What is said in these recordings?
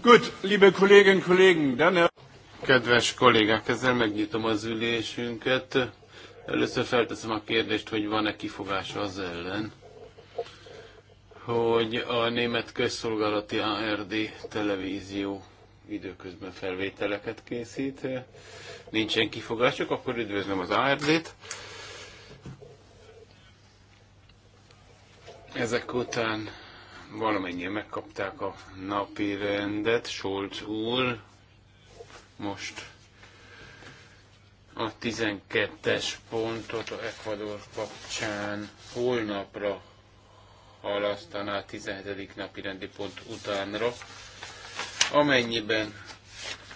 Gut, liebe Kolleginnen und Kollegen, dann... Kedves kollégák, ezzel megnyitom az ülésünket. Először felteszem a kérdést, hogy van-e kifogás az ellen, hogy a német közszolgálati ARD televízió időközben felvételeket készít. Nincsen kifogások, akkor üdvözlöm az ARD-t. Ezek után valamennyien megkapták a napi rendet, Solc úr, most a 12-es pontot a Ecuador kapcsán holnapra halasztaná a 17. napi rendi pont utánra, amennyiben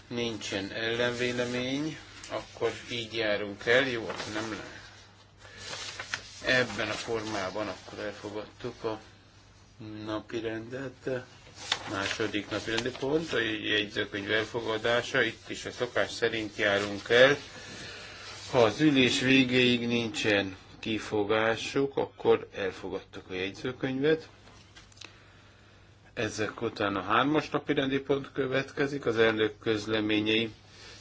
nincsen ellenvélemény, akkor így járunk el, jó, akkor nem lehet. Ebben a formában akkor elfogadtuk a napi rendet. Második napi rendi pont, a jegyzőkönyv elfogadása. Itt is a szokás szerint járunk el. Ha az ülés végéig nincsen kifogásuk, akkor elfogadtuk a jegyzőkönyvet. Ezek után a hármas napi rendi pont következik, az elnök közleményei.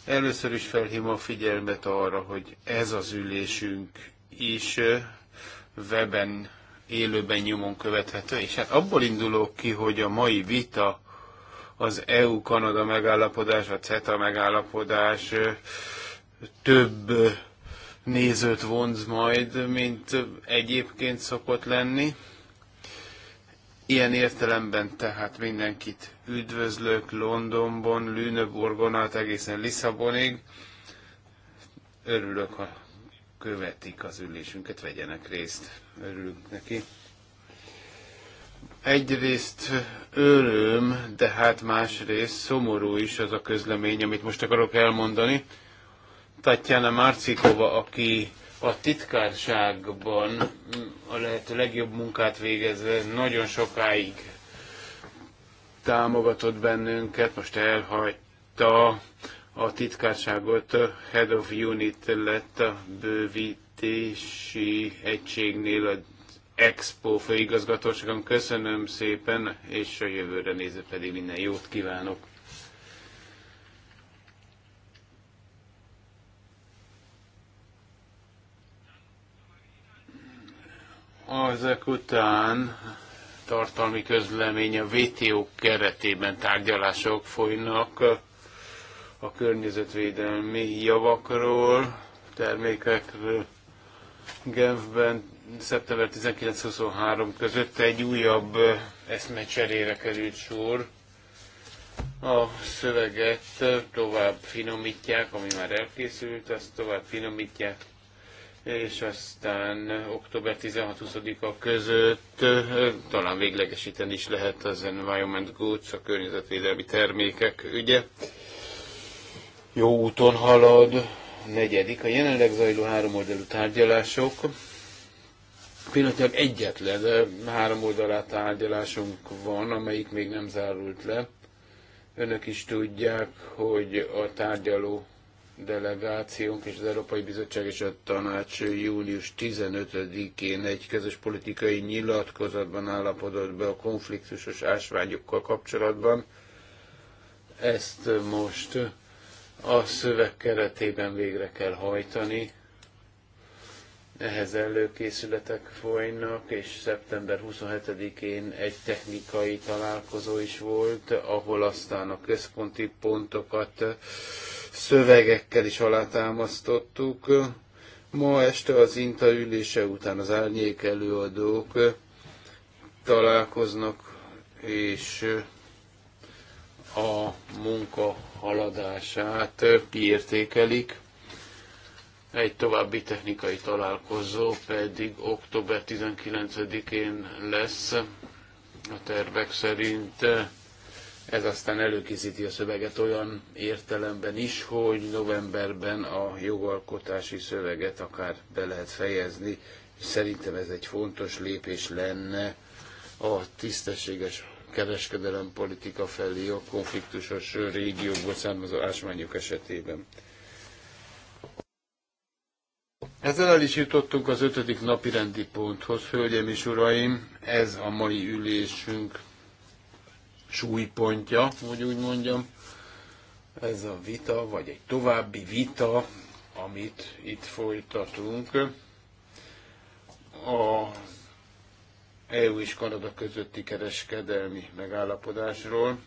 Először is felhívom a figyelmet arra, hogy ez az ülésünk is eh, weben élőben nyomon követhető, és hát abból indulok ki, hogy a mai vita az EU-Kanada megállapodás, a CETA megállapodás több nézőt vonz majd, mint egyébként szokott lenni. Ilyen értelemben tehát mindenkit üdvözlök Londonban, Lüneburgon át egészen Lisszabonig. Örülök, ha követik az ülésünket, vegyenek részt örülünk neki. Egyrészt öröm, de hát másrészt szomorú is az a közlemény, amit most akarok elmondani. Tatjana Márcikova, aki a titkárságban a lehető legjobb munkát végezve nagyon sokáig támogatott bennünket, most elhagyta a titkárságot, Head of Unit lett a bővít fejlesztési egységnél a Expo főigazgatóságon. Köszönöm szépen, és a jövőre nézve pedig minden jót kívánok. Ezek után tartalmi közlemény a VTO keretében tárgyalások folynak a környezetvédelmi javakról, termékekről. Genfben szeptember 19-23 között egy újabb eszmecserére került sor. A szöveget tovább finomítják, ami már elkészült, azt tovább finomítják, és aztán október 16-20-a között talán véglegesíteni is lehet az Environment Goods, a környezetvédelmi termékek ügye. Jó úton halad, negyedik, a jelenleg zajló háromoldalú tárgyalások. Pillanatilag egyetlen háromoldalá tárgyalásunk van, amelyik még nem zárult le. Önök is tudják, hogy a tárgyaló delegációnk és az Európai Bizottság és a Tanács június 15-én egy közös politikai nyilatkozatban állapodott be a konfliktusos ásványokkal kapcsolatban. Ezt most a szöveg keretében végre kell hajtani. Ehhez előkészületek folynak, és szeptember 27-én egy technikai találkozó is volt, ahol aztán a központi pontokat szövegekkel is alátámasztottuk. Ma este az INTA ülése után az árnyék előadók találkoznak, és a munka haladását kiértékelik. Egy további technikai találkozó pedig október 19-én lesz a tervek szerint. Ez aztán előkészíti a szöveget olyan értelemben is, hogy novemberben a jogalkotási szöveget akár be lehet fejezni. Szerintem ez egy fontos lépés lenne a tisztességes kereskedelem politika felé a konfliktusos régiókból származó ásványok esetében. Ezzel el is jutottunk az ötödik napi rendi ponthoz, hölgyeim és uraim, ez a mai ülésünk súlypontja, hogy úgy mondjam. Ez a vita, vagy egy további vita, amit itt folytatunk. Az EU és Kanada közötti kereskedelmi megállapodásról,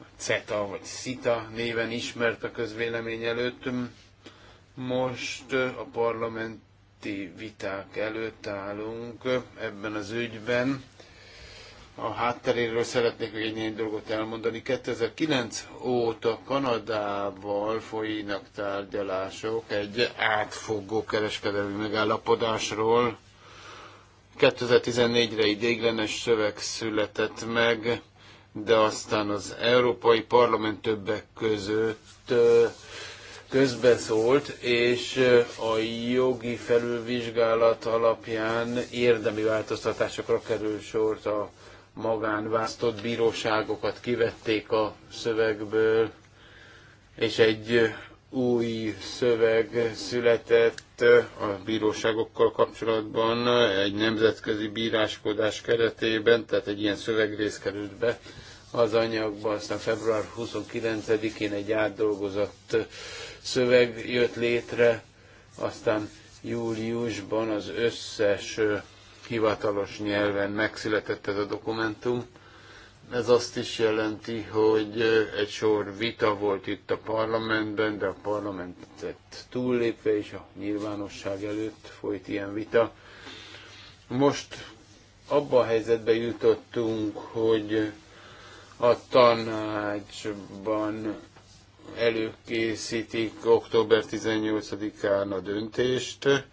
a CETA vagy CITA néven ismert a közvélemény előtt. Most a parlamenti viták előtt állunk ebben az ügyben. A hátteréről szeretnék még egy néhány dolgot elmondani. 2009 óta Kanadával folynak tárgyalások egy átfogó kereskedelmi megállapodásról, 2014-re egy ideiglenes szöveg született meg, de aztán az Európai Parlament többek között közbeszólt, és a jogi felülvizsgálat alapján érdemi változtatásokra kerül sort a magánvásztott bíróságokat kivették a szövegből, és egy új szöveg született a bíróságokkal kapcsolatban egy nemzetközi bíráskodás keretében, tehát egy ilyen szövegrész került be az anyagba, aztán február 29-én egy átdolgozott szöveg jött létre, aztán júliusban az összes hivatalos nyelven megszületett ez a dokumentum. Ez azt is jelenti, hogy egy sor vita volt itt a parlamentben, de a parlamentet túllépve és a nyilvánosság előtt folyt ilyen vita. Most abba a helyzetbe jutottunk, hogy a tanácsban előkészítik október 18-án a döntést.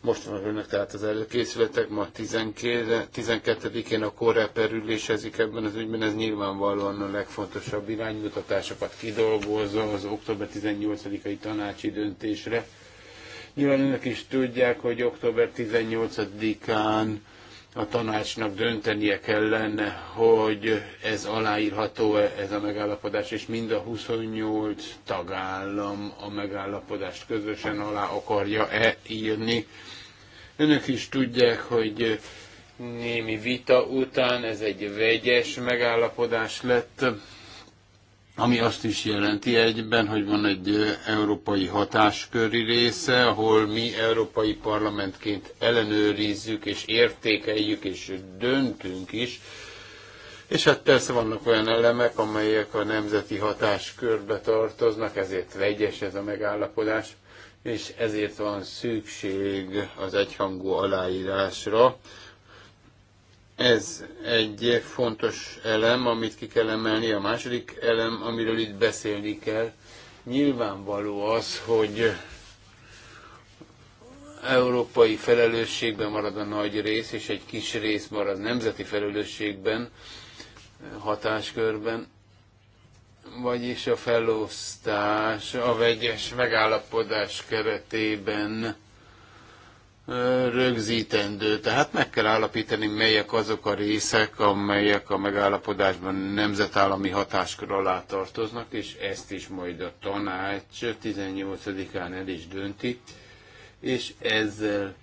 Most van önök tehát az előkészületek, ma 12-én a korreper ülésezik ebben az ügyben, ez nyilvánvalóan a legfontosabb iránymutatásokat kidolgozza az október 18-ai tanácsi döntésre. Nyilván önök is tudják, hogy október 18-án a tanácsnak döntenie kellene, hogy ez aláírható-e ez a megállapodás, és mind a 28 tagállam a megállapodást közösen alá akarja-e írni. Önök is tudják, hogy némi vita után ez egy vegyes megállapodás lett, ami azt is jelenti egyben, hogy van egy európai hatásköri része, ahol mi európai parlamentként ellenőrizzük és értékeljük és döntünk is, és hát persze vannak olyan elemek, amelyek a nemzeti hatáskörbe tartoznak, ezért vegyes ez a megállapodás, és ezért van szükség az egyhangú aláírásra, ez egy fontos elem, amit ki kell emelni. A második elem, amiről itt beszélni kell, nyilvánvaló az, hogy európai felelősségben marad a nagy rész, és egy kis rész marad nemzeti felelősségben, hatáskörben, vagyis a felosztás, a vegyes megállapodás keretében rögzítendő, tehát meg kell állapítani, melyek azok a részek, amelyek a megállapodásban nemzetállami hatáskör alá tartoznak, és ezt is majd a tanács 18-án el is dönti, és ezzel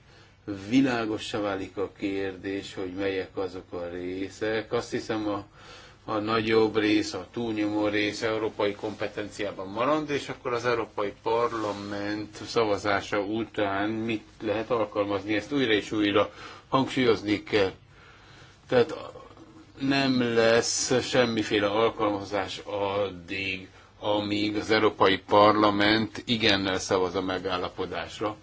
világosra válik a kérdés, hogy melyek azok a részek. Azt hiszem a a nagyobb rész, a túlnyomó rész európai kompetenciában marad, és akkor az Európai Parlament szavazása után mit lehet alkalmazni, ezt újra és újra hangsúlyozni kell. Tehát nem lesz semmiféle alkalmazás addig, amíg az Európai Parlament igennel szavaz a megállapodásra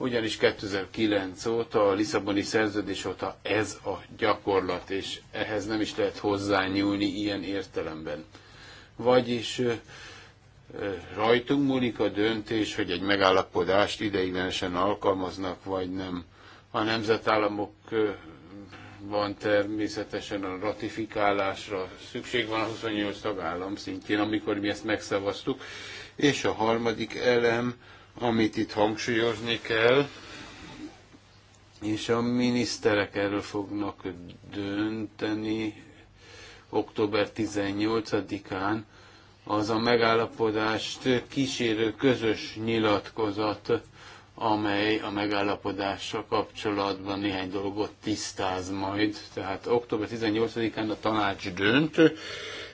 ugyanis 2009 óta, a Lisszaboni szerződés óta ez a gyakorlat, és ehhez nem is lehet hozzányúlni ilyen értelemben. Vagyis rajtunk múlik a döntés, hogy egy megállapodást ideiglenesen alkalmaznak, vagy nem. A nemzetállamokban természetesen a ratifikálásra szükség van a 28 tagállam szintjén, amikor mi ezt megszavaztuk. És a harmadik elem amit itt hangsúlyozni kell, és a miniszterek erről fognak dönteni október 18-án, az a megállapodást kísérő közös nyilatkozat, amely a megállapodással kapcsolatban néhány dolgot tisztáz majd. Tehát október 18-án a tanács dönt,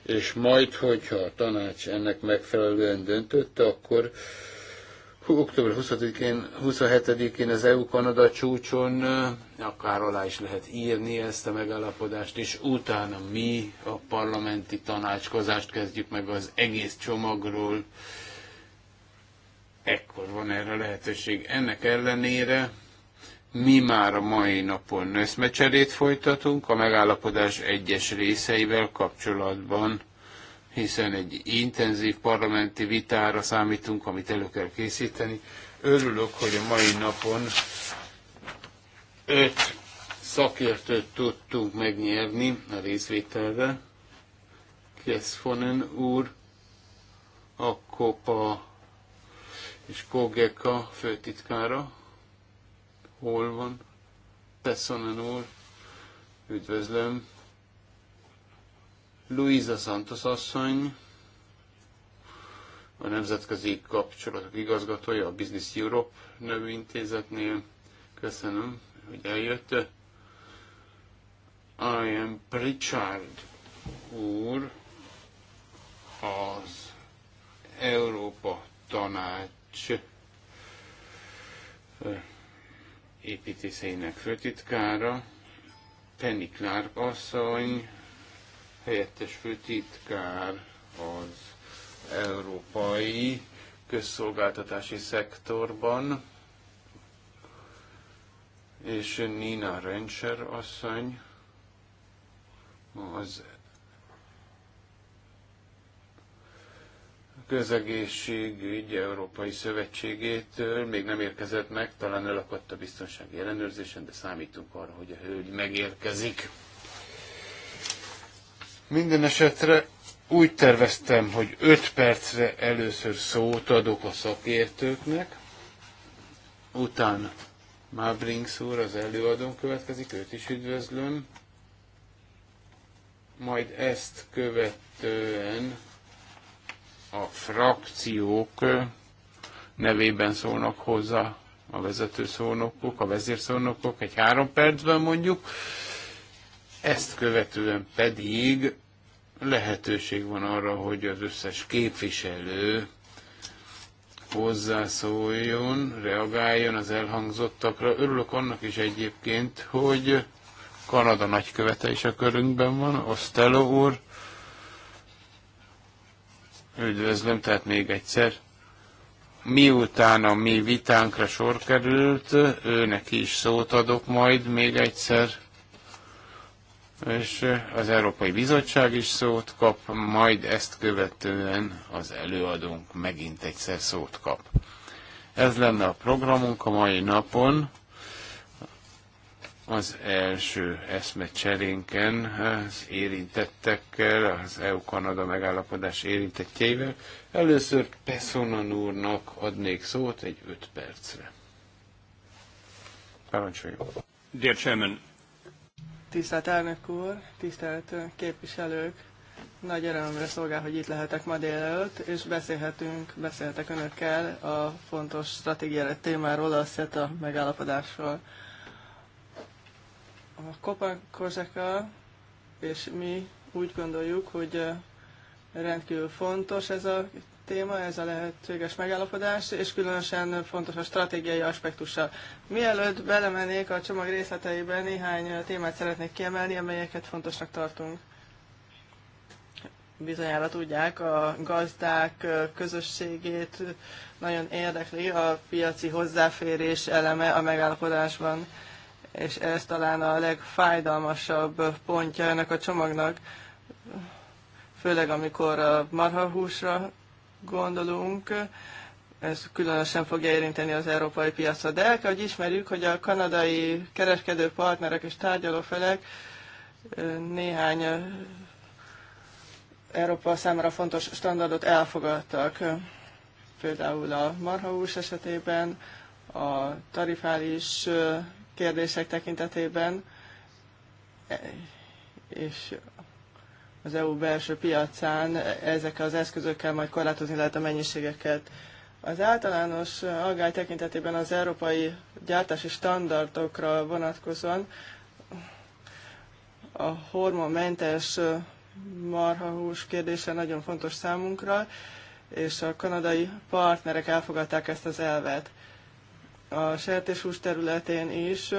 és majd, hogyha a tanács ennek megfelelően döntött, akkor Október 20-én, 27-én az EU-Kanada csúcson, akár alá is lehet írni ezt a megállapodást, és utána mi a parlamenti tanácskozást kezdjük meg az egész csomagról. Ekkor van erre lehetőség. Ennek ellenére mi már a mai napon összmecserét folytatunk a megállapodás egyes részeivel kapcsolatban hiszen egy intenzív parlamenti vitára számítunk, amit elő kell készíteni. Örülök, hogy a mai napon öt szakértőt tudtunk megnyerni a részvételre. Keszfonen úr, a Kopa és Kogeka főtitkára. Hol van? Tessonen úr, üdvözlöm. Luisa Santos asszony, a Nemzetközi Kapcsolatok igazgatója a Business Europe nevű intézetnél. Köszönöm, hogy eljött. I am Pritchard úr, az Európa Tanács építészeinek főtitkára, Penny Clark asszony, helyettes főtitkár az európai közszolgáltatási szektorban, és Nina Rencser asszony az közegészségügy Európai Szövetségétől még nem érkezett meg, talán elakadt a biztonsági ellenőrzésen, de számítunk arra, hogy a hölgy megérkezik. Minden esetre úgy terveztem, hogy 5 percre először szót adok a szakértőknek, utána Mabrings úr, az előadón következik, őt is üdvözlöm. Majd ezt követően a frakciók nevében szólnak hozzá a vezető szónokok, a vezérszónokok, egy három percben mondjuk, ezt követően pedig lehetőség van arra, hogy az összes képviselő hozzászóljon, reagáljon az elhangzottakra. Örülök annak is egyébként, hogy Kanada nagykövete is a körünkben van, Osztelo úr. Üdvözlöm, tehát még egyszer. Miután a mi vitánkra sor került, őnek is szót adok majd még egyszer és az Európai Bizottság is szót kap, majd ezt követően az előadónk megint egyszer szót kap. Ez lenne a programunk a mai napon, az első eszmecserénken az érintettekkel, az EU-Kanada megállapodás érintettjeivel. Először Pessonan úrnak adnék szót egy öt percre. Parancsoljon. Dear Chairman, Tisztelt elnök úr, tisztelt képviselők, nagy örömre szolgál, hogy itt lehetek ma délelőtt, és beszélhetünk, beszélhetek önökkel a fontos stratégiai témáról, a SETA megállapodásról. A Kopa Kozseka és mi úgy gondoljuk, hogy rendkívül fontos ez a téma, ez a lehetséges megállapodás, és különösen fontos a stratégiai aspektusa. Mielőtt belemennék a csomag részleteibe, néhány témát szeretnék kiemelni, amelyeket fontosnak tartunk. Bizonyára tudják, a gazdák közösségét nagyon érdekli a piaci hozzáférés eleme a megállapodásban, és ez talán a legfájdalmasabb pontja ennek a csomagnak főleg amikor a marhahúsra gondolunk, ez különösen fogja érinteni az európai piacot. De el kell, hogy ismerjük, hogy a kanadai kereskedő partnerek és tárgyalófelek néhány Európa számára fontos standardot elfogadtak. Például a marhahús esetében, a tarifális kérdések tekintetében, e, és az EU belső piacán ezekkel az eszközökkel majd korlátozni lehet a mennyiségeket. Az általános aggály tekintetében az európai gyártási standardokra vonatkozóan a hormonmentes marhahús kérdése nagyon fontos számunkra, és a kanadai partnerek elfogadták ezt az elvet. A sertéshús területén is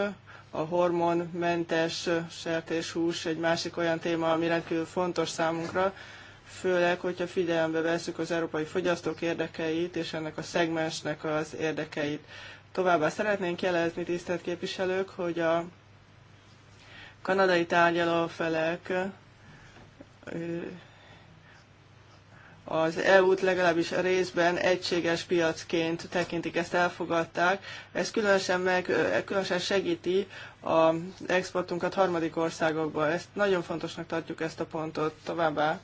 a hormonmentes sertéshús egy másik olyan téma, ami rendkívül fontos számunkra, főleg, hogyha figyelembe veszük az európai fogyasztók érdekeit és ennek a szegmensnek az érdekeit. Továbbá szeretnénk jelezni, tisztelt képviselők, hogy a kanadai tárgyalófelek az EU-t legalábbis részben egységes piacként tekintik, ezt elfogadták. Ez különösen, meg, különösen segíti az exportunkat harmadik országokba. Ezt nagyon fontosnak tartjuk ezt a pontot. Továbbá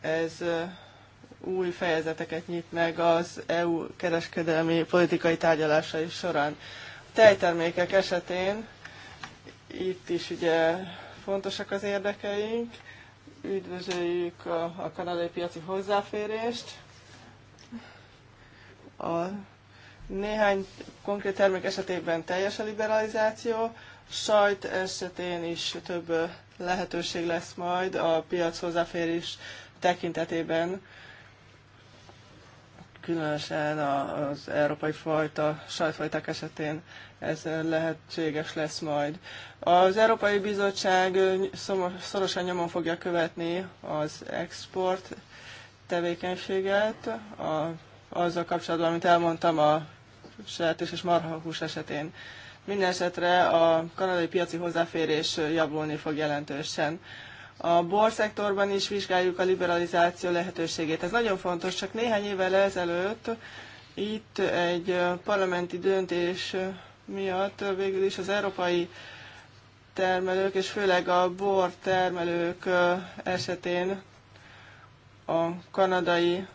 ez új fejezeteket nyit meg az EU kereskedelmi politikai tárgyalásai során. A tejtermékek esetén itt is ugye fontosak az érdekeink, Üdvözöljük a, kanadai piaci hozzáférést. A néhány konkrét termék esetében teljes a liberalizáció, sajt esetén is több lehetőség lesz majd a piac hozzáférés tekintetében különösen az európai fajta, sajtfajták esetén ez lehetséges lesz majd. Az Európai Bizottság szorosan nyomon fogja követni az export tevékenységet, a, azzal kapcsolatban, amit elmondtam a sertés és marhahús esetén. Minden esetre a kanadai piaci hozzáférés javulni fog jelentősen a borszektorban is vizsgáljuk a liberalizáció lehetőségét. Ez nagyon fontos, csak néhány évvel ezelőtt itt egy parlamenti döntés miatt végül is az európai termelők, és főleg a bor termelők esetén a kanadai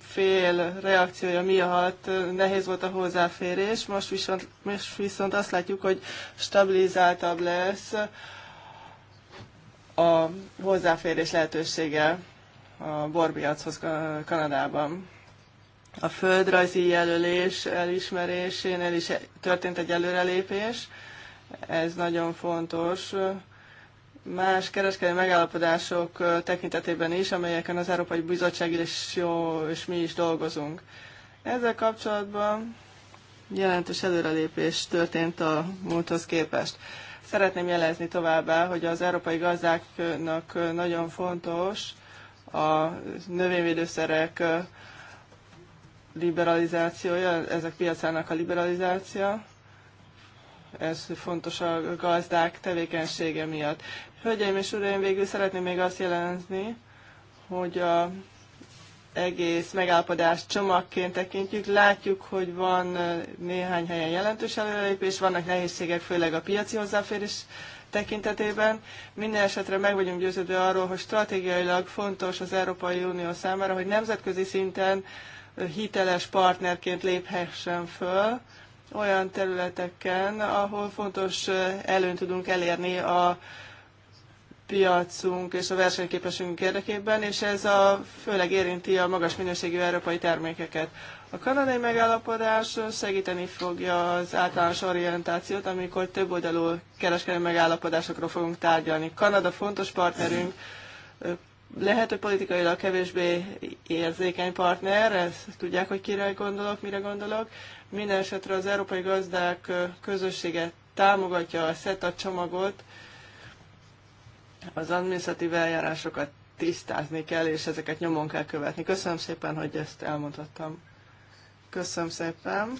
fél reakciója miatt nehéz volt a hozzáférés, most viszont, most viszont azt látjuk, hogy stabilizáltabb lesz a hozzáférés lehetősége a borpiachoz Kanadában. A földrajzi jelölés elismerésénél is történt egy előrelépés, ez nagyon fontos. Más kereskedelmi megállapodások tekintetében is, amelyeken az Európai Bizottság is jó, és mi is dolgozunk. Ezzel kapcsolatban jelentős előrelépés történt a múlthoz képest. Szeretném jelezni továbbá, hogy az európai gazdáknak nagyon fontos a növényvédőszerek liberalizációja, ezek piacának a liberalizáció. Ez fontos a gazdák tevékenysége miatt. Hölgyeim és uraim, végül szeretném még azt jelenteni, hogy a egész megállapodást csomagként tekintjük, látjuk, hogy van néhány helyen jelentős előrelépés, vannak nehézségek, főleg a piaci hozzáférés tekintetében. Minden esetre meg vagyunk győződve arról, hogy stratégiailag fontos az Európai Unió számára, hogy nemzetközi szinten hiteles partnerként léphessen föl olyan területeken, ahol fontos előn tudunk elérni a piacunk és a versenyképesünk érdekében, és ez a, főleg érinti a magas minőségű európai termékeket. A kanadai megállapodás segíteni fogja az általános orientációt, amikor több oldalú kereskedelmi megállapodásokról fogunk tárgyalni. Kanada fontos partnerünk, lehet, hogy politikailag kevésbé érzékeny partner, ezt tudják, hogy kire gondolok, mire gondolok. Minden esetre az európai gazdák közössége támogatja a SETA csomagot, az adminisztratív eljárásokat tisztázni kell, és ezeket nyomon kell követni. Köszönöm szépen, hogy ezt elmondhattam. Köszönöm szépen,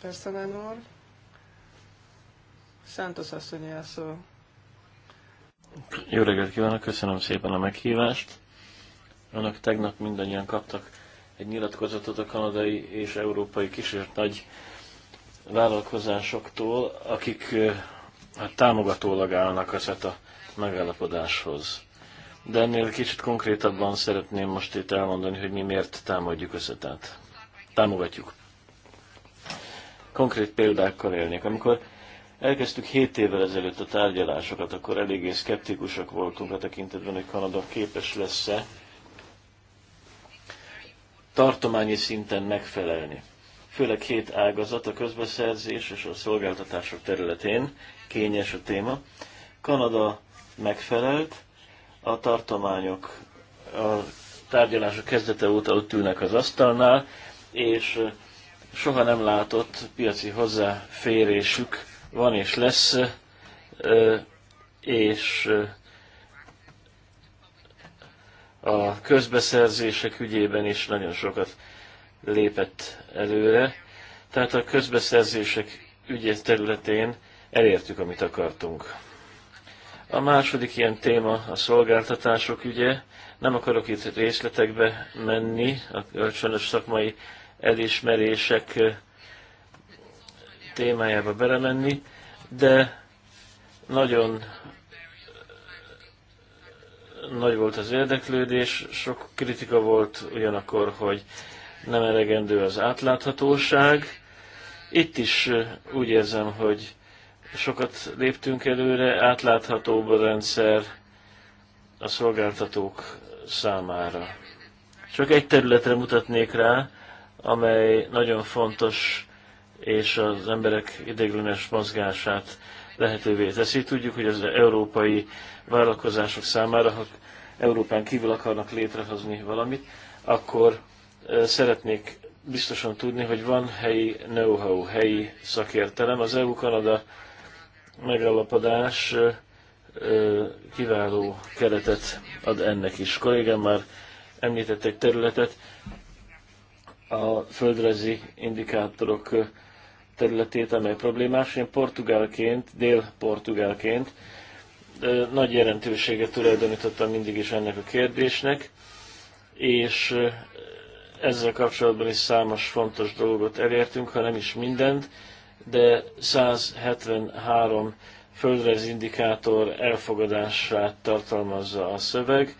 Perszemen úr. Szántos asszony szó. Jó reggelt kívánok, köszönöm szépen a meghívást. Önök tegnap mindannyian kaptak egy nyilatkozatot a kanadai és európai kis és nagy vállalkozásoktól, akik eh, hát, támogatólag állnak a SETA megállapodáshoz. De ennél kicsit konkrétabban szeretném most itt elmondani, hogy mi miért támadjuk összetát. Támogatjuk. Konkrét példákkal élnék. Amikor elkezdtük 7 évvel ezelőtt a tárgyalásokat, akkor eléggé szkeptikusak voltunk a tekintetben, hogy Kanada képes lesz-e tartományi szinten megfelelni. Főleg hét ágazat, a közbeszerzés és a szolgáltatások területén kényes a téma. Kanada megfelelt. A tartományok a tárgyalások kezdete óta ott ülnek az asztalnál, és soha nem látott piaci hozzáférésük van és lesz, és a közbeszerzések ügyében is nagyon sokat lépett előre. Tehát a közbeszerzések ügyes területén elértük, amit akartunk. A második ilyen téma a szolgáltatások ügye. Nem akarok itt részletekbe menni, a kölcsönös szakmai elismerések témájába belemenni, de nagyon nagy volt az érdeklődés, sok kritika volt ugyanakkor, hogy nem elegendő az átláthatóság. Itt is úgy érzem, hogy sokat léptünk előre, átláthatóbb a rendszer a szolgáltatók számára. Csak egy területre mutatnék rá, amely nagyon fontos, és az emberek ideiglenes mozgását lehetővé teszi. Tudjuk, hogy az európai vállalkozások számára, ha Európán kívül akarnak létrehozni valamit, akkor szeretnék biztosan tudni, hogy van helyi know-how, helyi szakértelem. Az EU-Kanada megállapodás kiváló keretet ad ennek is. Kollégám már említett egy területet, a földrajzi indikátorok területét, amely problémás. Én portugálként, dél-portugálként nagy jelentőséget tulajdonítottam mindig is ennek a kérdésnek, és ezzel kapcsolatban is számos fontos dolgot elértünk, ha nem is mindent, de 173 földrajz indikátor elfogadását tartalmazza a szöveg,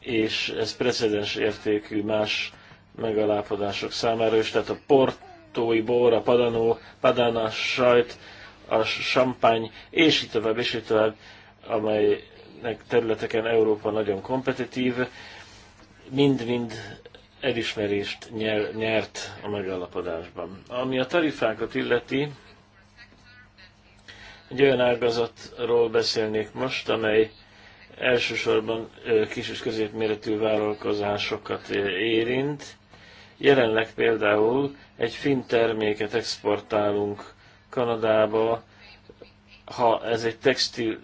és ez precedens értékű más megalápodások számára is, tehát a portói bor, a padanó, padana sajt, a champagne, és így tovább, és így tovább, amelynek területeken Európa nagyon kompetitív, mind-mind elismerést nyer, nyert a megállapodásban. Ami a tarifákat illeti, egy olyan ágazatról beszélnék most, amely elsősorban kis és középméretű vállalkozásokat érint. Jelenleg például egy finn terméket exportálunk Kanadába. Ha ez egy textil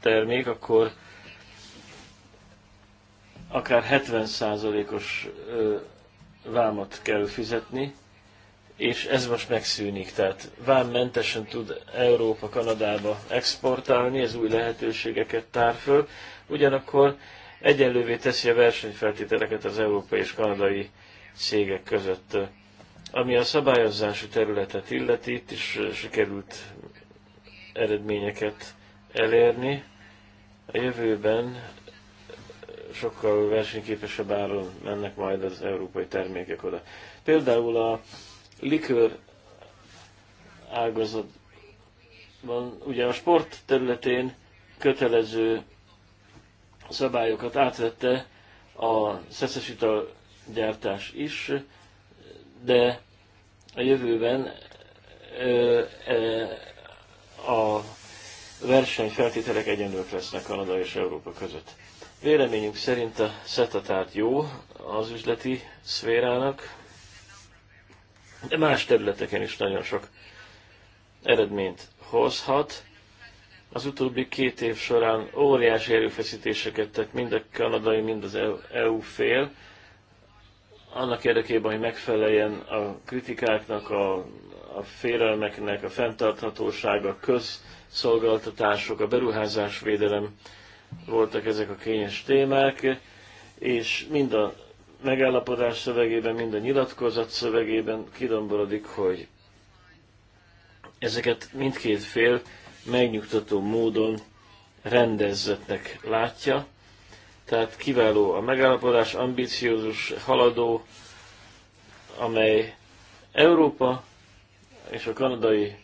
termék, akkor akár 70%-os vámot kell fizetni, és ez most megszűnik. Tehát vámmentesen tud Európa Kanadába exportálni, ez új lehetőségeket tár föl, ugyanakkor egyenlővé teszi a versenyfeltételeket az európai és kanadai cégek között. Ami a szabályozási területet illeti, itt is sikerült eredményeket elérni. A jövőben sokkal versenyképesebb áron mennek majd az európai termékek oda. Például a likőr ágazatban, ugye a sport területén kötelező szabályokat átvette a szeszes gyártás is, de a jövőben ö, ö, a versenyfeltételek egyenlők lesznek Kanada és Európa között. Véleményünk szerint a SETA jó az üzleti szférának, de más területeken is nagyon sok eredményt hozhat. Az utóbbi két év során óriási erőfeszítéseket tett mind a kanadai, mind az EU e fél, annak érdekében, hogy megfeleljen a kritikáknak, a, a félelmeknek, a fenntarthatóság, a közszolgáltatások, a beruházásvédelem voltak ezek a kényes témák, és mind a megállapodás szövegében, mind a nyilatkozat szövegében kidomborodik, hogy ezeket mindkét fél megnyugtató módon rendezzetnek látja. Tehát kiváló a megállapodás, ambiciózus, haladó, amely Európa és a kanadai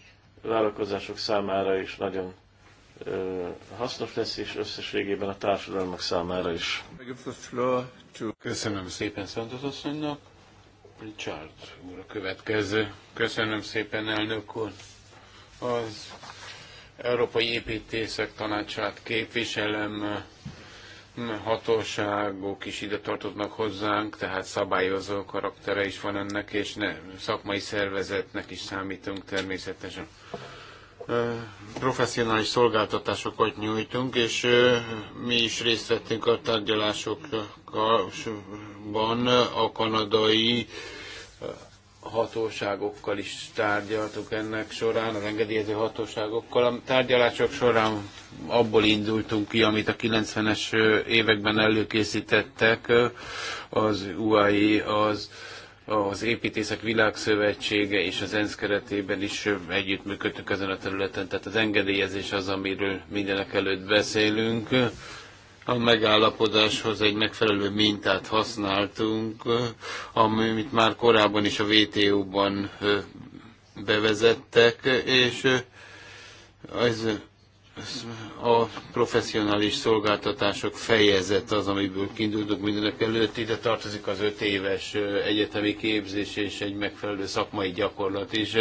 vállalkozások számára is nagyon hasznos lesz, és összességében a társadalmak számára is. Köszönöm szépen Szentos asszonynak. Richard úr a következő. Köszönöm szépen, elnök úr. Az Európai Építészek Tanácsát képviselem, hatóságok is ide tartoznak hozzánk, tehát szabályozó karaktere is van ennek, és ne, szakmai szervezetnek is számítunk természetesen professzionális szolgáltatásokat nyújtunk, és mi is részt vettünk a tárgyalásokban a kanadai hatóságokkal is tárgyaltuk ennek során, az engedélyező hatóságokkal. A tárgyalások során abból indultunk ki, amit a 90-es években előkészítettek, az UAE, az az Építészek Világszövetsége és az ENSZ keretében is együttműködtük ezen a területen, tehát az engedélyezés az, amiről mindenek előtt beszélünk. A megállapodáshoz egy megfelelő mintát használtunk, amit már korábban is a WTO-ban bevezettek, és ez a professzionális szolgáltatások fejezet az, amiből kiindultunk mindenek előtt. Ide tartozik az öt éves egyetemi képzés és egy megfelelő szakmai gyakorlat is.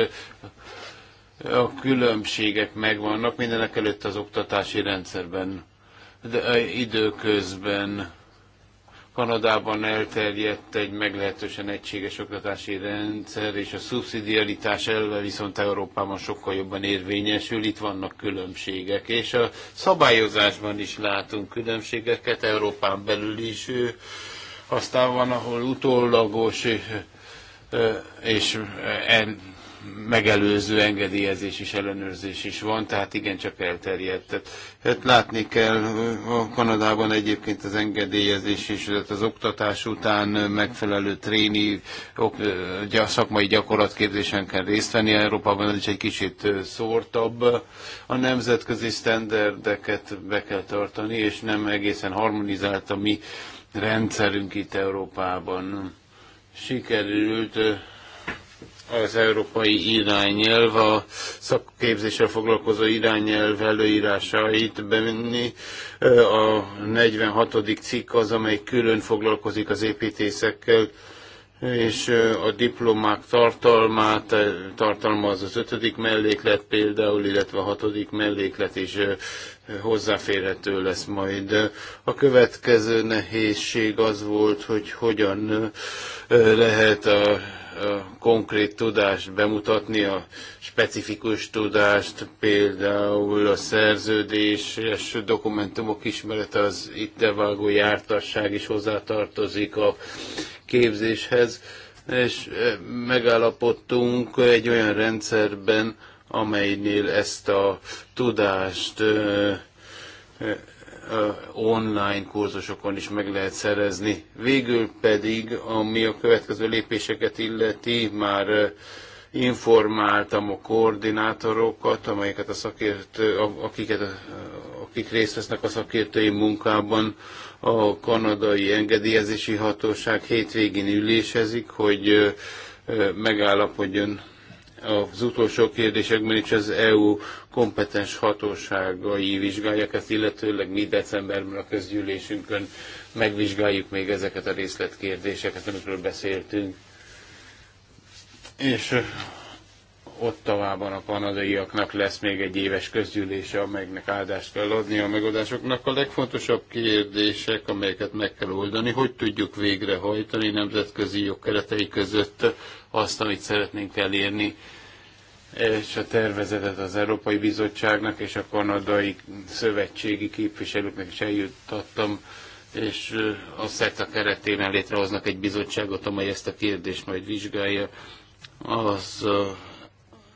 A különbségek megvannak mindenek előtt az oktatási rendszerben, de időközben Kanadában elterjedt egy meglehetősen egységes oktatási rendszer, és a szubszidiaritás elve viszont Európában sokkal jobban érvényesül, itt vannak különbségek, és a szabályozásban is látunk különbségeket, Európán belül is, aztán van, ahol utólagos és megelőző engedélyezés és ellenőrzés is van, tehát igencsak elterjedt. Tehát, hát látni kell, a Kanadában egyébként az engedélyezés és az oktatás után megfelelő tréni szakmai gyakorlatképzésen kell részt venni, Európában ez is egy kicsit szórtabb. A nemzetközi sztenderdeket be kell tartani, és nem egészen harmonizált a mi rendszerünk itt Európában. Sikerült az európai irányelv, a szakképzéssel foglalkozó irányelv előírásait bevinni. A 46. cikk az, amely külön foglalkozik az építészekkel, és a diplomák tartalmát tartalmaz az ötödik melléklet például, illetve a hatodik melléklet is hozzáférhető lesz majd. A következő nehézség az volt, hogy hogyan lehet a konkrét tudást bemutatni, a specifikus tudást, például a és dokumentumok ismerete, az itt ittevágó jártasság is hozzátartozik a képzéshez, és megállapodtunk egy olyan rendszerben, amelynél ezt a tudást online kurzusokon is meg lehet szerezni. Végül pedig, ami a következő lépéseket illeti, már informáltam a koordinátorokat, amelyeket a szakértő, akiket, akik részt vesznek a szakértői munkában, a kanadai engedélyezési hatóság hétvégén ülésezik, hogy megállapodjon az utolsó kérdésekben is az EU kompetens hatóságai vizsgálják ezt, illetőleg mi decemberben a közgyűlésünkön megvizsgáljuk még ezeket a részletkérdéseket, amikről beszéltünk. És Ottavában a kanadaiaknak lesz még egy éves közgyűlése, amelynek áldást kell adni a megoldásoknak. A legfontosabb kérdések, amelyeket meg kell oldani, hogy tudjuk végrehajtani nemzetközi jogkeretei között azt, amit szeretnénk elérni, és a tervezetet az Európai Bizottságnak és a kanadai szövetségi képviselőknek is eljuttattam és a SZETA keretében létrehoznak egy bizottságot, amely ezt a kérdést majd vizsgálja. Az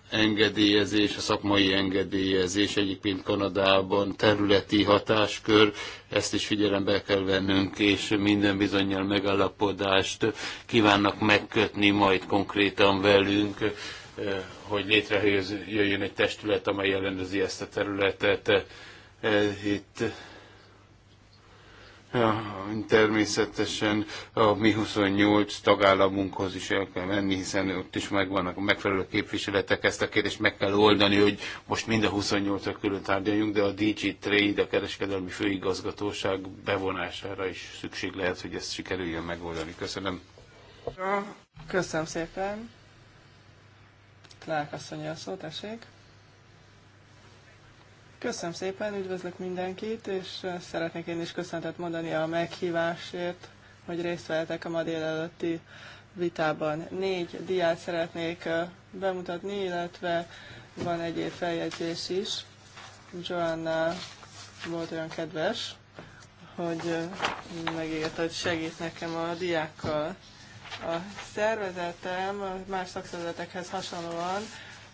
engedélyezés, a szakmai engedélyezés egyébként Kanadában területi hatáskör, ezt is figyelembe kell vennünk, és minden bizonyal megalapodást kívánnak megkötni majd konkrétan velünk, eh, hogy létrejöjjön egy testület, amely ellenőrzi ezt a területet. Eh, itt Természetesen a mi 28 tagállamunkhoz is el kell menni, hiszen ott is megvannak a megfelelő képviseletek. Ezt a kérdést meg kell oldani, hogy most mind a 28-ra külön tárgyaljunk, de a DG Trade, a kereskedelmi főigazgatóság bevonására is szükség lehet, hogy ezt sikerüljön megoldani. Köszönöm. Köszönöm szépen. Lelkasszonyi asszony a szó, tessék. Köszönöm szépen, üdvözlök mindenkit, és szeretnék én is köszöntet mondani a meghívásért, hogy részt vehetek a ma délelőtti vitában. Négy diát szeretnék bemutatni, illetve van egyéb feljegyzés is. Joanna volt olyan kedves, hogy megígérte, hogy segít nekem a diákkal. A szervezetem más szakszervezetekhez hasonlóan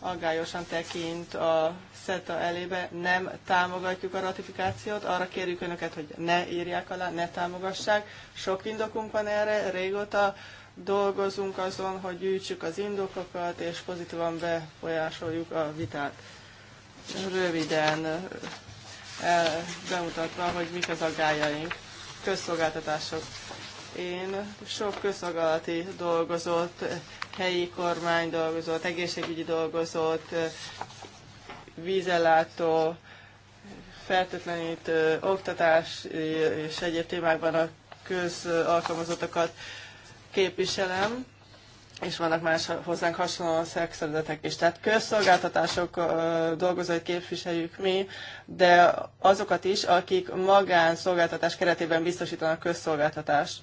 aggályosan tekint a szeta elébe, nem támogatjuk a ratifikációt, arra kérjük Önöket, hogy ne írják alá, ne támogassák. Sok indokunk van erre, régóta dolgozunk azon, hogy gyűjtsük az indokokat, és pozitívan befolyásoljuk a vitát. Röviden e, bemutatva, hogy mik az aggájaink. Közszolgáltatások. Én sok közszolgálati dolgozott helyi kormány dolgozott, egészségügyi dolgozott, vízellátó, feltétlenítő oktatás és egyéb témákban a közalkalmazottakat képviselem, és vannak más hozzánk hasonló szakszervezetek is. Tehát közszolgáltatások dolgozóit képviseljük mi, de azokat is, akik magánszolgáltatás keretében biztosítanak közszolgáltatást.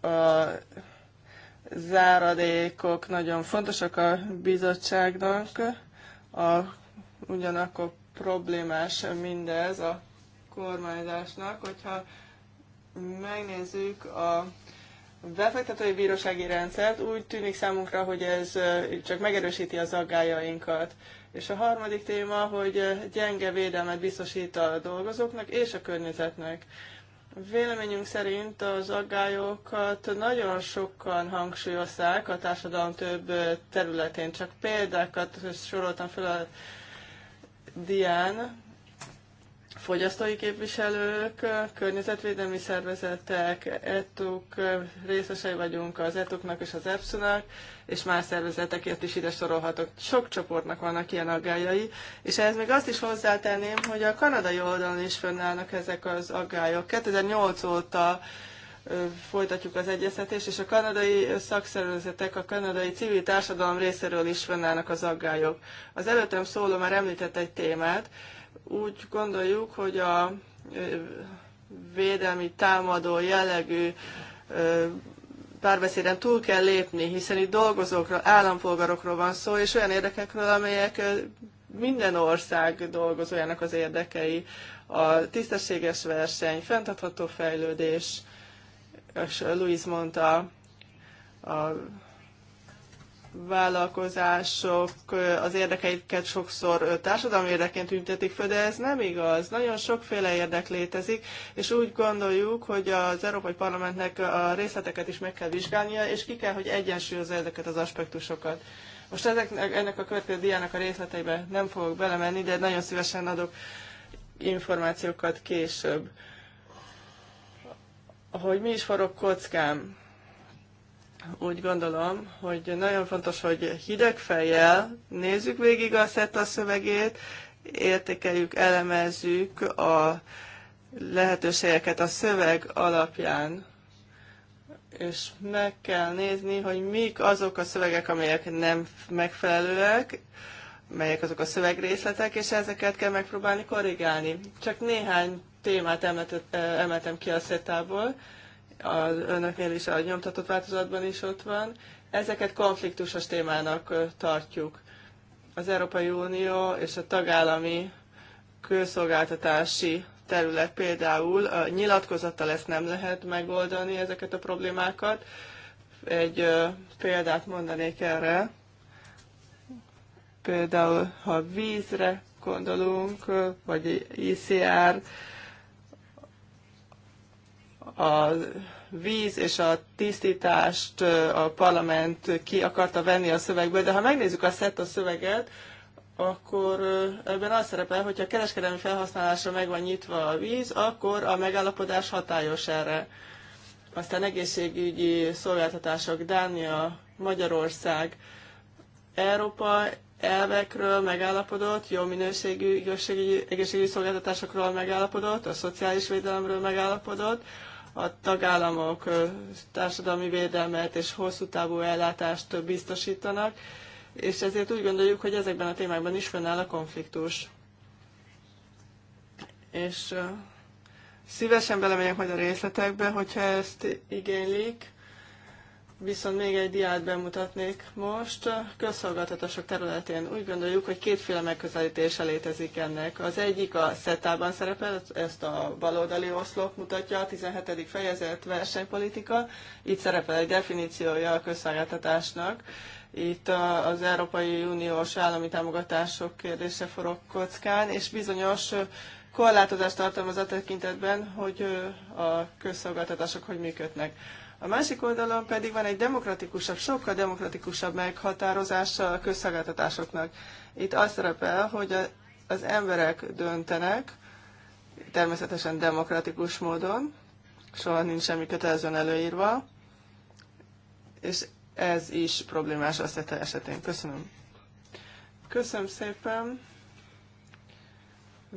A záradékok nagyon fontosak a bizottságnak, a, ugyanakkor problémás mindez a kormányzásnak, hogyha megnézzük a befektetői bírósági rendszert, úgy tűnik számunkra, hogy ez csak megerősíti az aggájainkat. És a harmadik téma, hogy gyenge védelmet biztosít a dolgozóknak és a környezetnek. Véleményünk szerint az aggályokat nagyon sokan hangsúlyozták a társadalom több területén. Csak példákat soroltam fel a dián, fogyasztói képviselők, környezetvédelmi szervezetek, etuk, részesei vagyunk az ETUK-nak és az EPSZ-nak, és más szervezetekért is ide sorolhatok. Sok csoportnak vannak ilyen aggályai, és ehhez még azt is hozzátenném, hogy a kanadai oldalon is fönnállnak ezek az aggályok. 2008 óta folytatjuk az egyeztetést, és a kanadai szakszervezetek, a kanadai civil társadalom részéről is fönnállnak az aggályok. Az előttem szóló már említett egy témát, úgy gondoljuk, hogy a védelmi támadó jellegű párbeszéden túl kell lépni, hiszen itt dolgozókról, állampolgárokról van szó, és olyan érdekekről, amelyek minden ország dolgozójának az érdekei, a tisztességes verseny, fenntartható fejlődés, és Louis mondta, a vállalkozások az érdekeiket sokszor társadalmi érdeként tüntetik föl, de ez nem igaz. Nagyon sokféle érdek létezik, és úgy gondoljuk, hogy az Európai Parlamentnek a részleteket is meg kell vizsgálnia, és ki kell, hogy egyensúlyozza ezeket az aspektusokat. Most ezeknek, ennek a következő diának a részleteibe nem fogok belemenni, de nagyon szívesen adok információkat később. Hogy mi is forog kockám? úgy gondolom, hogy nagyon fontos, hogy hideg fejjel nézzük végig a SETA szövegét, értékeljük, elemezzük a lehetőségeket a szöveg alapján, és meg kell nézni, hogy mik azok a szövegek, amelyek nem megfelelőek, melyek azok a szövegrészletek, és ezeket kell megpróbálni korrigálni. Csak néhány témát emeltem ki a szetából az önöknél is a nyomtatott változatban is ott van. Ezeket konfliktusos témának tartjuk. Az Európai Unió és a tagállami közszolgáltatási terület például a nyilatkozattal ezt nem lehet megoldani ezeket a problémákat. Egy példát mondanék erre. Például, ha vízre gondolunk, vagy ICR a víz és a tisztítást a parlament ki akarta venni a szövegből, de ha megnézzük a szett a szöveget, akkor ebben az szerepel, hogyha a kereskedelmi felhasználásra meg van nyitva a víz, akkor a megállapodás hatályos erre. Aztán egészségügyi szolgáltatások Dánia, Magyarország, Európa elvekről megállapodott, jó minőségű egészségügyi szolgáltatásokról megállapodott, a szociális védelemről megállapodott, a tagállamok társadalmi védelmet és hosszú távú ellátást biztosítanak, és ezért úgy gondoljuk, hogy ezekben a témákban is fennáll a konfliktus. És szívesen belemegyek majd a részletekbe, hogyha ezt igénylik, Viszont még egy diát bemutatnék most. Közszolgáltatások területén úgy gondoljuk, hogy kétféle megközelítése létezik ennek. Az egyik a szettában szerepel, ezt a baloldali oszlop mutatja, a 17. fejezet versenypolitika. Itt szerepel egy definíciója a közszolgáltatásnak. Itt az Európai Uniós állami támogatások kérdése forog kockán, és bizonyos korlátozást tartalmaz a tekintetben, hogy a közszolgáltatások hogy működnek. A másik oldalon pedig van egy demokratikusabb, sokkal demokratikusabb meghatározása a közszolgáltatásoknak. Itt az szerepel, hogy a, az emberek döntenek, természetesen demokratikus módon, soha nincs semmi kötelezően előírva, és ez is problémás az e- esetén. Köszönöm. Köszönöm szépen.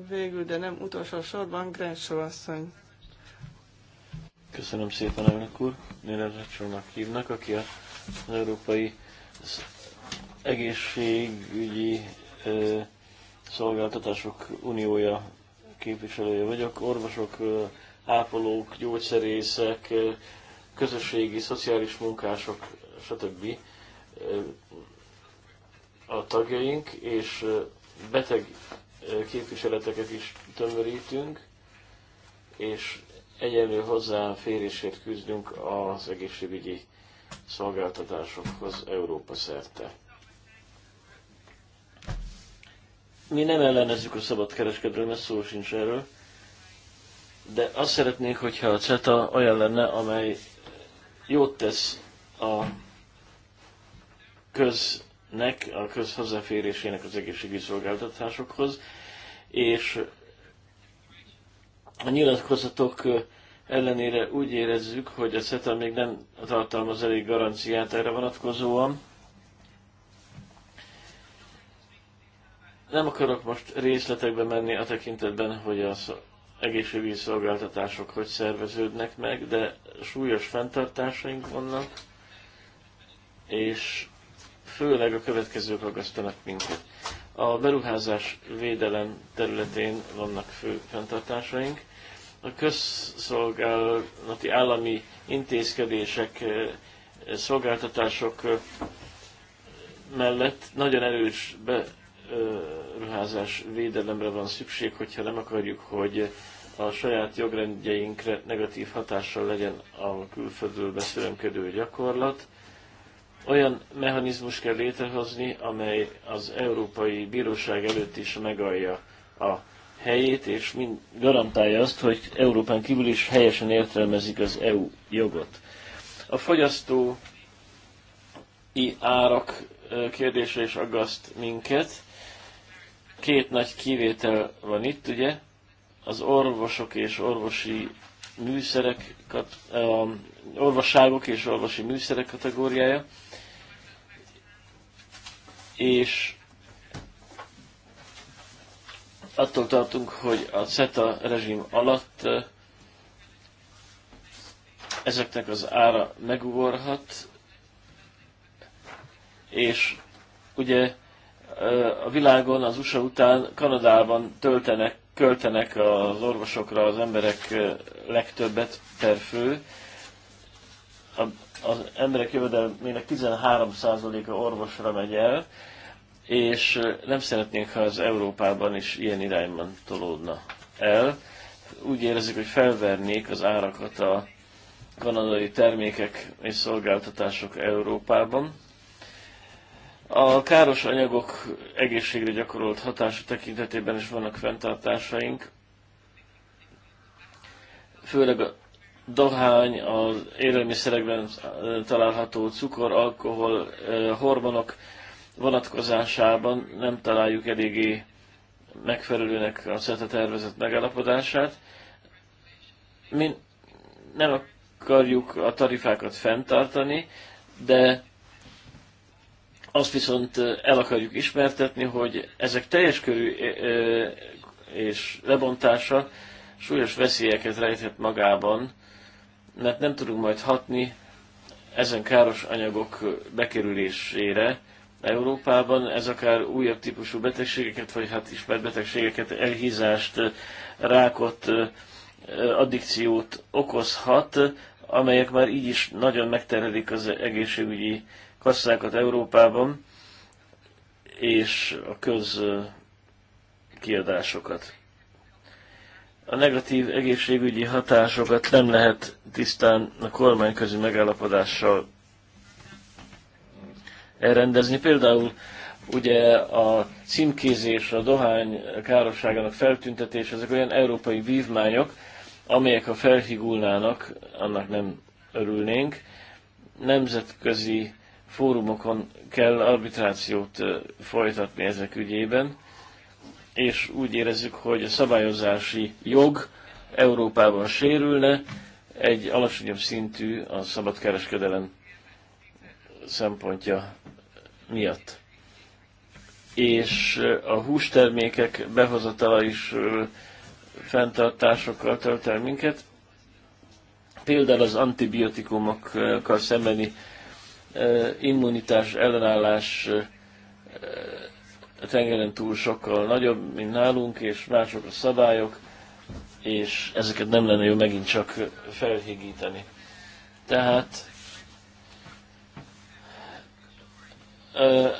Végül, de nem utolsó sorban, Grensó asszony. Köszönöm szépen, elnök úr. Nélezacsolnak hívnak, aki az Európai Egészségügyi Szolgáltatások Uniója képviselője vagyok. Orvosok, ápolók, gyógyszerészek, közösségi, szociális munkások, stb. a tagjaink, és beteg képviseleteket is tömörítünk, és egyenlő hozzáférését küzdünk az egészségügyi szolgáltatásokhoz Európa szerte. Mi nem ellenezzük a szabad kereskedelmet, szó sincs erről, de azt szeretnénk, hogyha a CETA olyan lenne, amely jót tesz a köznek, a közhozzáférésének az egészségügyi szolgáltatásokhoz, és a nyilatkozatok ellenére úgy érezzük, hogy a CETA még nem tartalmaz elég garanciát erre vonatkozóan. Nem akarok most részletekbe menni a tekintetben, hogy az egészségügyi szolgáltatások hogy szerveződnek meg, de súlyos fenntartásaink vannak, és főleg a következők aggasztanak minket. A beruházás védelem területén vannak fő fenntartásaink. A közszolgálati állami intézkedések, eh, szolgáltatások eh, mellett nagyon erős beruházás védelemre van szükség, hogyha nem akarjuk, hogy a saját jogrendjeinkre negatív hatással legyen a külföldről beszélemkedő gyakorlat olyan mechanizmus kell létrehozni, amely az Európai Bíróság előtt is megalja a helyét, és mind garantálja azt, hogy Európán kívül is helyesen értelmezik az EU jogot. A fogyasztói árak kérdése is aggaszt minket. Két nagy kivétel van itt, ugye? Az orvosok és orvosi műszerek, orvosságok és orvosi műszerek kategóriája és attól tartunk, hogy a CETA rezsim alatt ezeknek az ára megugorhat, és ugye a világon az USA után Kanadában töltenek, költenek az orvosokra az emberek legtöbbet per fő, az emberek jövedelmének 13%-a orvosra megy el, és nem szeretnénk, ha az Európában is ilyen irányban tolódna el. Úgy érezzük, hogy felvernék az árakat a kanadai termékek és szolgáltatások Európában. A káros anyagok egészségre gyakorolt hatása tekintetében is vannak fenntartásaink, főleg dohány, az élelmiszerekben található cukor, alkohol, hormonok vonatkozásában nem találjuk eléggé megfelelőnek a CETA tervezett megállapodását. Mi nem akarjuk a tarifákat fenntartani, de azt viszont el akarjuk ismertetni, hogy ezek teljes körű és lebontása súlyos veszélyeket rejthet magában mert nem tudunk majd hatni ezen káros anyagok bekerülésére Európában. Ez akár újabb típusú betegségeket, vagy hát ismert betegségeket, elhízást, rákot, addikciót okozhat, amelyek már így is nagyon megterhelik az egészségügyi kasszákat Európában, és a közkiadásokat a negatív egészségügyi hatásokat nem lehet tisztán a kormányközi megállapodással elrendezni. Például ugye a címkézés, a dohány károsságának feltüntetése, ezek olyan európai vívmányok, amelyek ha felhigulnának, annak nem örülnénk. Nemzetközi fórumokon kell arbitrációt folytatni ezek ügyében és úgy érezzük, hogy a szabályozási jog Európában sérülne, egy alacsonyabb szintű a szabadkereskedelem szempontja miatt. És eh, a hústermékek behozatala is eh, fenntartásokkal tölt el minket. Például az antibiotikumokkal szembeni eh, immunitás ellenállás a tengeren túl sokkal nagyobb, mint nálunk, és mások a szabályok, és ezeket nem lenne jó megint csak felhigítani. Tehát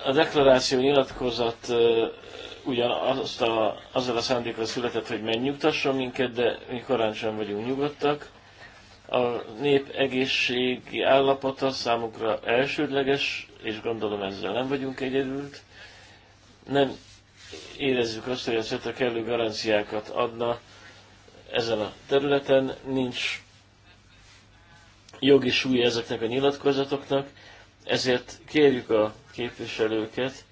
a deklaráció nyilatkozat ugyan azt a, azzal a szándékkal született, hogy megnyugtasson minket, de mi korán sem vagyunk nyugodtak. A nép egészségi állapota számukra elsődleges, és gondolom ezzel nem vagyunk egyedült nem érezzük azt, hogy a CETA kellő garanciákat adna ezen a területen, nincs jogi súly ezeknek a nyilatkozatoknak, ezért kérjük a képviselőket,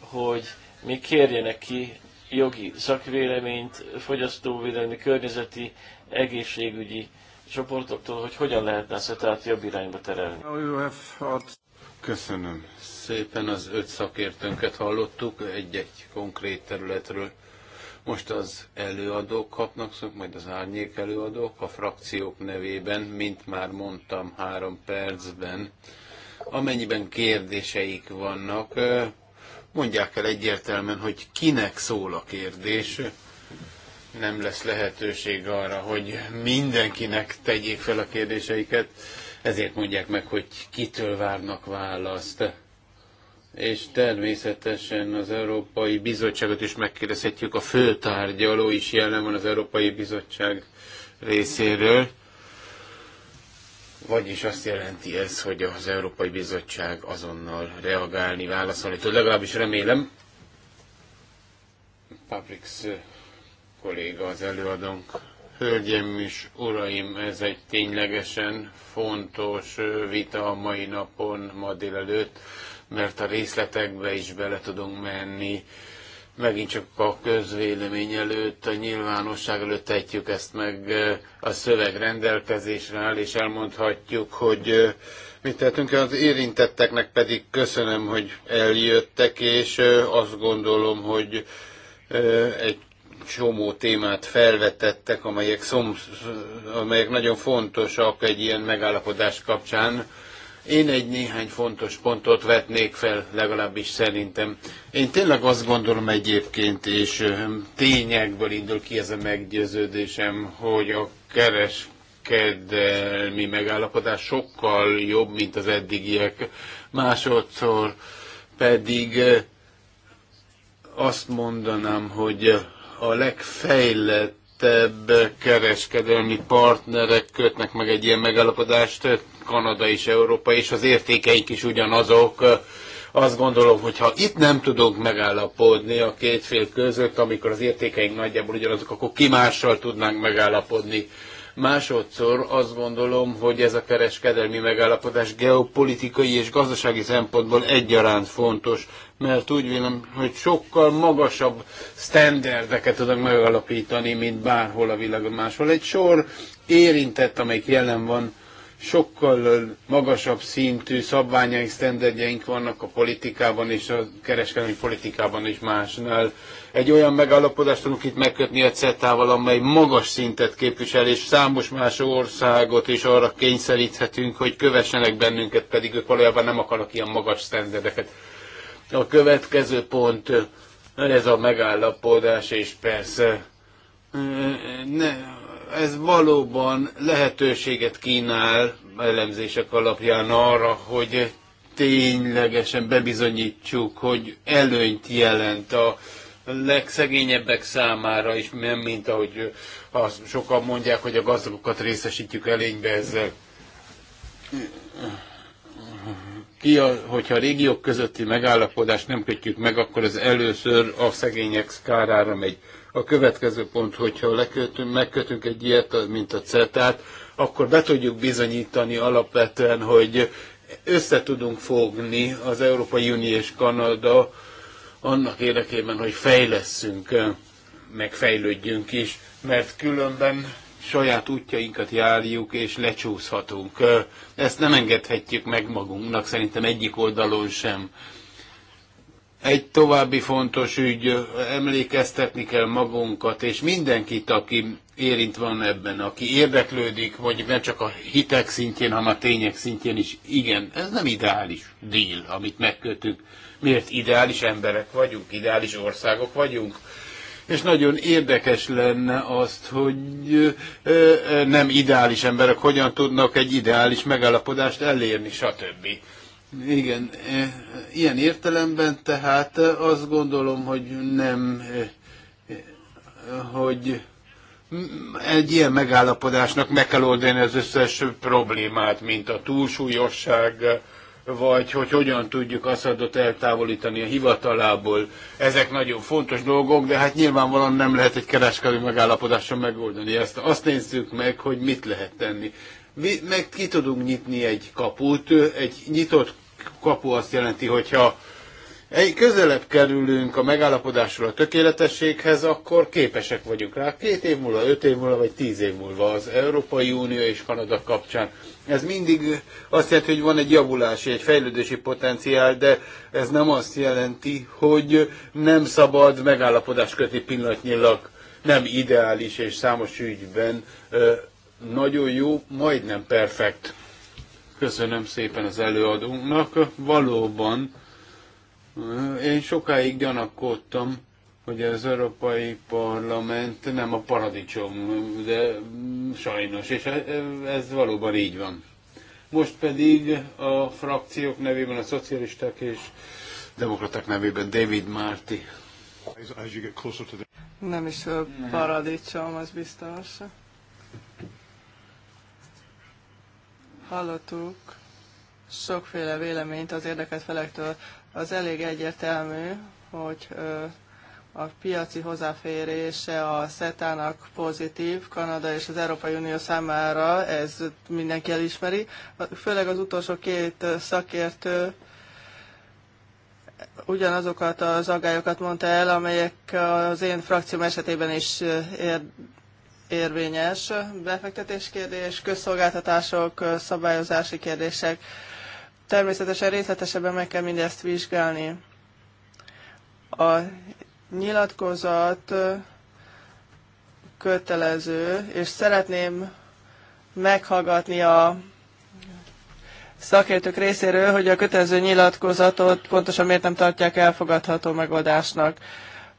hogy még kérjenek ki jogi szakvéleményt, fogyasztóvédelmi, környezeti, egészségügyi csoportoktól, hogy hogyan lehetne CETA-t jobb irányba terelni. Köszönöm szépen, az öt szakértőnket hallottuk egy-egy konkrét területről. Most az előadók kapnak szó, majd az árnyék előadók a frakciók nevében, mint már mondtam, három percben. Amennyiben kérdéseik vannak, mondják el egyértelműen, hogy kinek szól a kérdés. Nem lesz lehetőség arra, hogy mindenkinek tegyék fel a kérdéseiket, ezért mondják meg, hogy kitől várnak választ és természetesen az Európai Bizottságot is megkérdezhetjük, a főtárgyaló is jelen van az Európai Bizottság részéről. Vagyis azt jelenti ez, hogy az Európai Bizottság azonnal reagálni, válaszolni tud, legalábbis remélem. Paprix kolléga az előadónk. Hölgyeim és uraim, ez egy ténylegesen fontos vita a mai napon, ma délelőtt mert a részletekbe is bele tudunk menni. Megint csak a közvélemény előtt, a nyilvánosság előtt tetjük ezt meg a szöveg rendelkezésre áll, és elmondhatjuk, hogy mit tettünk. Az érintetteknek pedig köszönöm, hogy eljöttek, és azt gondolom, hogy egy csomó témát felvetettek, amelyek, szomsz, amelyek nagyon fontosak egy ilyen megállapodás kapcsán. Én egy néhány fontos pontot vetnék fel, legalábbis szerintem. Én tényleg azt gondolom egyébként, és tényekből indul ki ez a meggyőződésem, hogy a kereskedelmi megállapodás sokkal jobb, mint az eddigiek. Másodszor pedig azt mondanám, hogy a legfejlettebb kereskedelmi partnerek kötnek meg egy ilyen megállapodást, Kanada és Európa, és az értékeink is ugyanazok. Azt gondolom, hogy ha itt nem tudunk megállapodni a két fél között, amikor az értékeink nagyjából ugyanazok, akkor ki mással tudnánk megállapodni. Másodszor azt gondolom, hogy ez a kereskedelmi megállapodás geopolitikai és gazdasági szempontból egyaránt fontos, mert úgy vélem, hogy sokkal magasabb sztenderdeket tudok megalapítani, mint bárhol a világon máshol. Egy sor érintett, amelyik jelen van sokkal magasabb szintű szabványaink, sztenderdjeink vannak a politikában és a kereskedelmi politikában is másnál. Egy olyan megállapodást tudunk itt megkötni a CETA-val, amely magas szintet képvisel, és számos más országot is arra kényszeríthetünk, hogy kövessenek bennünket, pedig ők valójában nem akarnak ilyen magas sztenderdeket. A következő pont ez a megállapodás, és persze ne, ez valóban lehetőséget kínál elemzések alapján arra, hogy ténylegesen bebizonyítsuk, hogy előnyt jelent a legszegényebbek számára is, nem mint ahogy azt sokan mondják, hogy a gazdagokat részesítjük elénybe ezzel. Ki a, hogyha a régiók közötti megállapodást nem kötjük meg, akkor ez először a szegények kárára megy. A következő pont, hogyha lekötünk, megkötünk egy ilyet, mint a CETÁT, akkor be tudjuk bizonyítani alapvetően, hogy össze tudunk fogni az Európai Unió és Kanada annak érdekében, hogy fejlesszünk, megfejlődjünk is, mert különben saját útjainkat járjuk és lecsúszhatunk. Ezt nem engedhetjük meg magunknak, szerintem egyik oldalon sem. Egy további fontos ügy, emlékeztetni kell magunkat, és mindenkit, aki érint van ebben, aki érdeklődik, vagy nem csak a hitek szintjén, hanem a tények szintjén is, igen, ez nem ideális díl, amit megkötünk. Miért ideális emberek vagyunk, ideális országok vagyunk? és nagyon érdekes lenne azt, hogy nem ideális emberek hogyan tudnak egy ideális megállapodást elérni, stb. Igen, e, ilyen értelemben tehát azt gondolom, hogy nem, e, e, hogy egy ilyen megállapodásnak meg kell oldani az összes problémát, mint a túlsúlyosság, vagy hogy hogyan tudjuk Assadot eltávolítani a hivatalából. Ezek nagyon fontos dolgok, de hát nyilvánvalóan nem lehet egy kereskedelmi megállapodással megoldani ezt. Azt nézzük meg, hogy mit lehet tenni. Mi meg ki tudunk nyitni egy kaput, egy nyitott kapu azt jelenti, hogyha egy közelebb kerülünk a megállapodásról a tökéletességhez, akkor képesek vagyunk rá két év múlva, öt év múlva, vagy tíz év múlva az Európai Unió és Kanada kapcsán. Ez mindig azt jelenti, hogy van egy javulási, egy fejlődési potenciál, de ez nem azt jelenti, hogy nem szabad megállapodás köti pillanatnyilag, nem ideális és számos ügyben nagyon jó, majdnem perfekt Köszönöm szépen az előadónknak. Valóban eh, én sokáig gyanakodtam, hogy az Európai Parlament nem a paradicsom, de mm, sajnos, és ez valóban így van. Most pedig a frakciók nevében, a szocialisták és demokraták nevében David Márti. Nem is a paradicsom, az biztos. Hallottuk sokféle véleményt az érdekelt felektől. Az elég egyértelmű, hogy a piaci hozzáférése a SETA-nak pozitív, Kanada és az Európai Unió számára, ez mindenki elismeri. Főleg az utolsó két szakértő ugyanazokat az aggályokat mondta el, amelyek az én frakcióm esetében is érvényes befektetés kérdés, közszolgáltatások, szabályozási kérdések. Természetesen részletesebben meg kell mindezt vizsgálni. A nyilatkozat kötelező, és szeretném meghallgatni a szakértők részéről, hogy a kötelező nyilatkozatot pontosan miért nem tartják elfogadható megoldásnak.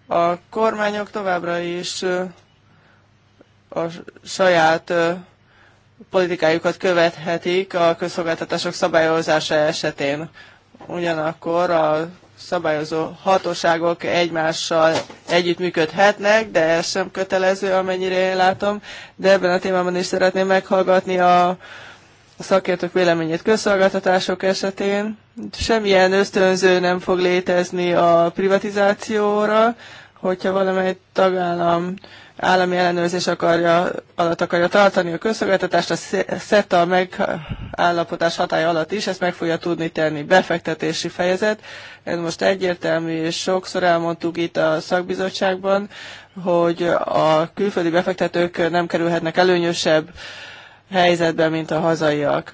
A kormányok továbbra is a saját politikájukat követhetik a közszolgáltatások szabályozása esetén. Ugyanakkor a szabályozó hatóságok egymással együttműködhetnek, de ez sem kötelező, amennyire én látom. De ebben a témában is szeretném meghallgatni a szakértők véleményét közszolgáltatások esetén. Semmilyen ösztönző nem fog létezni a privatizációra, hogyha valamely tagállam állami ellenőrzés akarja, alatt akarja tartani a közszolgáltatást, a SETA megállapodás hatája alatt is, ezt meg fogja tudni tenni. Befektetési fejezet, ez most egyértelmű, és sokszor elmondtuk itt a szakbizottságban, hogy a külföldi befektetők nem kerülhetnek előnyösebb helyzetbe, mint a hazaiak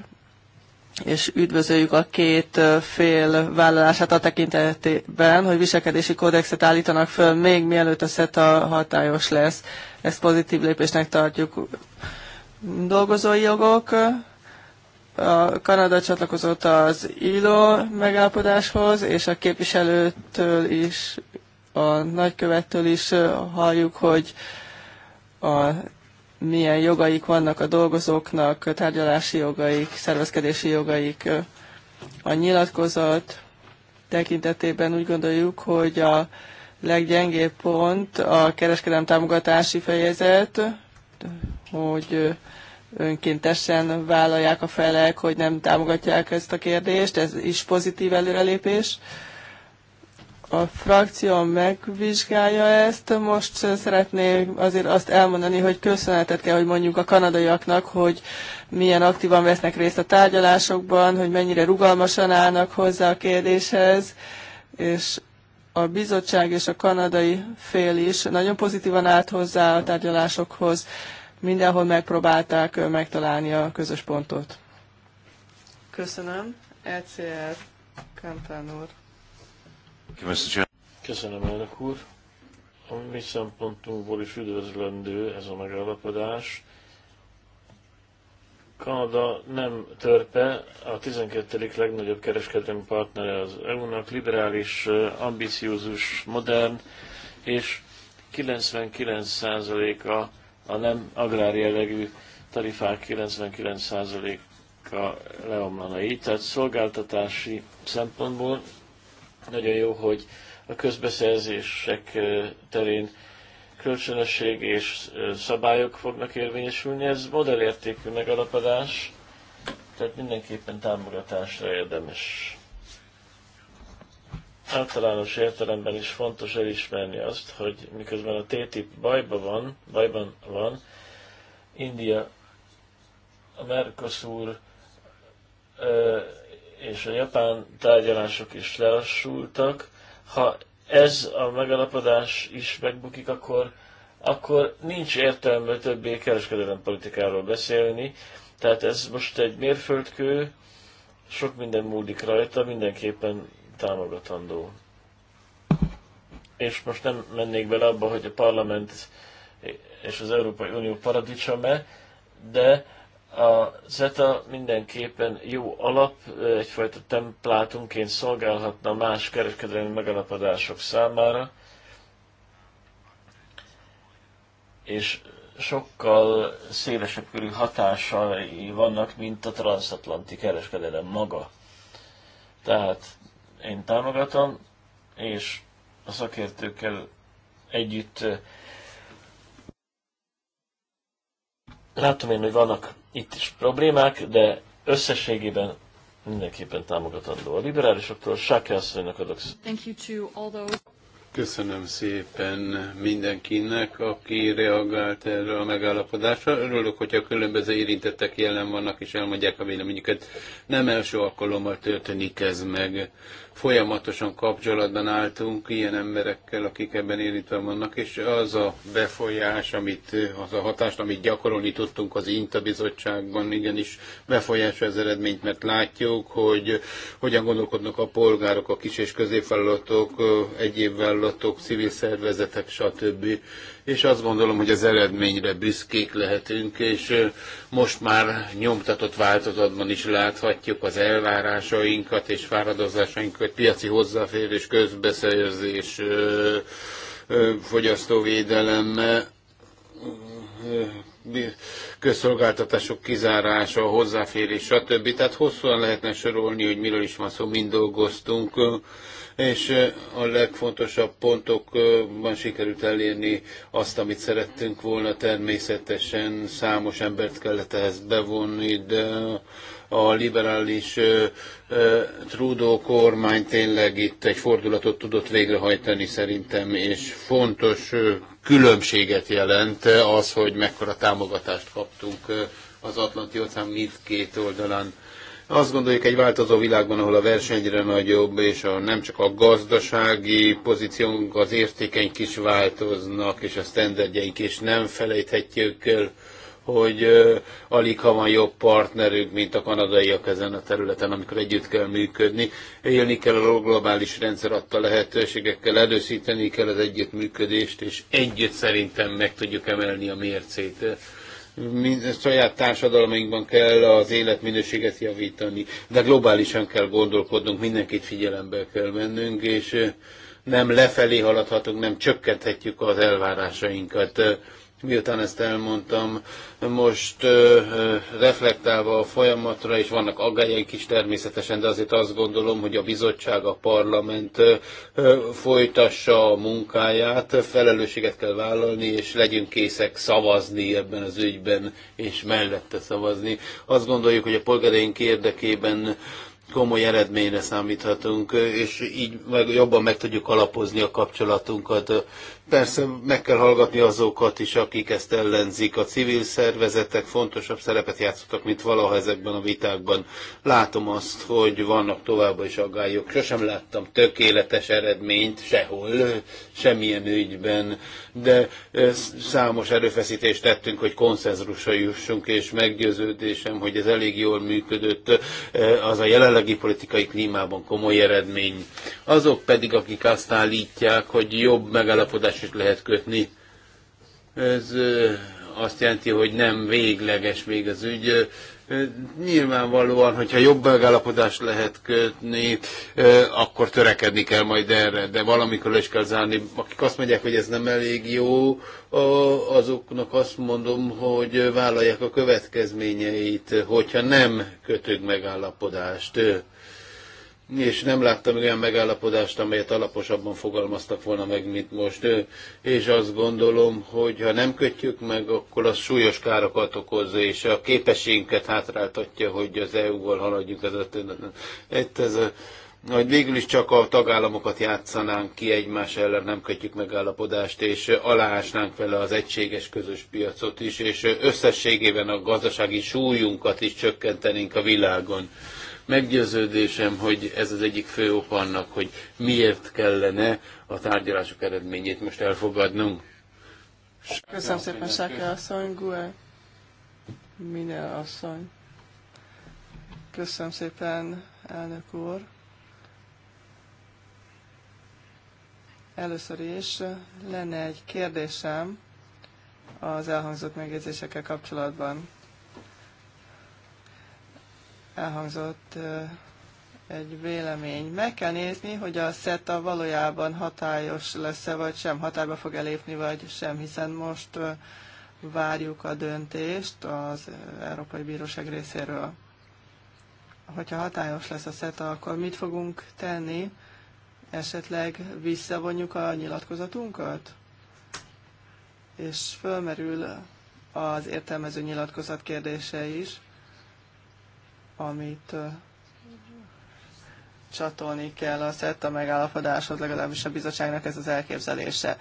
és üdvözöljük a két fél vállalását a tekintetében, hogy viselkedési kódexet állítanak föl, még mielőtt a SETA hatályos lesz. Ezt pozitív lépésnek tartjuk. Dolgozói jogok, a Kanada csatlakozott az ILO megállapodáshoz, és a képviselőtől is, a nagykövettől is halljuk, hogy a milyen jogaik vannak a dolgozóknak, tárgyalási jogaik, szervezkedési jogaik. A nyilatkozat tekintetében úgy gondoljuk, hogy a leggyengébb pont a kereskedelem támogatási fejezet, hogy önkéntesen vállalják a felek, hogy nem támogatják ezt a kérdést, ez is pozitív előrelépés a frakció megvizsgálja ezt. Most szeretném azért azt elmondani, hogy köszönetet kell, hogy mondjuk a kanadaiaknak, hogy milyen aktívan vesznek részt a tárgyalásokban, hogy mennyire rugalmasan állnak hozzá a kérdéshez, és a bizottság és a kanadai fél is nagyon pozitívan állt hozzá a tárgyalásokhoz. Mindenhol megpróbálták megtalálni a közös pontot. Köszönöm. ECR Kantán úr. Köszönöm, elnök úr. A mi szempontunkból is üdvözlendő ez a megállapodás. Kanada nem törpe, a 12. legnagyobb kereskedelmi partnere az EU-nak, liberális, ambiciózus, modern, és 99%-a a nem jellegű tarifák 99%-a leomlana így, tehát szolgáltatási szempontból nagyon jó, hogy a közbeszerzések terén kölcsönösség és szabályok fognak érvényesülni. Ez modellértékű megalapodás, tehát mindenképpen támogatásra érdemes. Általános értelemben is fontos elismerni azt, hogy miközben a TTIP bajban van, bajban van, India, a Mercosur, és a japán tárgyalások is lelassultak. Ha ez a megalapodás is megbukik, akkor, akkor nincs értelme többé kereskedelem politikáról beszélni. Tehát ez most egy mérföldkő, sok minden múlik rajta, mindenképpen támogatandó. És most nem mennék bele abba, hogy a parlament és az Európai Unió paradicsome, de a Zeta mindenképpen jó alap, egyfajta templátunként szolgálhatna más kereskedelmi megalapodások számára, és sokkal szélesebb körű hatásai vannak, mint a transatlanti kereskedelem maga. Tehát én támogatom, és a szakértőkkel együtt Látom én, hogy vannak itt is problémák, de összességében mindenképpen támogatandó. A liberálisoktól Sáke asszonynak adok Köszönöm szépen mindenkinek, aki reagált erre a megállapodásra. Örülök, hogyha a különböző érintettek jelen vannak és elmondják a véleményüket. Nem első alkalommal történik ez meg folyamatosan kapcsolatban álltunk ilyen emberekkel, akik ebben érintve vannak, és az a befolyás, amit, az a hatást, amit gyakorolni tudtunk az INTA bizottságban, igenis befolyás az eredményt, mert látjuk, hogy hogyan gondolkodnak a polgárok, a kis és középvállalatok, egyéb vállalatok, civil szervezetek, stb és azt gondolom, hogy az eredményre büszkék lehetünk, és most már nyomtatott változatban is láthatjuk az elvárásainkat és fáradozásainkat, piaci hozzáférés, közbeszerzés, fogyasztóvédelem, közszolgáltatások kizárása, hozzáférés, stb. Tehát hosszúan lehetne sorolni, hogy miről is van szó, mind dolgoztunk és a legfontosabb pontokban sikerült elérni azt, amit szerettünk volna. Természetesen számos embert kellett ehhez bevonni, de a liberális Trudeau kormány tényleg itt egy fordulatot tudott végrehajtani szerintem, és fontos különbséget jelent az, hogy mekkora támogatást kaptunk az Atlanti óceán mindkét oldalán. Azt gondoljuk, egy változó világban, ahol a versenyre nagyobb, és a, nem csak a gazdasági pozíciónk, az értékeink is változnak, és a sztenderdjeink is nem felejthetjük el, hogy uh, alig ha van jobb partnerünk, mint a kanadaiak ezen a területen, amikor együtt kell működni. Élni kell a globális rendszer adta lehetőségekkel, előszíteni kell az együttműködést, és együtt szerintem meg tudjuk emelni a mércét saját társadalmainkban kell az életminőséget javítani, de globálisan kell gondolkodnunk, mindenkit figyelembe kell vennünk, és eh, nem lefelé haladhatunk, nem csökkenthetjük az elvárásainkat. Miután ezt elmondtam, most ö, ö, reflektálva a folyamatra, és vannak aggájaink is természetesen, de azért azt gondolom, hogy a bizottság, a parlament ö, folytassa a munkáját, felelősséget kell vállalni, és legyünk készek szavazni ebben az ügyben, és mellette szavazni. Azt gondoljuk, hogy a polgáraink érdekében komoly eredményre számíthatunk, és így meg jobban meg tudjuk alapozni a kapcsolatunkat. Persze meg kell hallgatni azokat is, akik ezt ellenzik. A civil szervezetek fontosabb szerepet játszottak, mint valaha ezekben a vitákban. Látom azt, hogy vannak továbbra is aggályok. Sosem láttam tökéletes eredményt sehol, semmilyen ügyben, de számos erőfeszítést tettünk, hogy konszenzusra jussunk, és meggyőződésem, hogy ez elég jól működött, az a jelenlegi politikai klímában komoly eredmény. Azok pedig, akik azt állítják, hogy jobb megállapodás szerződését lehet kötni. Ez azt jelenti, hogy nem végleges még az ügy. Nyilvánvalóan, hogyha jobb megállapodást lehet kötni, akkor törekedni kell majd erre, de valamikor is kell zárni. Akik azt mondják, hogy ez nem elég jó, azoknak azt mondom, hogy vállalják a következményeit, hogyha nem kötök megállapodást és nem láttam olyan megállapodást, amelyet alaposabban fogalmaztak volna meg, mint most. És azt gondolom, hogy ha nem kötjük meg, akkor az súlyos károkat okoz, és a képességünket hátráltatja, hogy az EU-val haladjunk ez a Itt ez a, hogy végül is csak a tagállamokat játszanánk ki egymás ellen, nem kötjük megállapodást, és aláásnánk vele az egységes közös piacot is, és összességében a gazdasági súlyunkat is csökkentenénk a világon Meggyőződésem, hogy ez az egyik fő ok annak, hogy miért kellene a tárgyalások eredményét most elfogadnunk. Köszönöm szépen, Sáke asszony, Gue, minden asszony. Köszönöm szépen, elnök úr. Először is lenne egy kérdésem az elhangzott megjegyzésekkel kapcsolatban elhangzott egy vélemény. Meg kell nézni, hogy a SETA valójában hatályos lesz-e, vagy sem, határba fog elépni, vagy sem, hiszen most várjuk a döntést az Európai Bíróság részéről. Hogyha hatályos lesz a SETA, akkor mit fogunk tenni? Esetleg visszavonjuk a nyilatkozatunkat? És fölmerül az értelmező nyilatkozat kérdése is amit csatolni kell a SZETA megállapodáshoz, legalábbis a bizottságnak ez az elképzelése.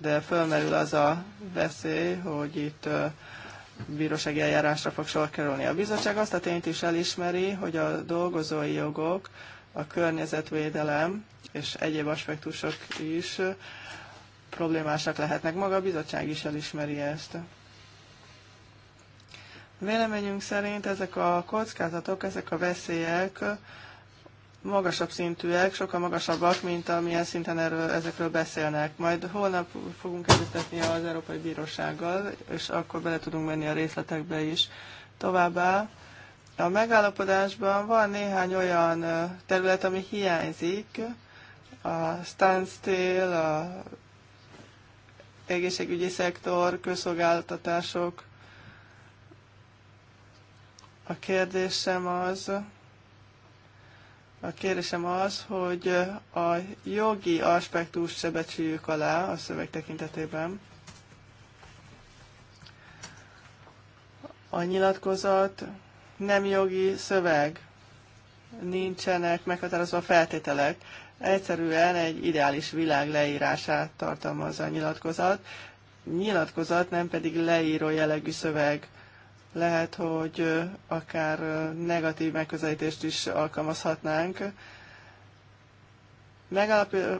De fölmerül az a veszély, hogy itt bírósági eljárásra fog sor kerülni. A bizottság azt a tényt is elismeri, hogy a dolgozói jogok, a környezetvédelem és egyéb aspektusok is problémásak lehetnek. Maga a bizottság is elismeri ezt. Véleményünk szerint ezek a kockázatok, ezek a veszélyek magasabb szintűek, sokkal magasabbak, mint amilyen szinten erről, ezekről beszélnek. Majd holnap fogunk egyeztetni az Európai Bírósággal, és akkor bele tudunk menni a részletekbe is. Továbbá a megállapodásban van néhány olyan terület, ami hiányzik, a standstill, a egészségügyi szektor, közszolgáltatások, a kérdésem az, a kérdésem az, hogy a jogi aspektust se becsüljük alá a szöveg tekintetében. A nyilatkozat nem jogi szöveg, nincsenek meghatározva feltételek. Egyszerűen egy ideális világ leírását tartalmazza a nyilatkozat, nyilatkozat nem pedig leíró jellegű szöveg lehet, hogy akár negatív megközelítést is alkalmazhatnánk.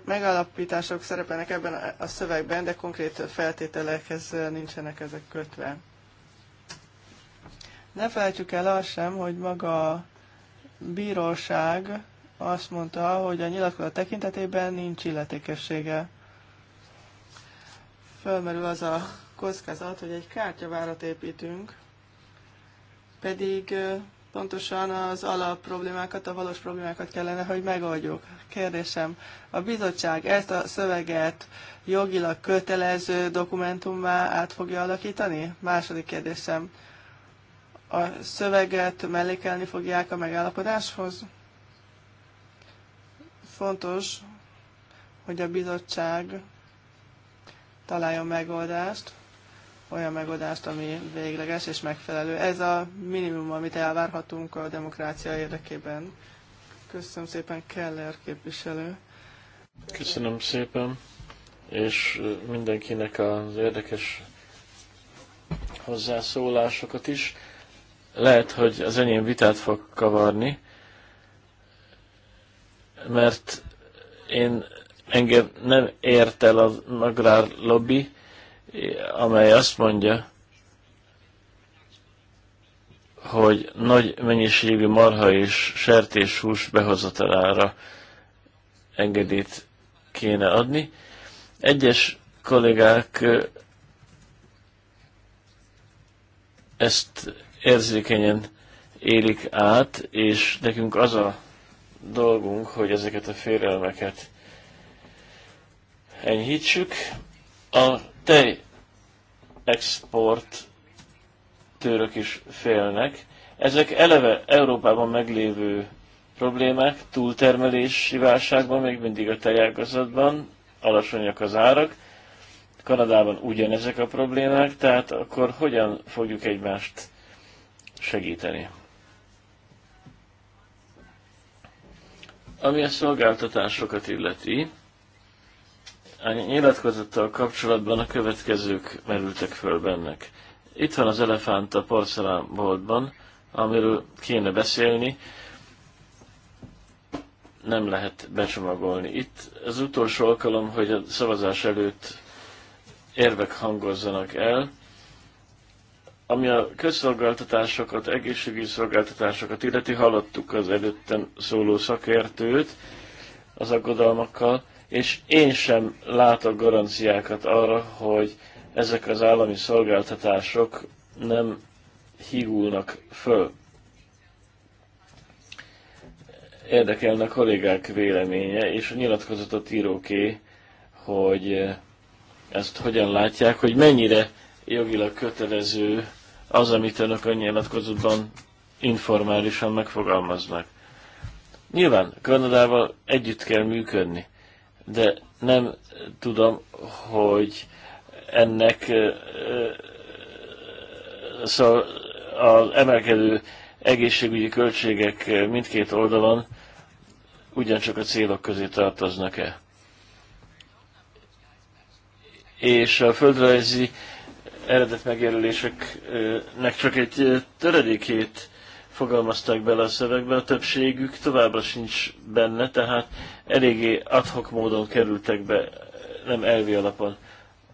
Megalapítások szerepelnek ebben a szövegben, de konkrét feltételekhez nincsenek ezek kötve. Ne felejtjük el azt sem, hogy maga a bíróság azt mondta, hogy a nyilatkozat tekintetében nincs illetékessége. Fölmerül az a kockázat, hogy egy kártyavárat építünk, pedig pontosan az alap problémákat, a valós problémákat kellene, hogy megoldjuk. Kérdésem, a bizottság ezt a szöveget jogilag kötelező dokumentummá át fogja alakítani? Második kérdésem, a szöveget mellékelni fogják a megállapodáshoz? Fontos, hogy a bizottság találjon megoldást, olyan megoldást, ami végleges és megfelelő. Ez a minimum, amit elvárhatunk a demokrácia érdekében. Köszönöm szépen, Keller képviselő. Köszönöm szépen, és mindenkinek az érdekes hozzászólásokat is. Lehet, hogy az enyém vitát fog kavarni, mert én engem nem ért el az agrár lobby, amely azt mondja, hogy nagy mennyiségű marha és sertés hús behozatalára engedélyt kéne adni. Egyes kollégák ezt érzékenyen élik át, és nekünk az a dolgunk, hogy ezeket a félelmeket enyhítsük. A tej export török is félnek. Ezek eleve Európában meglévő problémák, túltermelési válságban, még mindig a tejágazatban, alacsonyak az árak, Kanadában ugyanezek a problémák, tehát akkor hogyan fogjuk egymást segíteni? Ami a szolgáltatásokat illeti, a nyilatkozattal kapcsolatban a következők merültek föl bennek. Itt van az elefánt a porcelánboltban, amiről kéne beszélni, nem lehet becsomagolni. Itt az utolsó alkalom, hogy a szavazás előtt érvek hangozzanak el, ami a közszolgáltatásokat, egészségügyi szolgáltatásokat illeti, hallottuk az előttem szóló szakértőt az aggodalmakkal, és én sem látok garanciákat arra, hogy ezek az állami szolgáltatások nem hígulnak föl. Érdekelne a kollégák véleménye, és a nyilatkozatot íróké, hogy ezt hogyan látják, hogy mennyire jogilag kötelező az, amit önök a nyilatkozatban informálisan megfogalmaznak. Nyilván Kanadával együtt kell működni, de nem tudom, hogy ennek szóval az emelkedő egészségügyi költségek mindkét oldalon ugyancsak a célok közé tartoznak-e. És a földrajzi eredet csak egy töredékét fogalmazták bele a szövegbe, a többségük továbbra sincs benne, tehát eléggé adhok módon kerültek be, nem elvi alapon,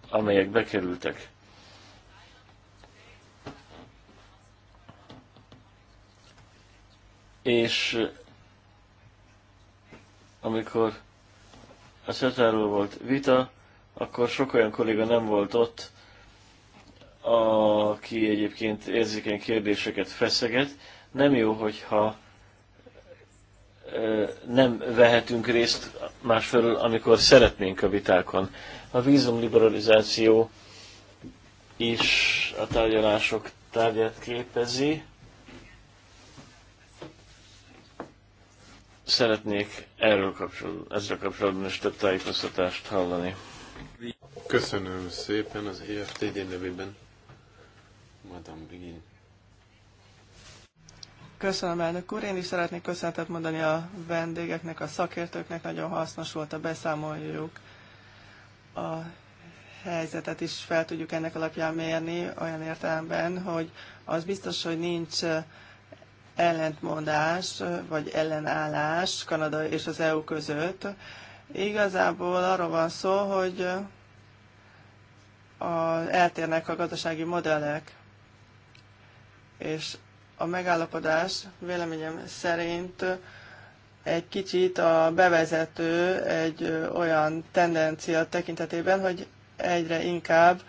amelyek bekerültek. És eh, amikor a Szetáról volt vita, akkor sok olyan kolléga nem volt ott, aki egyébként érzékeny kérdéseket feszeget. Nem jó, hogyha nem vehetünk részt másfelől, amikor szeretnénk a vitákon. A vízumliberalizáció is a tárgyalások tárgyát képezi. Szeretnék erről kapcsolatban, ezzel kapcsolatban is több tájékoztatást hallani. Köszönöm szépen az EFTD nevében, Madame Brigitte. Köszönöm, elnök úr. Én is szeretnék köszönetet mondani a vendégeknek, a szakértőknek. Nagyon hasznos volt a beszámoljuk. A helyzetet is fel tudjuk ennek alapján mérni, olyan értelemben, hogy az biztos, hogy nincs ellentmondás vagy ellenállás Kanada és az EU között. Igazából arról van szó, hogy a, eltérnek a gazdasági modellek, és a megállapodás véleményem szerint egy kicsit a bevezető egy olyan tendencia tekintetében, hogy egyre inkább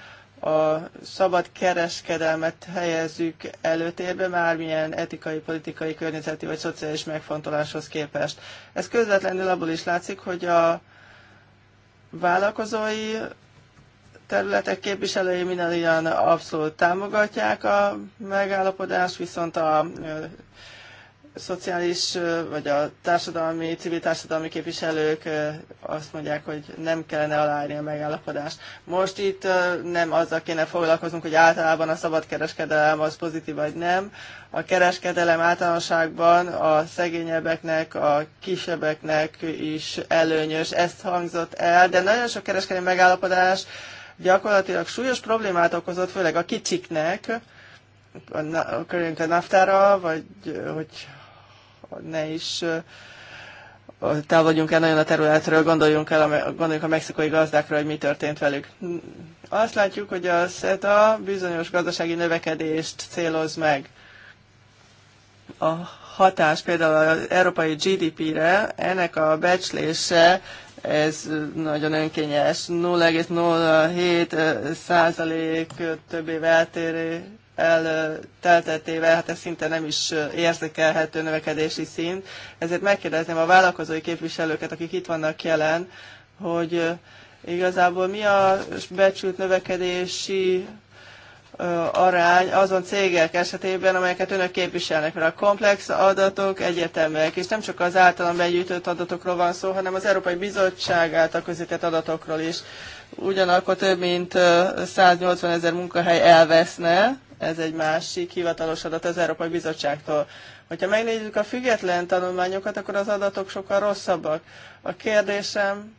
a szabad kereskedelmet helyezzük előtérbe, mármilyen etikai, politikai, környezeti vagy szociális megfontoláshoz képest. Ez közvetlenül abból is látszik, hogy a vállalkozói területek képviselői ilyen abszolút támogatják a megállapodást, viszont a szociális vagy a társadalmi, civil társadalmi képviselők azt mondják, hogy nem kellene aláírni a megállapodást. Most itt nem azzal kéne foglalkozunk, hogy általában a szabad kereskedelem az pozitív vagy nem. A kereskedelem általánosságban a szegényebbeknek, a kisebbeknek is előnyös. Ezt hangzott el, de nagyon sok kereskedelmi megállapodás gyakorlatilag súlyos problémát okozott, főleg a kicsiknek, körülünk a naftára, vagy hogy ne is vagyunk el nagyon a területről, gondoljunk, el a, gondoljunk a mexikai gazdákra, hogy mi történt velük. Azt látjuk, hogy a SETA bizonyos gazdasági növekedést céloz meg. A hatás például az európai GDP-re, ennek a becslése ez nagyon önkényes. 0,07 százalék többé eltérő elteltetével, hát ez szinte nem is érzékelhető növekedési szint. Ezért megkérdezném a vállalkozói képviselőket, akik itt vannak jelen, hogy igazából mi a becsült növekedési arány azon cégek esetében, amelyeket önök képviselnek, mert a komplex adatok egyetemek, és nem csak az általam begyűjtött adatokról van szó, hanem az Európai Bizottság által közített adatokról is. Ugyanakkor több mint 180 ezer munkahely elveszne, ez egy másik hivatalos adat az Európai Bizottságtól. Hogyha megnézzük a független tanulmányokat, akkor az adatok sokkal rosszabbak. A kérdésem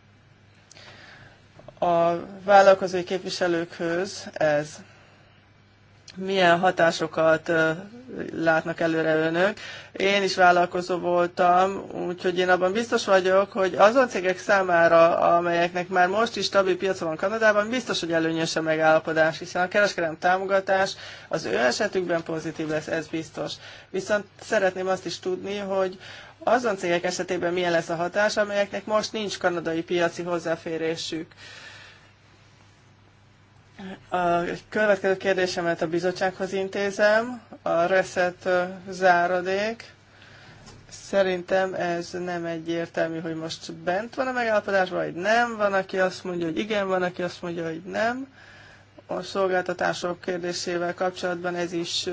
a vállalkozói képviselőkhöz ez milyen hatásokat látnak előre önök. Én is vállalkozó voltam, úgyhogy én abban biztos vagyok, hogy azon cégek számára, amelyeknek már most is stabil piac van Kanadában, biztos, hogy előnyös a megállapodás, hiszen a kereskedelem támogatás az ő esetükben pozitív lesz, ez biztos. Viszont szeretném azt is tudni, hogy azon cégek esetében milyen lesz a hatás, amelyeknek most nincs kanadai piaci hozzáférésük. Uh, a következő kérdésemet a bizottsághoz intézem. A reset záradék. Szerintem ez nem egyértelmű, hogy most bent van a megállapodás vagy nem. Van, aki azt mondja, hogy igen, van, aki azt mondja, hogy nem. A szolgáltatások kérdésével kapcsolatban ez is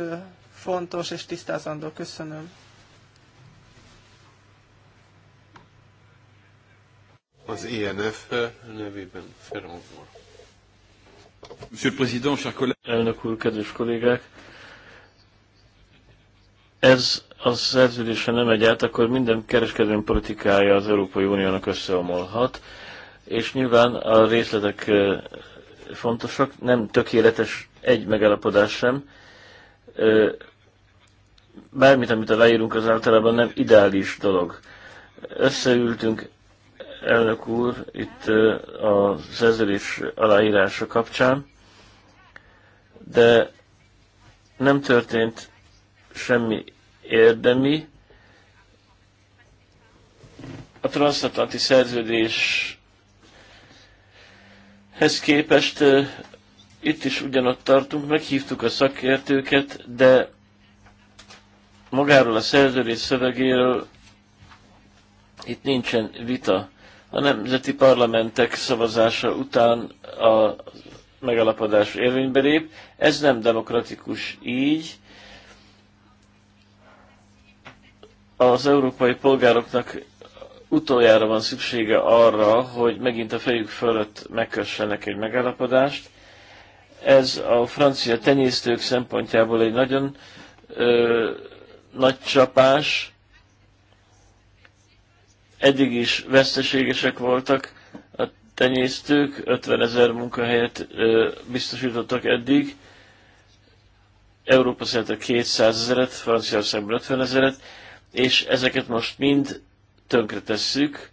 fontos és tisztázandó. Köszönöm. Az INF e nevében Ferenc Monsieur le Président, chers collègues. Elnök úr, kedves kollégák! Ez a szerződés, ha nem megy át, akkor minden kereskedelmi politikája az Európai Uniónak összeomolhat, és nyilván a részletek fontosak, nem tökéletes egy megállapodás sem. Bármit, amit aláírunk, az általában nem ideális dolog. Összeültünk elnök úr itt a szerződés aláírása kapcsán, de nem történt semmi érdemi. A transzatlanti szerződéshez képest itt is ugyanott tartunk, meghívtuk a szakértőket, de magáról a szerződés szövegéről itt nincsen vita. A nemzeti parlamentek szavazása után a megalapodás érvénybe lép. Ez nem demokratikus így. Az európai polgároknak utoljára van szüksége arra, hogy megint a fejük fölött megkössenek egy megállapodást. Ez a francia tenyésztők szempontjából egy nagyon ö, nagy csapás, Eddig is veszteségesek voltak a tenyésztők, 50 ezer munkahelyet biztosítottak eddig, Európa szerte 200 ezeret, Franciaországban 50 ezeret, és ezeket most mind tönkre tesszük.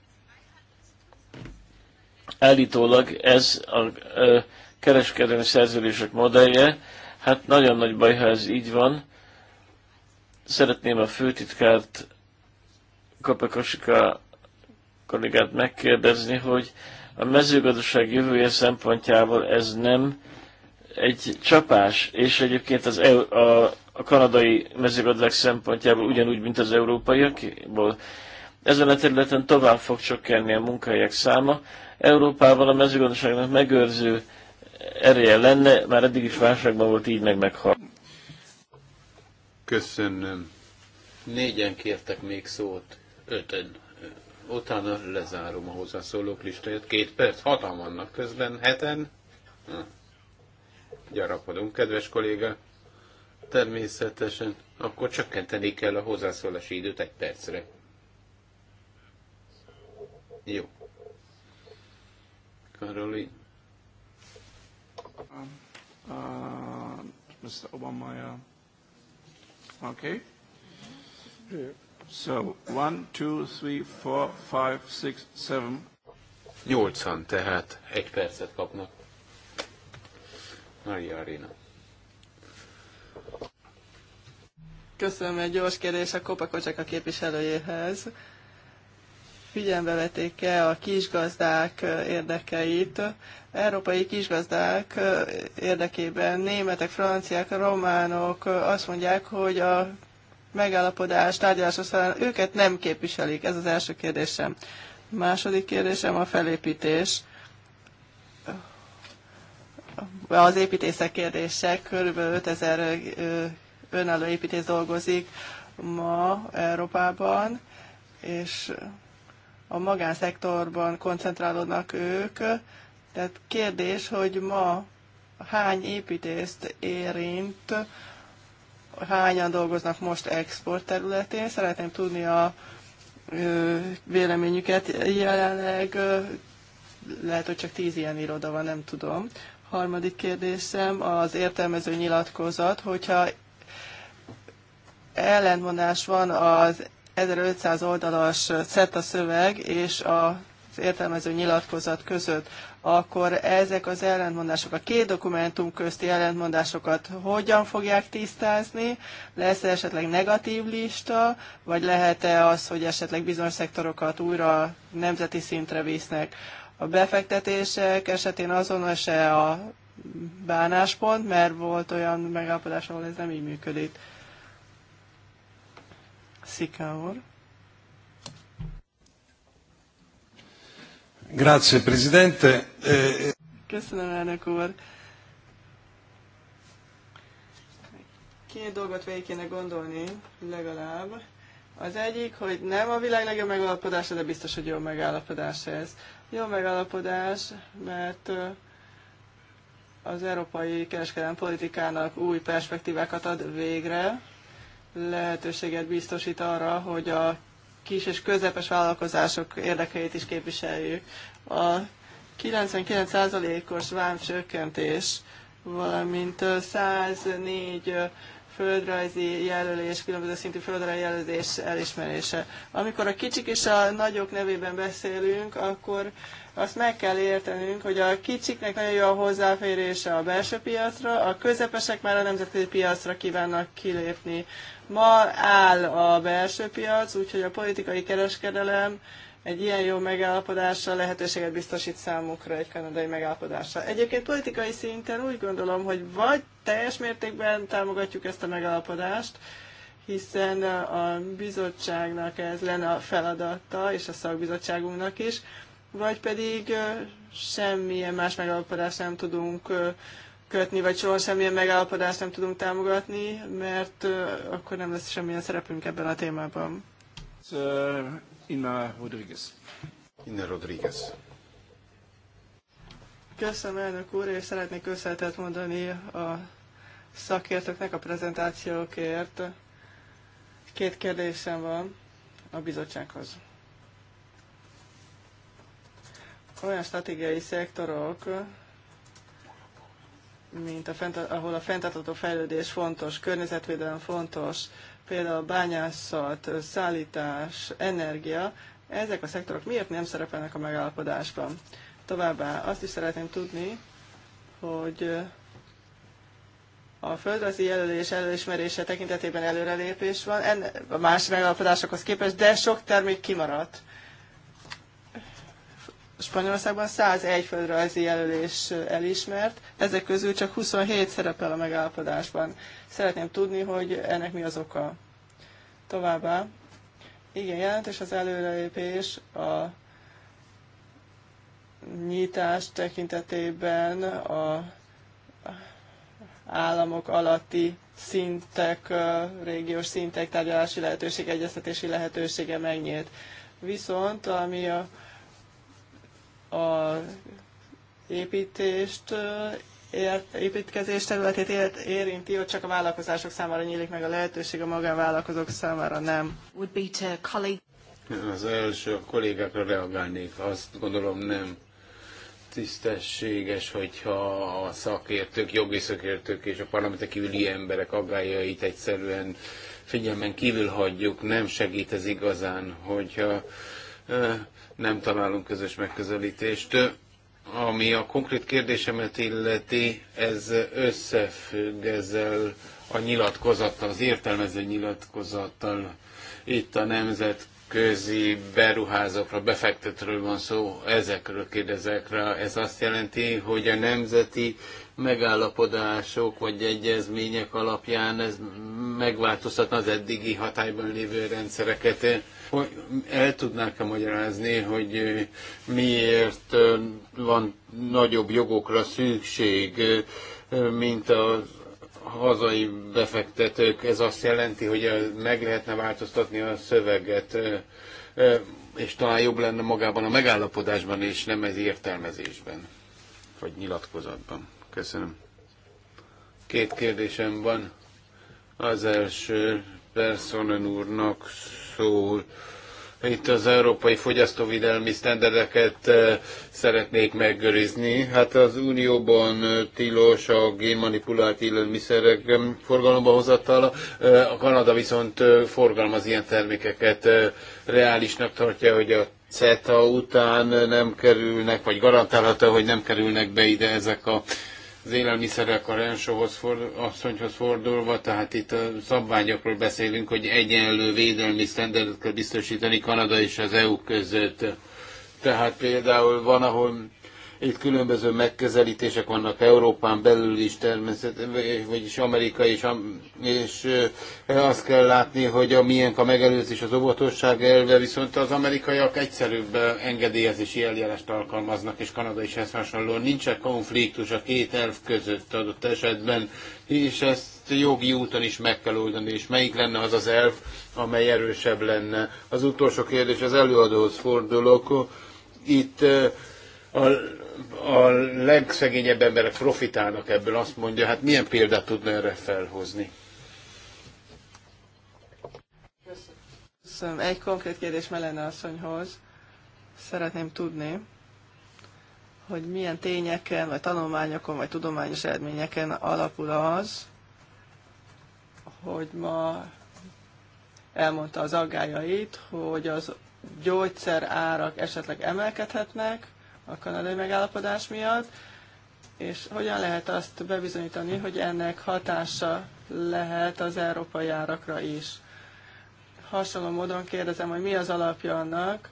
Állítólag ez a kereskedelmi szerződések modellje, hát nagyon nagy baj, ha ez így van. Szeretném a főtitkárt Kapekasika kollégát megkérdezni, hogy a mezőgazdaság jövője szempontjából ez nem egy csapás, és egyébként az EU, a, a kanadai mezőgazdaság szempontjából ugyanúgy, mint az európaiakból. Ezen a területen tovább fog csökkenni a munkahelyek száma. Európával a mezőgazdaságnak megőrző ereje lenne, már eddig is válságban volt, így meg meghal. Köszönöm. Négyen kértek még szót, öten Utána lezárom a hozzászólók listáját. Két perc, hatan vannak közben, heten. Hm. Gyarapodunk, kedves kolléga. Természetesen. Akkor csökkenteni kell a hozzászólási időt egy percre. Jó. Karoli. Uh, uh, Mr. Obama, yeah. Okay. Yeah. So, one, two, three, four, five, six, seven. Nyolcan tehát egy percet kapnak. Mária Arena. Köszönöm, egy gyors kérdés a Kopakocsak a képviselőjéhez. Figyelembe vették-e a kisgazdák érdekeit? Európai kisgazdák érdekében németek, franciák, románok azt mondják, hogy a megállapodás tárgyalás, aztán őket nem képviselik? Ez az első kérdésem. A második kérdésem a felépítés. Az építészek kérdése. Körülbelül 5000 önálló építész dolgozik ma Európában, és a magánszektorban koncentrálódnak ők. Tehát kérdés, hogy ma hány építést érint hányan dolgoznak most export területén. Szeretném tudni a véleményüket. Jelenleg lehet, hogy csak tíz ilyen iroda van, nem tudom. Harmadik kérdésem az értelmező nyilatkozat, hogyha ellentmondás van az 1500 oldalas CETA szöveg és a értelmező nyilatkozat között, akkor ezek az ellentmondások, a két dokumentum közti ellentmondásokat hogyan fogják tisztázni? lesz -e esetleg negatív lista, vagy lehet-e az, hogy esetleg bizonyos szektorokat újra nemzeti szintre visznek? A befektetések esetén azonos-e a bánáspont, mert volt olyan megállapodás, ahol ez nem így működik. Szika úr. Grazie, Presidente. Eh, Köszönöm, elnök úr. Két dolgot végig kéne gondolni, legalább. Az egyik, hogy nem a világ legjobb megállapodása, de biztos, hogy jó megállapodás ez. Jó megállapodás, mert az európai kereskedelmi politikának új perspektívákat ad végre, lehetőséget biztosít arra, hogy a kis és közepes vállalkozások érdekeit is képviseljük. A 99%-os vámcsökkentés, valamint 104 földrajzi jelölés, különböző szintű földrajzi jelölés elismerése. Amikor a kicsik és a nagyok nevében beszélünk, akkor azt meg kell értenünk, hogy a kicsiknek nagyon jó a hozzáférése a belső piacra, a közepesek már a nemzetközi piacra kívánnak kilépni. Ma áll a belső piac, úgyhogy a politikai kereskedelem egy ilyen jó megállapodásra lehetőséget biztosít számukra egy kanadai megállapodásra. Egyébként politikai szinten úgy gondolom, hogy vagy teljes mértékben támogatjuk ezt a megállapodást, hiszen a bizottságnak ez lenne a feladata, és a szakbizottságunknak is, vagy pedig semmilyen más megállapodást nem tudunk kötni, vagy soha semmilyen megállapodást nem tudunk támogatni, mert akkor nem lesz semmilyen szerepünk ebben a témában. Inna Rodriguez. Inna Rodriguez. Köszönöm, elnök úr, és szeretnék köszönetet mondani a szakértőknek a prezentációkért. Két kérdésem van a bizottsághoz. olyan stratégiai szektorok, mint a fent, ahol a fenntartható fejlődés fontos, környezetvédelem fontos, például bányászat, szállítás, energia, ezek a szektorok miért nem szerepelnek a megállapodásban? Továbbá azt is szeretném tudni, hogy a földrajzi jelölés elismerése tekintetében előrelépés van, a más megállapodásokhoz képest, de sok termék kimaradt. Spanyolországban 101 földrajzi jelölés elismert, ezek közül csak 27 szerepel a megállapodásban. Szeretném tudni, hogy ennek mi az oka. Továbbá, igen, jelentős az előrelépés a nyitás tekintetében a államok alatti szintek, régiós szintek tárgyalási lehetőség, egyeztetési lehetősége megnyílt. Viszont ami a a építést, építkezés területét érinti, hogy csak a vállalkozások számára nyílik meg a lehetőség, a magánvállalkozók számára nem. Would be to colleague. Az első a kollégákra reagálnék, azt gondolom nem tisztességes, hogyha a szakértők, jogi szakértők és a parlamentek kívüli emberek aggájait egyszerűen figyelmen kívül hagyjuk, nem segít ez igazán, hogyha nem találunk közös megközelítést. Ami a konkrét kérdésemet illeti, ez összefügg ezzel a nyilatkozattal, az értelmező nyilatkozattal. Itt a nemzetközi beruházókra, befektetről van szó, ezekről kérdezek rá. Ez azt jelenti, hogy a nemzeti megállapodások vagy egyezmények alapján ez megváltoztatna az eddigi hatályban lévő rendszereket hogy el tudnák-e magyarázni, hogy miért van nagyobb jogokra szükség, mint a hazai befektetők. Ez azt jelenti, hogy meg lehetne változtatni a szöveget, és talán jobb lenne magában a megállapodásban, és nem ez értelmezésben, vagy nyilatkozatban. Köszönöm. Két kérdésem van. Az első Personen úrnak úr, Itt az európai fogyasztóvédelmi sztenderdeket eh, szeretnék megőrizni. Hát az Unióban eh, tilos a génmanipulált élelmiszerek eh, forgalomba hozatala. A Kanada viszont forgalmaz ilyen termékeket. Reálisnak tartja, hogy a CETA után nem kerülnek, vagy garantálható, hogy nem kerülnek be ide ezek a az élelmiszerek a Rensóhoz fordul, asszonyhoz fordulva, tehát itt a szabványokról beszélünk, hogy egyenlő védelmi sztenderdet kell biztosítani Kanada és az EU között. Tehát például van, ahol itt különböző megközelítések vannak Európán belül is természetesen, vagyis Amerika és azt kell látni, hogy a miénk a megelőzés, az óvatosság elve, viszont az amerikaiak egyszerűbb engedélyezési eljárást alkalmaznak, és Kanada is ezt hasonlóan. Nincsen konfliktus a két elv között adott esetben, és ezt jogi úton is meg kell oldani, és melyik lenne az az elv, amely erősebb lenne. Az utolsó kérdés az előadóhoz fordulok. Itt a a legszegényebb emberek profitálnak ebből, azt mondja, hát milyen példát tudna erre felhozni? Köszönöm. Egy konkrét kérdés Melene asszonyhoz. Szeretném tudni, hogy milyen tényeken, vagy tanulmányokon, vagy tudományos eredményeken alapul az, hogy ma elmondta az aggájait, hogy az gyógyszer árak esetleg emelkedhetnek, a kanadai megállapodás miatt, és hogyan lehet azt bebizonyítani, hogy ennek hatása lehet az európai árakra is. Hasonló módon kérdezem, hogy mi az alapja annak,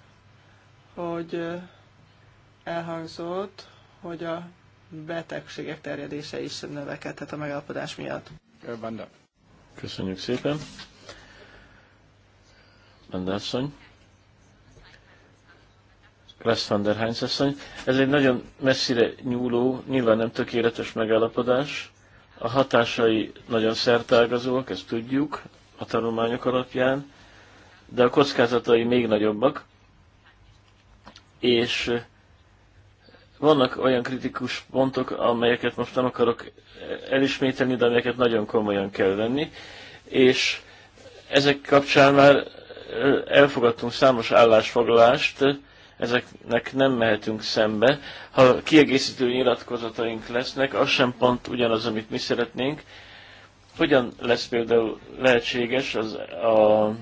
hogy elhangzott, hogy a betegségek terjedése is növekedhet a megállapodás miatt. Köszönjük szépen. Bandasszony. Kressz van der Heinz asszony. Ez egy nagyon messzire nyúló, nyilván nem tökéletes megállapodás. A hatásai nagyon szertágazóak, ezt tudjuk a tanulmányok alapján, de a kockázatai még nagyobbak, és eh, vannak olyan kritikus pontok, amelyeket most nem akarok eh, elismételni, de amelyeket nagyon komolyan kell venni, és ezek kapcsán már eh, elfogadtunk számos állásfoglalást, ezeknek nem mehetünk szembe. Ha kiegészítő nyilatkozataink lesznek, az sem pont ugyanaz, amit mi szeretnénk. Hogyan lesz például lehetséges az a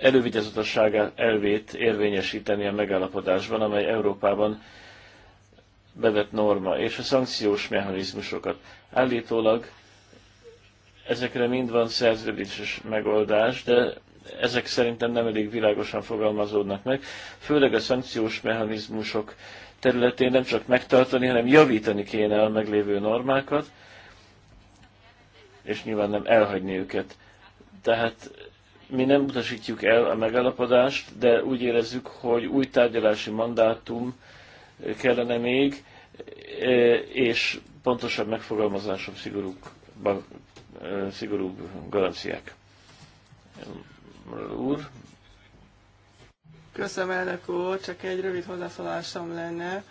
elővigyázatosság elvét érvényesíteni a megállapodásban, amely Európában bevett norma, és a szankciós mechanizmusokat. Állítólag ezekre mind van szerződéses megoldás, de ezek szerintem nem elég világosan fogalmazódnak meg, főleg a szankciós mechanizmusok területén nem csak megtartani, hanem javítani kéne a meglévő normákat, és nyilván nem elhagyni őket. Tehát mi nem utasítjuk el a megállapodást, de úgy érezzük, hogy új tárgyalási mandátum kellene még, e, és pontosabb megfogalmazások, szigorúbb, e, szigorúbb garanciák úr. Köszönöm, elnök úr, csak egy rövid hozzászólásom lenne.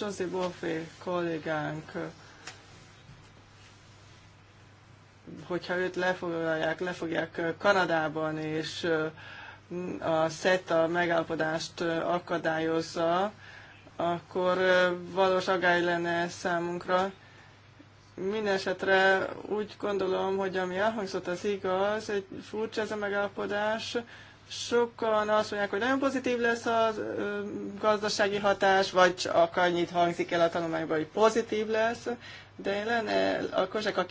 José Bonfé kollégánk, hogyha őt lefoglalják, lefogják Kanadában, és mm, a SETA megállapodást akadályozza, akkor valós agály lenne számunkra. Mindenesetre úgy gondolom, hogy ami elhangzott, az igaz, egy furcsa ez a megállapodás. Sokan azt mondják, hogy nagyon pozitív lesz a gazdasági hatás, vagy annyit hangzik el a tanulmányban, hogy pozitív lesz, de én lenne, a Kozsák a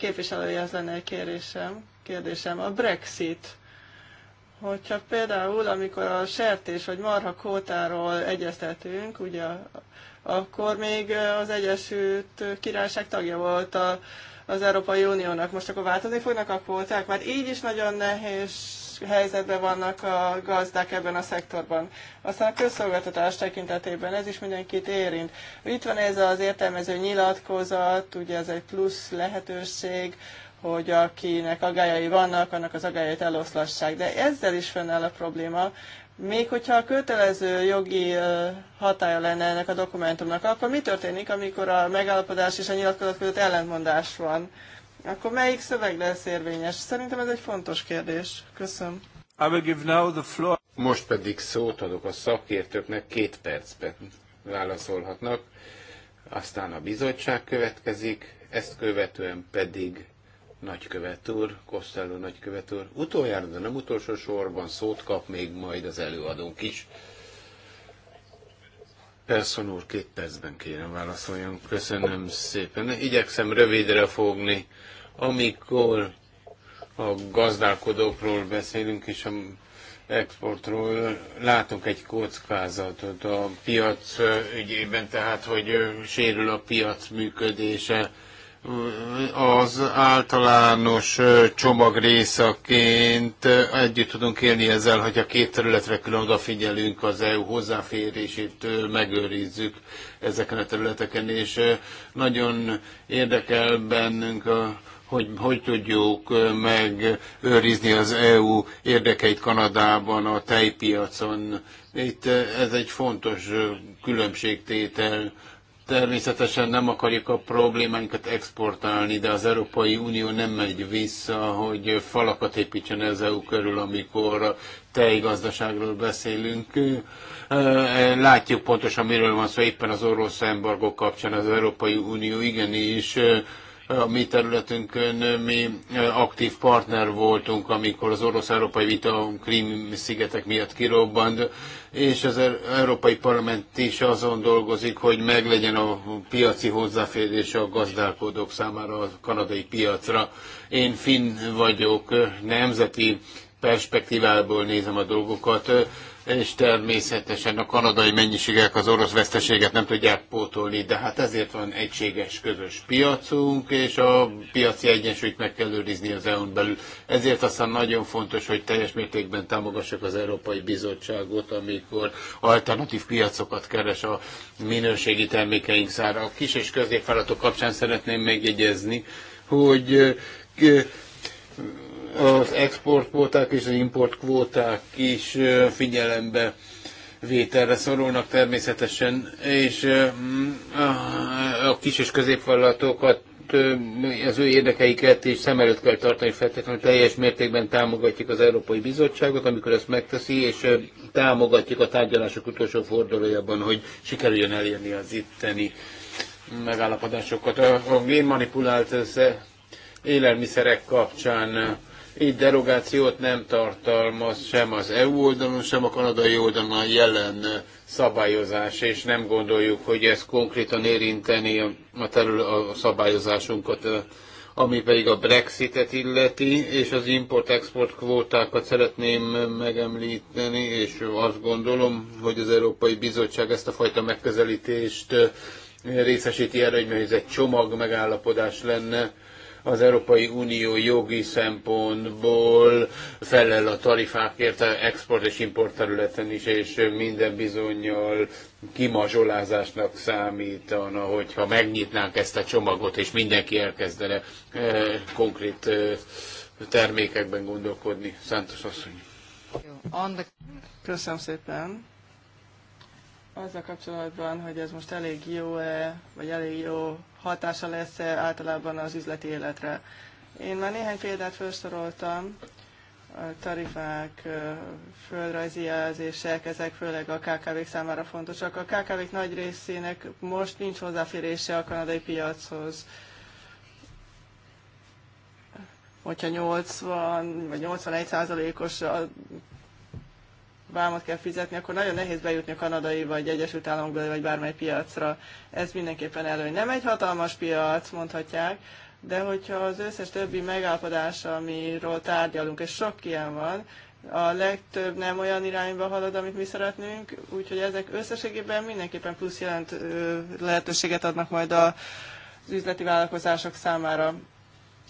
az lenne egy kérésem, kérdésem, a Brexit hogyha például, amikor a sertés vagy marha kótáról egyeztetünk, ugye akkor még az Egyesült Királyság tagja volt a, az Európai Uniónak. Most akkor változni fognak a kvóták? Már így is nagyon nehéz helyzetben vannak a gazdák ebben a szektorban. Aztán a közszolgáltatás tekintetében ez is mindenkit érint. Itt van ez az értelmező nyilatkozat, ugye ez egy plusz lehetőség, hogy akinek agályai vannak, annak az agályait eloszlassák. De ezzel is fennáll a probléma, még hogyha a kötelező jogi hatája lenne ennek a dokumentumnak, akkor mi történik, amikor a megállapodás és a nyilatkozat között ellentmondás van? Akkor melyik szöveg lesz érvényes? Szerintem ez egy fontos kérdés. Köszönöm. I will give now the floor. Most pedig szót adok a szakértőknek, két percben válaszolhatnak. Aztán a bizottság következik, ezt követően pedig nagykövet úr, Costello nagykövet úr. Utoljára, de nem utolsó sorban szót kap még majd az előadónk is. Persson úr, két percben kérem válaszoljon. Köszönöm szépen. Igyekszem rövidre fogni. Amikor a gazdálkodókról beszélünk, és a exportról látunk egy kockázatot a piac ügyében, tehát hogy sérül a piac működése az általános csomag részaként együtt tudunk élni ezzel, hogy a két területre külön odafigyelünk, az EU hozzáférését megőrizzük ezeken a területeken, és nagyon érdekel bennünk a hogy hogy tudjuk megőrizni az EU érdekeit Kanadában, a tejpiacon. Itt ez egy fontos különbségtétel Természetesen nem akarjuk a problémáinkat exportálni, de az Európai Unió nem megy vissza, hogy falakat építsen az EU körül, amikor a tejgazdaságról beszélünk. Látjuk pontosan, miről van szó éppen az orosz embargó kapcsán az Európai Unió igenis a mi területünkön mi aktív partner voltunk, amikor az orosz-európai vita Krím szigetek miatt kirobbant, és az er- Európai Parlament is azon dolgozik, hogy meglegyen a piaci hozzáférés a gazdálkodók számára a kanadai piacra. Én finn vagyok, nemzeti perspektívából nézem a dolgokat és természetesen a kanadai mennyiségek az orosz veszteséget nem tudják pótolni, de hát ezért van egységes közös piacunk, és a piaci egyensúlyt meg kell őrizni az EU-n belül. Ezért aztán nagyon fontos, hogy teljes mértékben támogassuk az Európai Bizottságot, amikor alternatív piacokat keres a minőségi termékeink szára. A kis és középvállalatok kapcsán szeretném megjegyezni, hogy az exportkvóták és az importkvóták is figyelembe vételre szorulnak természetesen, és mm, a kis és középvállalatokat az ő érdekeiket és szem előtt kell tartani, feltétlenül teljes mértékben támogatjuk az Európai Bizottságot, amikor ezt megteszi, és támogatjuk a tárgyalások utolsó fordulójában, hogy sikerüljön elérni az itteni megállapodásokat. A génmanipulált élelmiszerek kapcsán így derogációt nem tartalmaz sem az EU oldalon, sem a kanadai oldalon jelen szabályozás, és nem gondoljuk, hogy ez konkrétan érinteni a, terül, a szabályozásunkat, ami pedig a Brexitet illeti, és az import-export kvótákat szeretném megemlíteni, és azt gondolom, hogy az Európai Bizottság ezt a fajta megközelítést részesíti erre, hogy ez egy csomag megállapodás lenne, az Európai Unió jogi szempontból felel a tarifákért export és import területen is, és minden bizonyal kimazsolázásnak számítana, hogyha megnyitnánk ezt a csomagot, és mindenki elkezdene e, konkrét e, termékekben gondolkodni. Szántos asszony. Köszönöm szépen. Azzal kapcsolatban, hogy ez most elég jó-e, vagy elég jó hatása lesz általában az üzleti életre. Én már néhány példát felsoroltam, tarifák, földrajzi jelzések, ezek főleg a kkv számára fontosak. A kkv nagy részének most nincs hozzáférése a kanadai piachoz. Hogyha 80 vagy 81 százalékos vámot kell fizetni, akkor nagyon nehéz bejutni a kanadai, vagy Egyesült Államokbeli, vagy bármely piacra. Ez mindenképpen előny. Nem egy hatalmas piac, mondhatják, de hogyha az összes többi megállapodás, amiről tárgyalunk, és sok ilyen van, a legtöbb nem olyan irányba halad, amit mi szeretnénk, úgyhogy ezek összességében mindenképpen plusz jelent lehetőséget adnak majd a, az üzleti vállalkozások számára.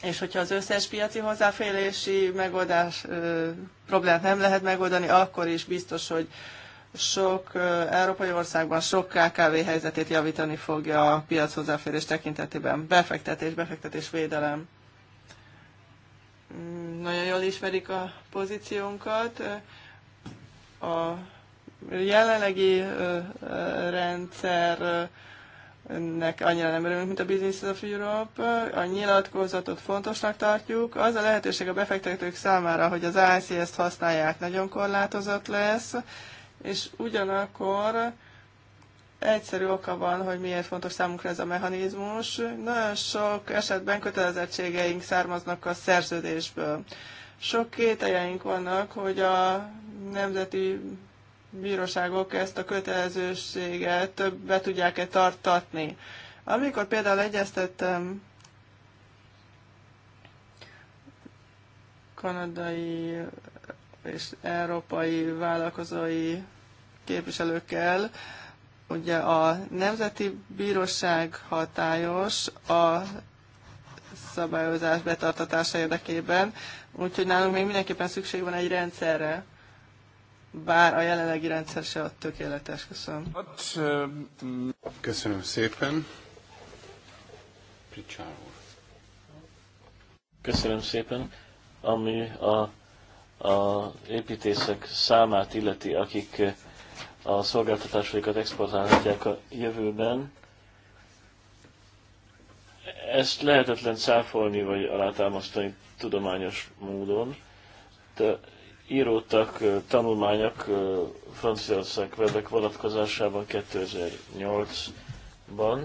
És hogyha az összes piaci hozzáférési megoldás ö, problémát nem lehet megoldani, akkor is biztos, hogy sok ö, európai országban sok KKV helyzetét javítani fogja a piac hozzáférés tekintetében. Befektetés, befektetés védelem. Mm, nagyon jól ismerik a pozíciónkat. A jelenlegi rendszer nek annyira nem örülünk, mint a Business of Europe. A nyilatkozatot fontosnak tartjuk. Az a lehetőség a befektetők számára, hogy az ICS-t használják, nagyon korlátozott lesz, és ugyanakkor egyszerű oka van, hogy miért fontos számunkra ez a mechanizmus. Nagyon sok esetben kötelezettségeink származnak a szerződésből. Sok kételjeink vannak, hogy a nemzeti bíróságok ezt a kötelezőséget be tudják-e tartatni. Amikor például egyeztettem kanadai és európai vállalkozói képviselőkkel, ugye a Nemzeti Bíróság hatályos a szabályozás betartatása érdekében, úgyhogy nálunk még mindenképpen szükség van egy rendszerre bár a jelenlegi rendszer se a tökéletes. Köszönöm. Hát, ehm, köszönöm szépen. Pricsár úr. Köszönöm szépen. Ami a, a építészek számát illeti, akik eh, a szolgáltatásaikat exportálhatják a jövőben, ezt lehetetlen cáfolni vagy alátámasztani tudományos módon. De írótak, tanulmányok Franciaország vedek vonatkozásában 2008-ban,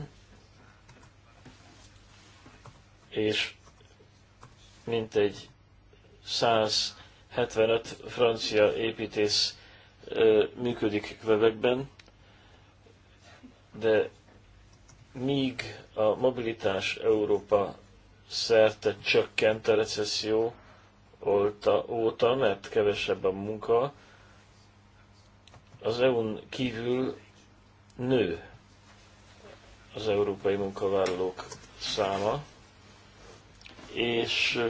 és mintegy 175 francia építész működik Kvebekben, de míg a mobilitás Európa szerte csökkent a recesszió, óta, óta, mert kevesebb a munka, az EU-n kívül nő az európai munkavállalók száma, és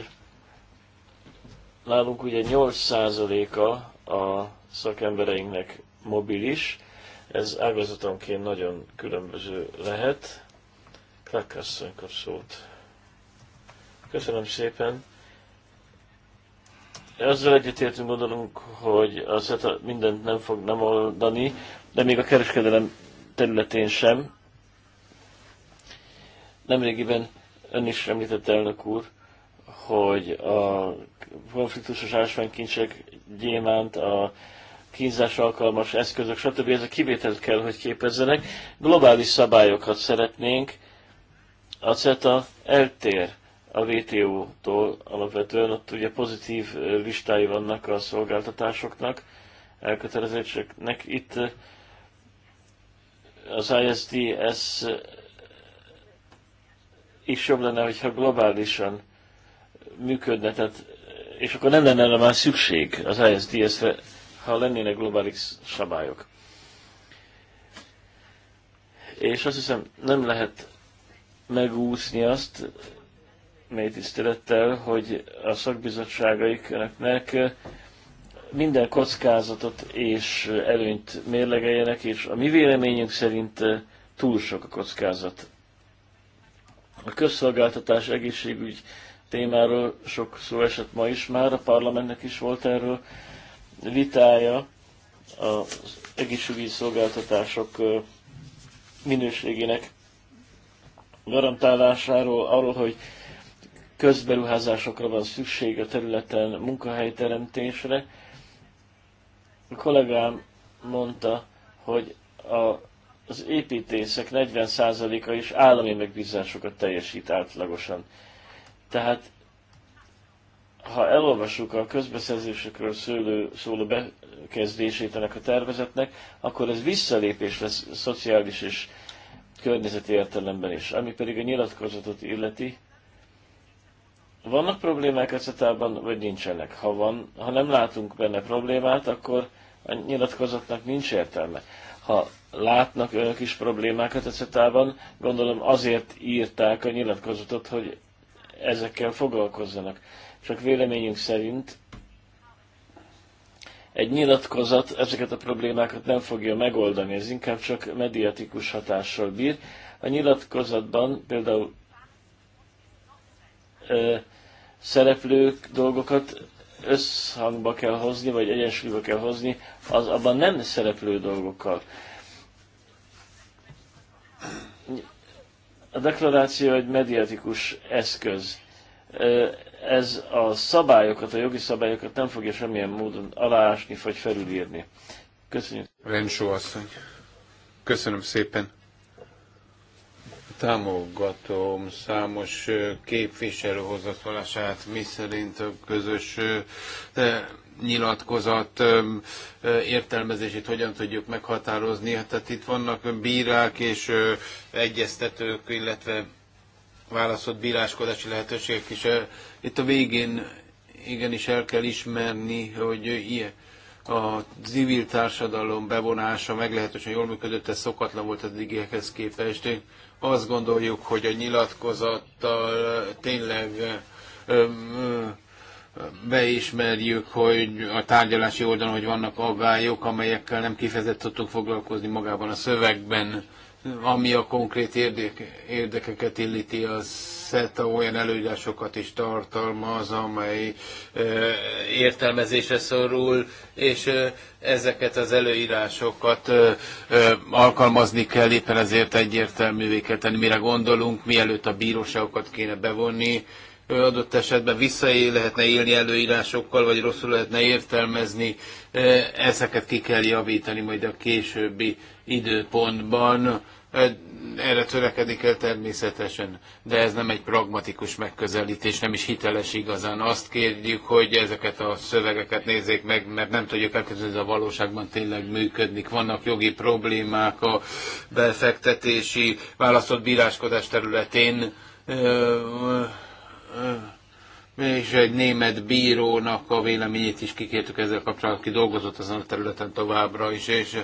nálunk ugye 8%-a a szakembereinknek mobilis, ez ágazatonként nagyon különböző lehet. Klakasszony a szót. Köszönöm szépen, ezzel egyetértünk gondolunk, hogy a SETA mindent nem fog nem oldani, de még a kereskedelem területén sem. Nemrégiben ön is említette, elnök úr, hogy a konfliktusos ásványkincsek gyémánt, a kínzás alkalmas eszközök, stb. Ez a kivételt kell, hogy képezzenek. Globális szabályokat szeretnénk. A CETA eltér a WTO-tól alapvetően, ott ugye pozitív listái vannak a szolgáltatásoknak, elkötelezettségnek. Itt az ISDS is jobb lenne, hogyha globálisan működne, tehát, és akkor nem lenne már szükség az ISDS-re, ha lennének globális szabályok. És azt hiszem, nem lehet megúszni azt, mély tisztelettel, hogy a szakbizottságaiknak minden kockázatot és előnyt mérlegeljenek, és a mi véleményünk szerint túl sok a kockázat. A közszolgáltatás egészségügy témáról sok szó esett ma is már, a parlamentnek is volt erről vitája az egészségügyi szolgáltatások minőségének garantálásáról, arról, hogy közberuházásokra van szükség a területen, munkahelyteremtésre. A kollégám mondta, hogy a, az építészek 40%-a is állami megbízásokat teljesít átlagosan. Tehát ha elolvassuk a közbeszerzésekről szőlő, szóló bekezdését ennek a tervezetnek, akkor ez visszalépés lesz szociális és környezeti értelemben is. Ami pedig a nyilatkozatot illeti, vannak problémák ecetában, vagy nincsenek? Ha, van, ha nem látunk benne problémát, akkor a nyilatkozatnak nincs értelme. Ha látnak önök is problémákat ecetában, gondolom azért írták a nyilatkozatot, hogy ezekkel foglalkozzanak. Csak véleményünk szerint egy nyilatkozat ezeket a problémákat nem fogja megoldani, ez inkább csak mediatikus hatással bír. A nyilatkozatban például szereplők dolgokat összhangba kell hozni, vagy egyensúlyba kell hozni az abban nem szereplő dolgokkal. A deklaráció egy mediatikus eszköz. Ez a szabályokat, a jogi szabályokat nem fogja semmilyen módon aláásni, vagy felülírni. Köszönjük. Rensó asszony. Köszönöm szépen támogatom számos képviselő hozzászólását, mi szerint a közös nyilatkozat értelmezését hogyan tudjuk meghatározni. Tehát hát itt vannak bírák és egyeztetők, illetve válaszott bíráskodási lehetőségek is. Itt a végén igenis el kell ismerni, hogy ilyen a civil társadalom bevonása meglehetősen jól működött, ez szokatlan volt az eddigiekhez képest. Azt gondoljuk, hogy a nyilatkozattal tényleg beismerjük, hogy a tárgyalási oldalon, hogy vannak aggályok, amelyekkel nem kifejezett tudtunk foglalkozni magában a szövegben, ami a konkrét érdek, érdekeket illeti az CETA olyan előírásokat is tartalmaz, amely értelmezésre szorul, és ezeket az előírásokat alkalmazni kell, éppen ezért egyértelművé kell tenni, mire gondolunk, mielőtt a bíróságokat kéne bevonni, adott esetben vissza lehetne élni előírásokkal, vagy rosszul lehetne értelmezni, ezeket ki kell javítani majd a későbbi időpontban erre törekedik el természetesen, de ez nem egy pragmatikus megközelítés, nem is hiteles igazán. Azt kérjük, hogy ezeket a szövegeket nézzék meg, mert nem tudjuk elképzelni, hogy a valóságban tényleg működik. Vannak jogi problémák a befektetési választott bíráskodás területén. És egy német bírónak a véleményét is kikértük ezzel kapcsolatban, aki dolgozott ezen a területen továbbra is, és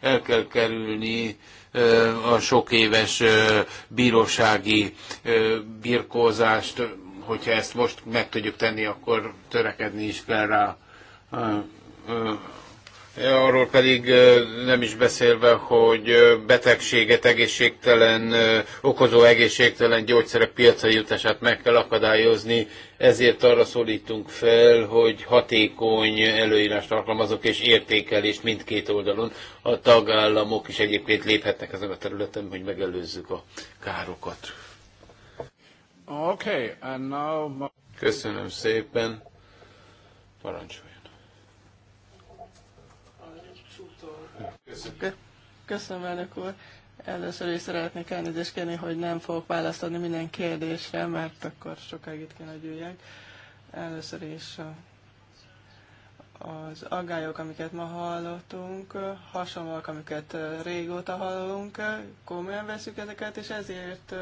el kell kerülni a sok éves bírósági birkózást, hogyha ezt most meg tudjuk tenni, akkor törekedni is kell rá arról pedig nem is beszélve, hogy betegséget, egészségtelen, okozó egészségtelen gyógyszerek piacai jutását meg kell akadályozni, ezért arra szólítunk fel, hogy hatékony előírást alkalmazok és értékelést mindkét oldalon. A tagállamok is egyébként léphetnek ezen a területen, hogy megelőzzük a károkat. Köszönöm szépen. Parancsolj. Köszönöm. elnök úr. Először is szeretnék elnézést kérni, hogy nem fogok választ adni minden kérdésre, mert akkor sokáig itt kéne gyűjjek. Először is az aggályok, amiket ma hallottunk, hasonlóak, amiket régóta hallunk, komolyan veszük ezeket, és ezért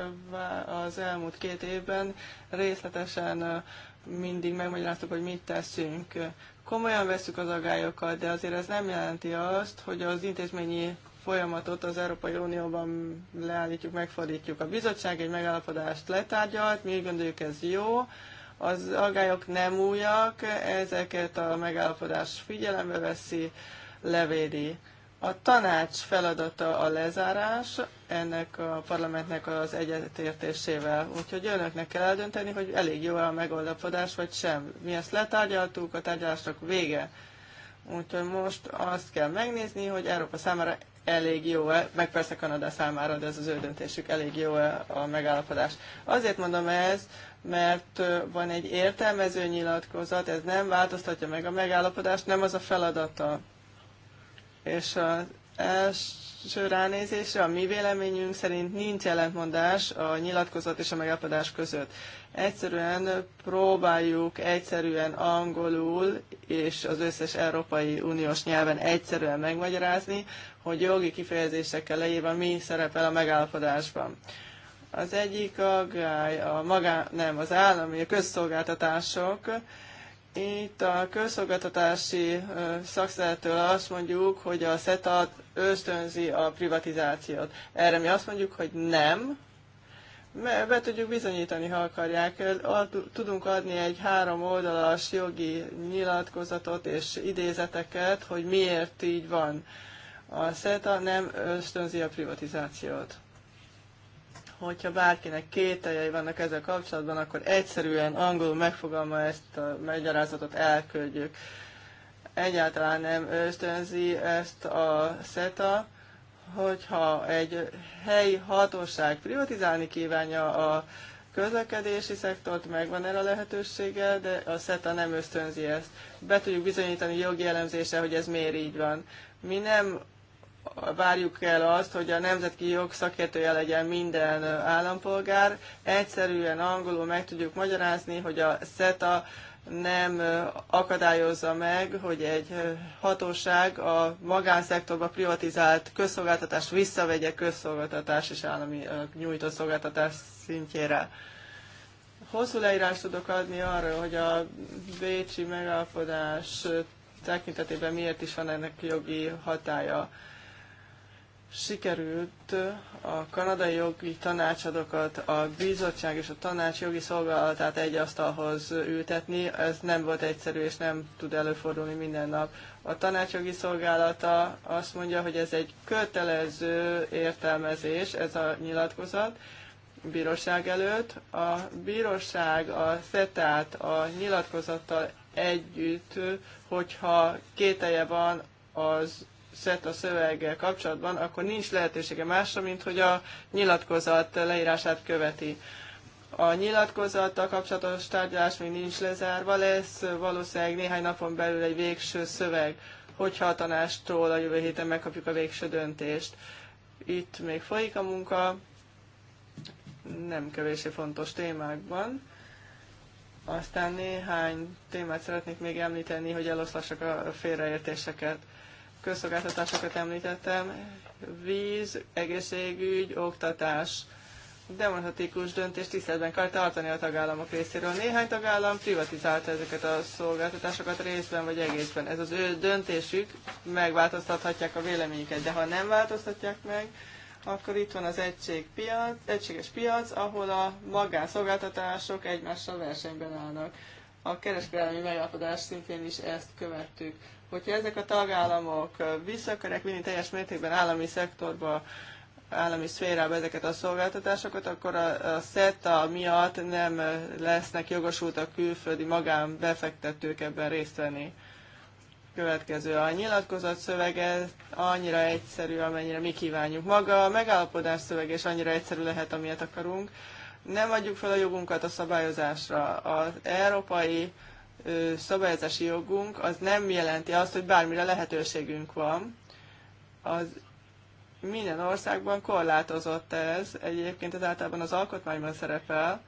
az elmúlt két évben részletesen mindig megmagyaráztuk, hogy mit teszünk. Komolyan veszük az agályokat, de azért ez nem jelenti azt, hogy az intézményi folyamatot az Európai Unióban leállítjuk, megfordítjuk. A bizottság egy megállapodást letárgyalt, mi úgy gondoljuk ez jó, az agályok nem újak, ezeket a megállapodás figyelembe veszi, levédi. A tanács feladata a lezárás ennek a parlamentnek az egyetértésével. Úgyhogy önöknek kell eldönteni, hogy elég jó a megoldapodás, vagy sem. Mi ezt letárgyaltuk, a tárgyalások vége. Úgyhogy most azt kell megnézni, hogy Európa számára elég jó-e, meg persze Kanada számára, de ez az ő döntésük, elég jó-e a megállapodás. Azért mondom ez, mert van egy értelmező nyilatkozat, ez nem változtatja meg a megállapodást, nem az a feladata és az első ránézésre a mi véleményünk szerint nincs ellentmondás a nyilatkozat és a megállapodás között. Egyszerűen próbáljuk egyszerűen angolul és az összes Európai Uniós nyelven egyszerűen megmagyarázni, hogy jogi kifejezésekkel leírva mi szerepel a megállapodásban. Az egyik aggály, a magá, nem, az állami, a közszolgáltatások, itt a közszolgáltatási szakszeretől azt mondjuk, hogy a SETA ösztönzi a privatizációt. Erre mi azt mondjuk, hogy nem, be tudjuk bizonyítani, ha akarják. Tudunk adni egy három oldalas jogi nyilatkozatot és idézeteket, hogy miért így van. A SETA nem ösztönzi a privatizációt hogyha bárkinek kételjei vannak ezzel kapcsolatban, akkor egyszerűen angolul megfogalma ezt a magyarázatot elküldjük. Egyáltalán nem ösztönzi ezt a SETA, hogyha egy helyi hatóság privatizálni kívánja a közlekedési szektort, megvan erre a lehetősége, de a SETA nem ösztönzi ezt. Be tudjuk bizonyítani jogi elemzéssel, hogy ez miért így van. Mi nem várjuk el azt, hogy a nemzetki jog szakértője legyen minden állampolgár. Egyszerűen angolul meg tudjuk magyarázni, hogy a SETA nem akadályozza meg, hogy egy hatóság a magánszektorba privatizált közszolgáltatást visszavegye közszolgáltatás és állami nyújtott szolgáltatás szintjére. Hosszú leírást tudok adni arra, hogy a Bécsi megállapodás tekintetében miért is van ennek jogi hatája sikerült a kanadai jogi tanácsadókat, a bizottság és a tanács jogi szolgálatát egy asztalhoz ültetni. Ez nem volt egyszerű, és nem tud előfordulni minden nap. A tanács jogi szolgálata azt mondja, hogy ez egy kötelező értelmezés, ez a nyilatkozat, bíróság előtt. A bíróság a szetát a nyilatkozattal együtt, hogyha kételje van az a szöveggel kapcsolatban, akkor nincs lehetősége másra, mint hogy a nyilatkozat leírását követi. A nyilatkozattal kapcsolatos tárgyalás még nincs lezárva, lesz valószínűleg néhány napon belül egy végső szöveg, hogyha a tanástól a jövő héten megkapjuk a végső döntést. Itt még folyik a munka, nem kevésé fontos témákban. Aztán néhány témát szeretnék még említeni, hogy eloszlassak a félreértéseket közszolgáltatásokat említettem, víz, egészségügy, oktatás, demokratikus döntést tiszteletben kell tartani a tagállamok részéről. Néhány tagállam privatizálta ezeket a szolgáltatásokat részben vagy egészben. Ez az ő döntésük, megváltoztathatják a véleményüket, de ha nem változtatják meg, akkor itt van az egység piac, egységes piac, ahol a magánszolgáltatások egymással versenyben állnak. A kereskedelmi megállapodás szintén is ezt követtük. Hogyha ezek a tagállamok visszakarják vinni teljes mértékben állami szektorba, állami szférába ezeket a szolgáltatásokat, akkor a, a SETA miatt nem lesznek jogosultak külföldi magánbefektetők ebben részt venni. Következő a nyilatkozat szövege annyira egyszerű, amennyire mi kívánjuk. Maga a megállapodás szövege is annyira egyszerű lehet, amilyet akarunk. Nem adjuk fel a jogunkat a szabályozásra. Az európai szabályozási jogunk, az nem jelenti azt, hogy bármire lehetőségünk van. Az minden országban korlátozott ez, egyébként ez általában az alkotmányban szerepel.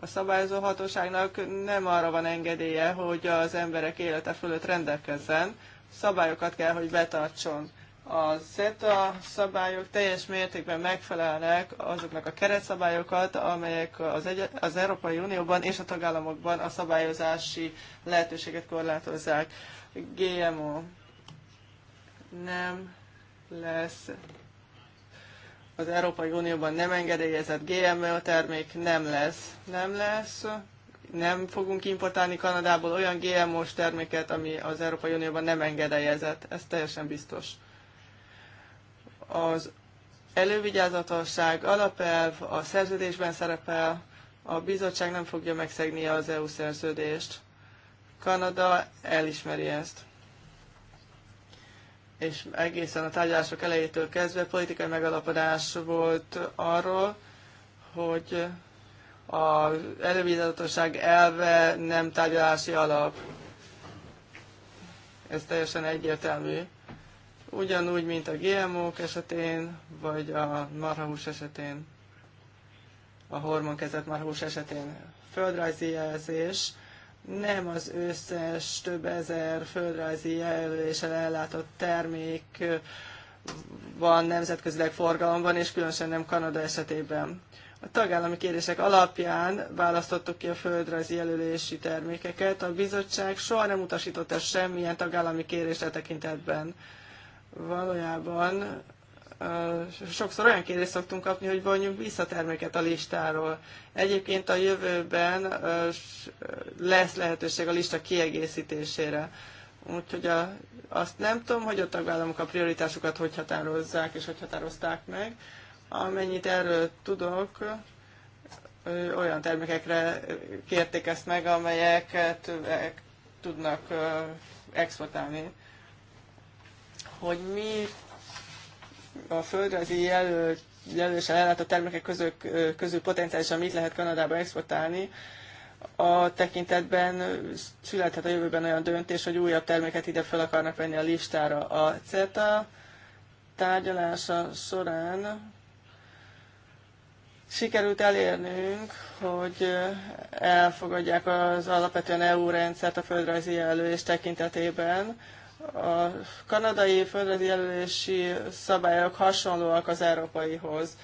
A szabályozó hatóságnak nem arra van engedélye, hogy az emberek élete fölött rendelkezzen, szabályokat kell, hogy betartson a CETA szabályok teljes mértékben megfelelnek azoknak a keretszabályokat, amelyek az, egy, az Európai Unióban és a tagállamokban a szabályozási lehetőséget korlátozzák. GMO nem lesz az Európai Unióban nem engedélyezett GMO termék nem lesz. Nem lesz. Nem fogunk importálni Kanadából olyan GMO-s terméket, ami az Európai Unióban nem engedélyezett. Ez teljesen biztos. Az elővigyázatosság alapelv a szerződésben szerepel, a bizottság nem fogja megszegni az EU szerződést. Kanada elismeri ezt. És egészen a tárgyalások elejétől kezdve politikai megalapodás volt arról, hogy az elővigyázatosság elve nem tárgyalási alap. Ez teljesen egyértelmű ugyanúgy, mint a GMO-k esetén, vagy a marhahús esetén, a hormonkezett marhahús esetén földrajzi jelzés, nem az összes több ezer földrajzi jelöléssel ellátott termék van nemzetközileg forgalomban, és különösen nem Kanada esetében. A tagállami kérések alapján választottuk ki a földrajzi jelölési termékeket. A bizottság soha nem utasította semmilyen tagállami kérésre tekintetben valójában sokszor olyan kérdést szoktunk kapni, hogy vonjunk vissza terméket a listáról. Egyébként a jövőben lesz lehetőség a lista kiegészítésére. Úgyhogy a, azt nem tudom, hogy a tagállamok a prioritásukat hogy határozzák és hogy határozták meg. Amennyit erről tudok, olyan termékekre kérték ezt meg, amelyeket tudnak exportálni hogy mi a földrajzi jelöl, jelöléssel ellátott termékek közül, közül potenciálisan mit lehet Kanadába exportálni, a tekintetben születhet a jövőben olyan döntés, hogy újabb terméket ide fel akarnak venni a listára. A CETA tárgyalása során sikerült elérnünk, hogy elfogadják az alapvetően EU rendszert a földrajzi jelölés tekintetében, a kanadai földrajzi jelölési szabályok hasonlóak az európaihoz.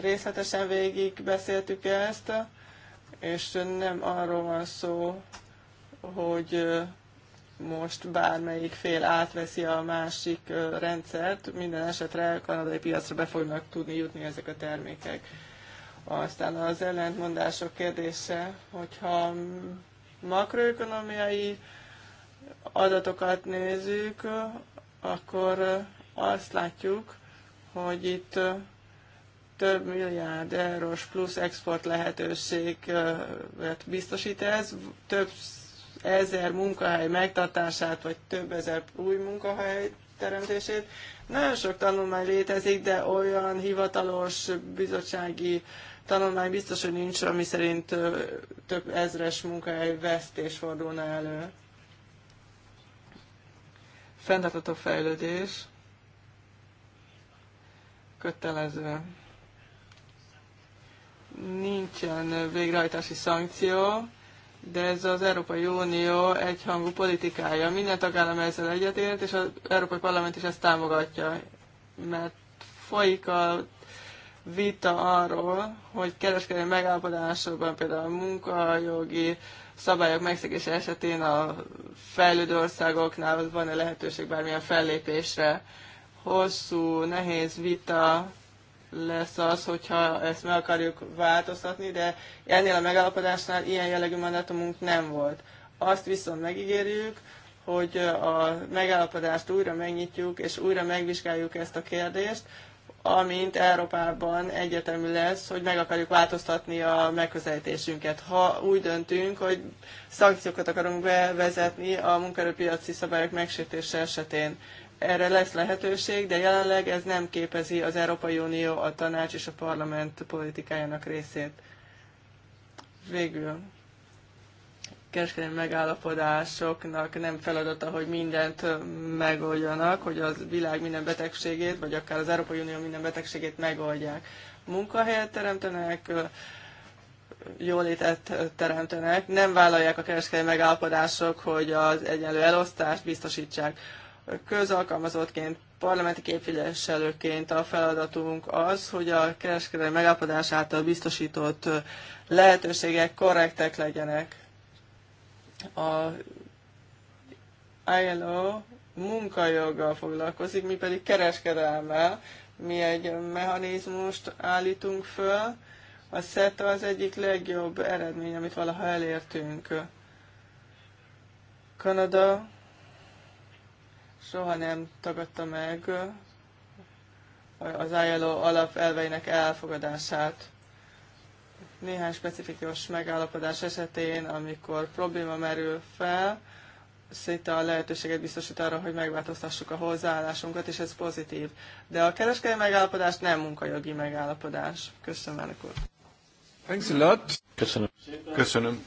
Részletesen végig beszéltük ezt, és nem arról van szó, hogy most bármelyik fél átveszi a másik rendszert, minden esetre a kanadai piacra be fognak tudni jutni ezek a termékek. Aztán az ellentmondások kérdése, hogyha makroökonomiai adatokat nézzük, akkor azt látjuk, hogy itt több milliárd eurós plusz export lehetőséget biztosít ez, több ezer munkahely megtartását, vagy több ezer új munkahely teremtését. Nagyon sok tanulmány létezik, de olyan hivatalos bizottsági tanulmány biztos, hogy nincs, ami szerint több ezres munkahely vesztés fordulna elő fenntartható fejlődés kötelező. Nincsen végrehajtási szankció, de ez az Európai Unió egyhangú politikája. Minden tagállam ezzel egyetért, és az Európai Parlament is ezt támogatja, mert folyik a vita arról, hogy kereskedelmi megállapodásokban, például a munkajogi szabályok megszegése esetén a fejlődő országoknál van-e lehetőség bármilyen fellépésre. Hosszú, nehéz vita lesz az, hogyha ezt meg akarjuk változtatni, de ennél a megállapodásnál ilyen jellegű mandátumunk nem volt. Azt viszont megígérjük, hogy a megállapodást újra megnyitjuk, és újra megvizsgáljuk ezt a kérdést, amint Európában egyetemű lesz, hogy meg akarjuk változtatni a megközelítésünket. Ha úgy döntünk, hogy szankciókat akarunk bevezetni a munkaerőpiaci szabályok megsértése esetén, erre lesz lehetőség, de jelenleg ez nem képezi az Európai Unió, a tanács és a parlament politikájának részét. Végül kereskedelmi megállapodásoknak nem feladata, hogy mindent megoldjanak, hogy a világ minden betegségét, vagy akár az Európai Unió minden betegségét megoldják. Munkahelyet teremtenek, jólétet teremtenek, nem vállalják a kereskedelmi megállapodások, hogy az egyenlő elosztást biztosítsák. Közalkalmazottként, parlamenti képviselőként a feladatunk az, hogy a kereskedelmi megállapodás által biztosított lehetőségek korrektek legyenek a ILO munkajoggal foglalkozik, mi pedig kereskedelmel. Mi egy mechanizmust állítunk föl. A SETA az egyik legjobb eredmény, amit valaha elértünk. Kanada soha nem tagadta meg az ILO alapelveinek elfogadását. Néhány specifikus megállapodás esetén, amikor probléma merül fel, szinte a lehetőséget biztosít arra, hogy megváltoztassuk a hozzáállásunkat, és ez pozitív. De a kereskedelmi megállapodás nem munkajogi megállapodás. Köszönöm, elnök úr. Thanks a lot. Köszönöm. Köszönöm.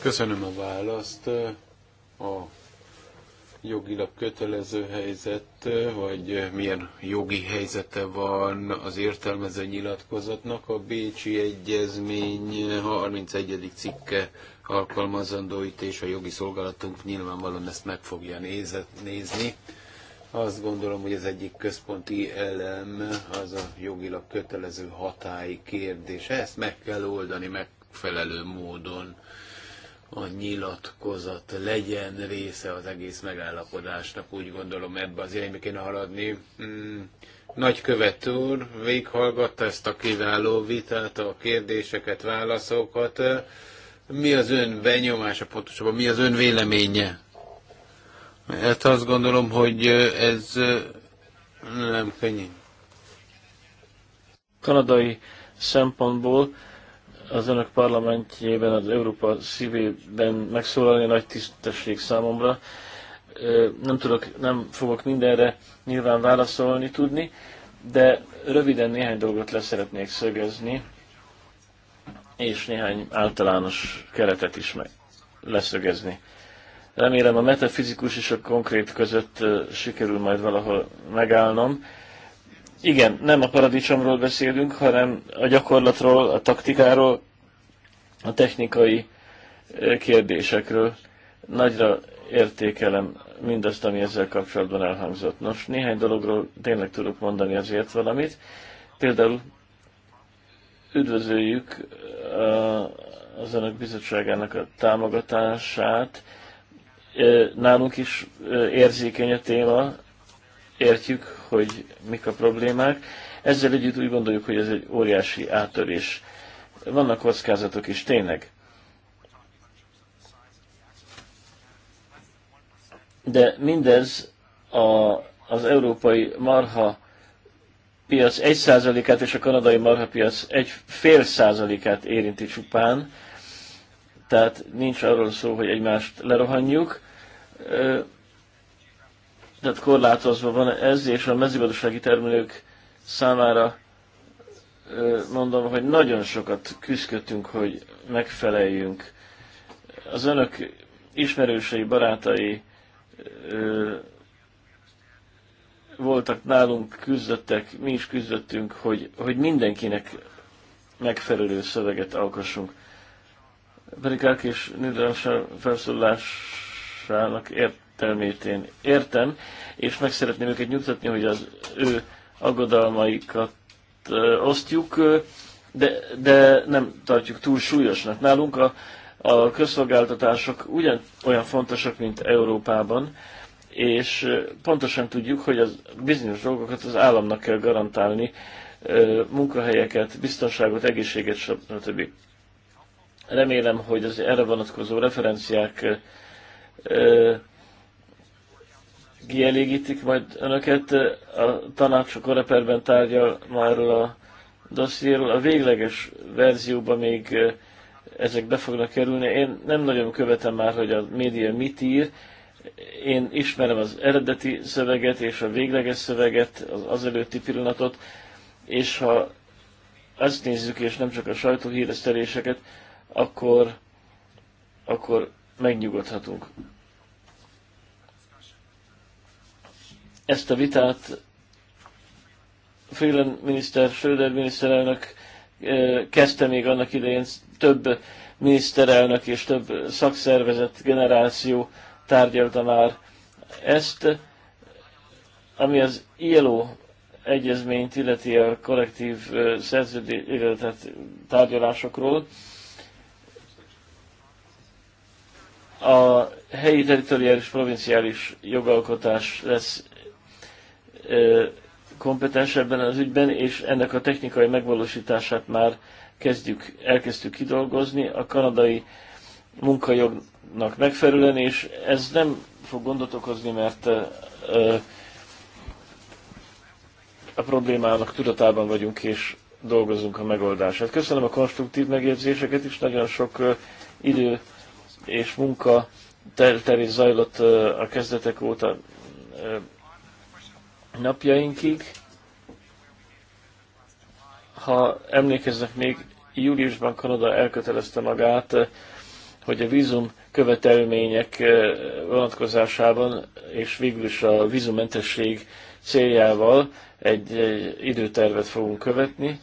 Köszönöm a választ. Eh, a jogilag kötelező helyzet, vagy milyen jogi helyzete van az értelmező nyilatkozatnak. A Bécsi Egyezmény 31. cikke alkalmazandó és a jogi szolgálatunk nyilvánvalóan ezt meg fogja nézet, nézni. Azt gondolom, hogy az egyik központi elem az a jogilag kötelező hatályi kérdés. Ezt meg kell oldani megfelelő módon a nyilatkozat legyen része az egész megállapodásnak, úgy gondolom ebbe az irányba kéne haladni. Mm. Nagy úr véghallgatta ezt a kiváló vitát, a kérdéseket, válaszokat. Mi az ön benyomása pontosabban, mi az ön véleménye? ezt hát azt gondolom, hogy ez nem könnyű. Kanadai szempontból az önök parlamentjében, az Európa szívében megszólalni nagy tisztesség számomra. Nem tudok, nem fogok mindenre nyilván válaszolni tudni, de röviden néhány dolgot leszeretnék szögezni, és néhány általános keretet is meg leszögezni. Remélem a metafizikus és a konkrét között sikerül majd valahol megállnom igen, nem a paradicsomról beszélünk, hanem a gyakorlatról, a taktikáról, a technikai kérdésekről. Nagyra értékelem mindazt, ami ezzel kapcsolatban elhangzott. Nos, néhány dologról tényleg tudok mondani azért valamit. Például üdvözöljük az önök bizottságának a támogatását. Nálunk is érzékeny a téma, értjük, hogy mik a problémák. Ezzel együtt úgy gondoljuk, hogy ez egy óriási áttörés. Vannak kockázatok is, tényleg. De mindez a, az európai marha piac 1%-át és a kanadai marhapiac egy fél százalékát érinti csupán, tehát nincs arról szó, hogy egymást lerohanjuk tehát korlátozva van ez, és a mezőgazdasági termelők számára mondom, hogy nagyon sokat küzdöttünk, hogy megfeleljünk. Az önök ismerősei, barátai voltak nálunk, küzdöttek, mi is küzdöttünk, hogy, hogy mindenkinek megfelelő szöveget alkossunk. Pedig és Nidrán felszólásának ért, értelmét én értem, és meg szeretném őket nyugtatni, hogy az ő aggodalmaikat osztjuk, de, de nem tartjuk túl súlyosnak. Nálunk a, a közszolgáltatások ugyan olyan fontosak, mint Európában, és pontosan tudjuk, hogy az bizonyos dolgokat az államnak kell garantálni, munkahelyeket, biztonságot, egészséget, stb. Remélem, hogy az erre vonatkozó referenciák kielégítik majd önöket. A tanács a koreperben tárgyal már a dossziéről. A végleges verzióban még ezek be fognak kerülni. Én nem nagyon követem már, hogy a média mit ír. Én ismerem az eredeti szöveget és a végleges szöveget, az előtti pillanatot, és ha ezt nézzük, és nem csak a sajtóhíreszteléseket, akkor, akkor megnyugodhatunk. Ezt a vitát Freeland miniszter, Schröder miniszterelnök eh, kezdte még annak idején több miniszterelnök és több szakszervezet generáció tárgyalta már ezt, ami az ILO egyezményt illeti a kollektív eh, szerződés, tárgyalásokról. A helyi teritoriális provinciális jogalkotás lesz kompetens ebben az ügyben, és ennek a technikai megvalósítását már kezdjük, elkezdtük kidolgozni a kanadai munkajognak megfelelően, és ez nem fog gondot okozni, mert a problémának tudatában vagyunk, és dolgozunk a megoldását. Köszönöm a konstruktív megjegyzéseket is, nagyon sok idő és munka terén zajlott a kezdetek óta napjainkig. Ha emlékeznek még, júliusban Kanada elkötelezte magát, eh, hogy a vízum követelmények eh, vonatkozásában és végül is a vízumentesség céljával egy eh, időtervet fogunk követni.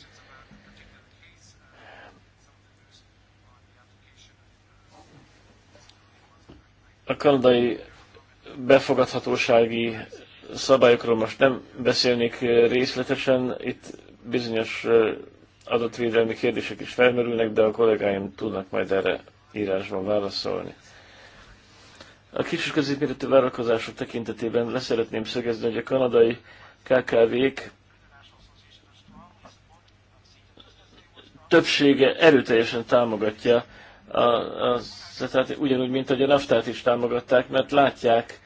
A kanadai befogadhatósági szabályokról most nem beszélnék eh, részletesen, itt bizonyos eh, adatvédelmi kérdések is felmerülnek, de a kollégáim tudnak majd erre írásban válaszolni. A kis és középméretű vállalkozások tekintetében leszeretném szögezni, hogy a kanadai KKV-k többsége erőteljesen támogatja, a, a, tehát ugyanúgy, mint hogy a naftát is támogatták, mert látják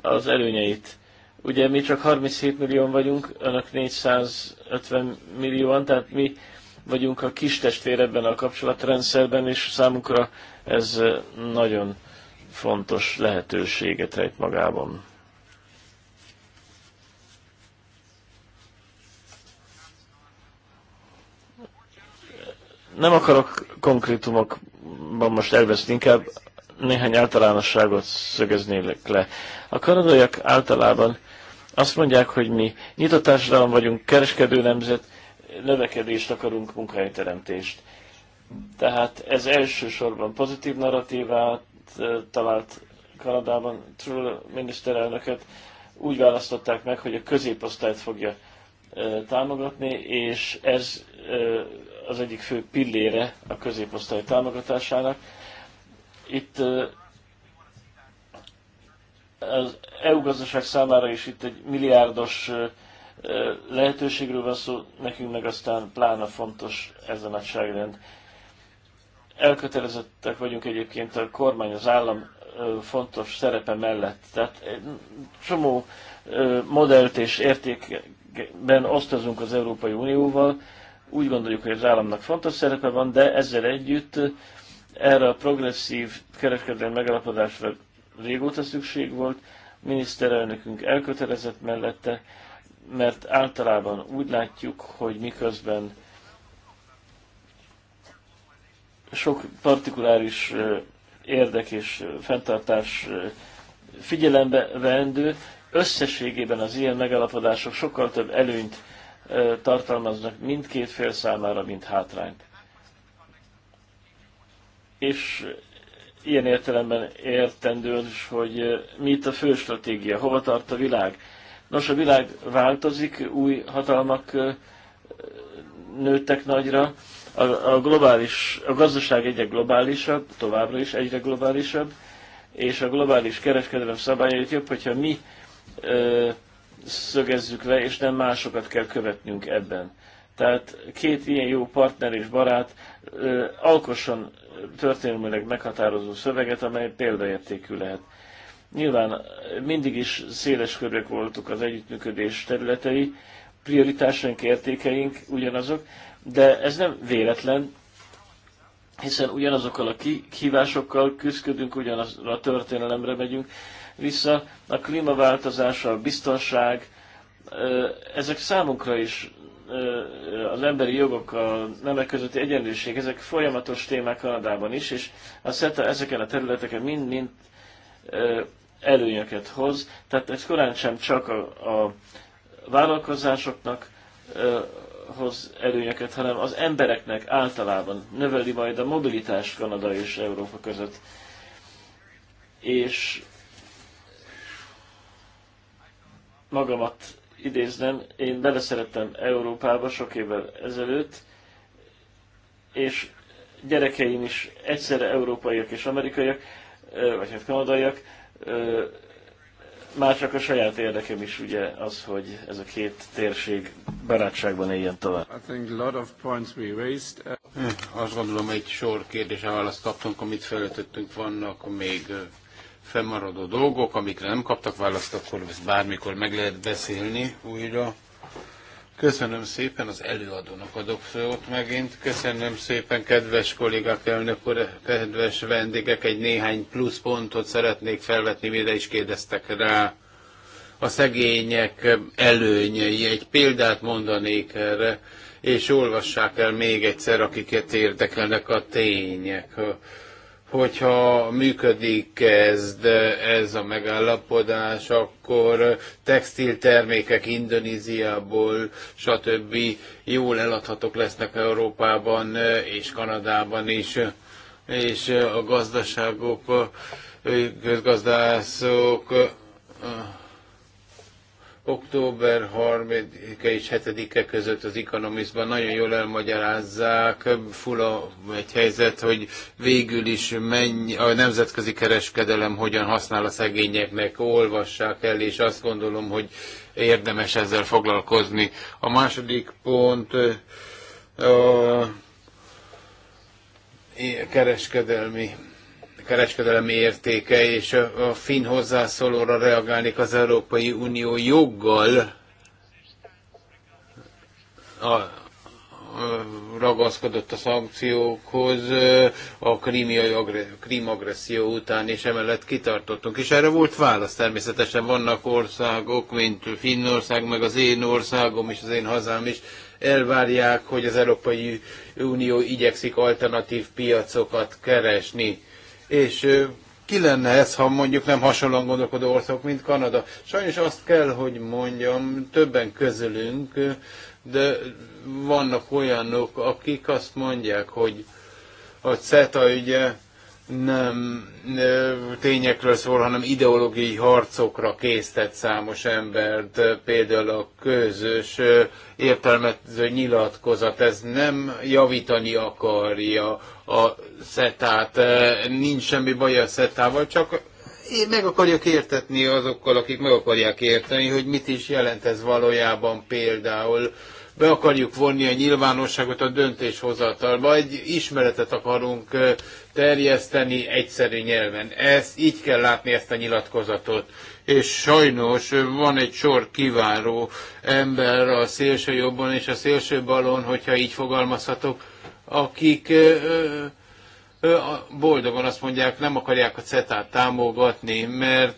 az előnyeit Ugye mi csak 37 millióan vagyunk, önök 450 millióan, tehát mi vagyunk a kis testvér ebben a kapcsolatrendszerben, és számunkra ez nagyon fontos lehetőséget rejt magában. Nem akarok konkrétumokban most elveszni, inkább néhány általánosságot szögeznélek le. A kanadaiak általában azt mondják, hogy mi nyitottásra vagyunk, kereskedő nemzet, növekedést akarunk, munkahelyteremtést. Tehát ez elsősorban pozitív narratívát talált Kanadában Trudeau miniszterelnöket. Úgy választották meg, hogy a középosztályt fogja támogatni, és ez az egyik fő pillére a középosztály támogatásának. Itt az EU gazdaság számára is itt egy milliárdos lehetőségről van szó, nekünk meg aztán plána fontos ez a nagyságrend. Elkötelezettek vagyunk egyébként a kormány, az állam fontos szerepe mellett. Tehát egy csomó modellt és értékben osztozunk az Európai Unióval, úgy gondoljuk, hogy az államnak fontos szerepe van, de ezzel együtt erre a progresszív kereskedelmi megalapodásra régóta szükség volt, miniszterelnökünk elkötelezett mellette, mert általában úgy látjuk, hogy miközben sok partikuláris érdek és fenntartás figyelembe veendő, összességében az ilyen megalapodások sokkal több előnyt tartalmaznak mindkét fél számára, mint hátrányt. És ilyen értelemben értendőn hogy eh, mi itt a fő stratégia, hova tart a világ. Nos, a világ változik, új hatalmak eh, nőttek nagyra, a, a, globális, a gazdaság egyre globálisabb, továbbra is egyre globálisabb, és a globális kereskedelem szabályait jobb, hogyha mi ö, eh, szögezzük le, és nem másokat kell követnünk ebben. Tehát két ilyen jó partner és barát alkosson történelmileg meghatározó szöveget, amely példaértékű lehet. Nyilván mindig is széles körök voltuk az együttműködés területei, prioritásaink, értékeink ugyanazok, de ez nem véletlen, hiszen ugyanazokkal a kihívásokkal küzdködünk, ugyanazra a történelemre megyünk vissza. A klímaváltozás, a biztonság, ezek számunkra is az emberi jogok, a nemek közötti egyenlőség, ezek folyamatos témák Kanadában is, és a SETA ezeken a területeken mind-mind előnyöket hoz. Tehát ez korán sem csak a, a vállalkozásoknak hoz előnyöket, hanem az embereknek általában növeli majd a mobilitást Kanada és Európa között. És magamat idéznem, én beleszerettem Európába sok évvel ezelőtt, és gyerekeim is egyszerre európaiak és amerikaiak, vagy hát kanadaiak, már csak a saját érdekem is ugye az, hogy ez a két térség barátságban éljen tovább. I think a lot of points we raised. Hm, azt gondolom, egy sor kérdése választ kaptunk, amit felvetettünk, vannak még fennmaradó dolgok, amikre nem kaptak választ, akkor ezt bármikor meg lehet beszélni újra. Köszönöm szépen, az előadónak adok szót megint. Köszönöm szépen, kedves kollégák, elnök úr, kedves vendégek, egy néhány plusz pontot szeretnék felvetni, mire is kérdeztek rá. A szegények előnyei, egy példát mondanék erre, és olvassák el még egyszer, akiket érdekelnek a tények hogyha működik kezd ez a megállapodás, akkor textiltermékek Indonéziából, stb. jól eladhatók lesznek Európában és Kanadában is, és a gazdaságok, közgazdászok október 3 e és 7-e között az Economistban nagyon jól elmagyarázzák, fula egy helyzet, hogy végül is mennyi, a nemzetközi kereskedelem hogyan használ a szegényeknek, olvassák el, és azt gondolom, hogy érdemes ezzel foglalkozni. A második pont a kereskedelmi kereskedelem értéke, és a, a finn hozzászólóra reagálnék az Európai Unió joggal a, ragaszkodott a szankciókhoz a krímagresszió után, és emellett kitartottunk. És erre volt válasz természetesen. Vannak országok, mint Finnország, meg az én országom és az én hazám is, elvárják, hogy az Európai Unió igyekszik alternatív piacokat keresni és ki lenne ez, ha mondjuk nem hasonlóan gondolkodó országok, mint Kanada? Sajnos azt kell, hogy mondjam, többen közülünk, de vannak olyanok, akik azt mondják, hogy a CETA ügye nem tényekről szól, hanem ideológiai harcokra késztet számos embert, például a közös értelmező nyilatkozat, ez nem javítani akarja a szetát, nincs semmi baj a szetával, csak meg akarják értetni azokkal, akik meg akarják érteni, hogy mit is jelent ez valójában például be akarjuk vonni a nyilvánosságot a döntéshozatalba, egy ismeretet akarunk terjeszteni egyszerű nyelven. Ez, így kell látni ezt a nyilatkozatot. És sajnos van egy sor kiváró ember a szélső jobban és a szélső balon, hogyha így fogalmazhatok, akik ö, boldogan azt mondják, nem akarják a CETA-t támogatni, mert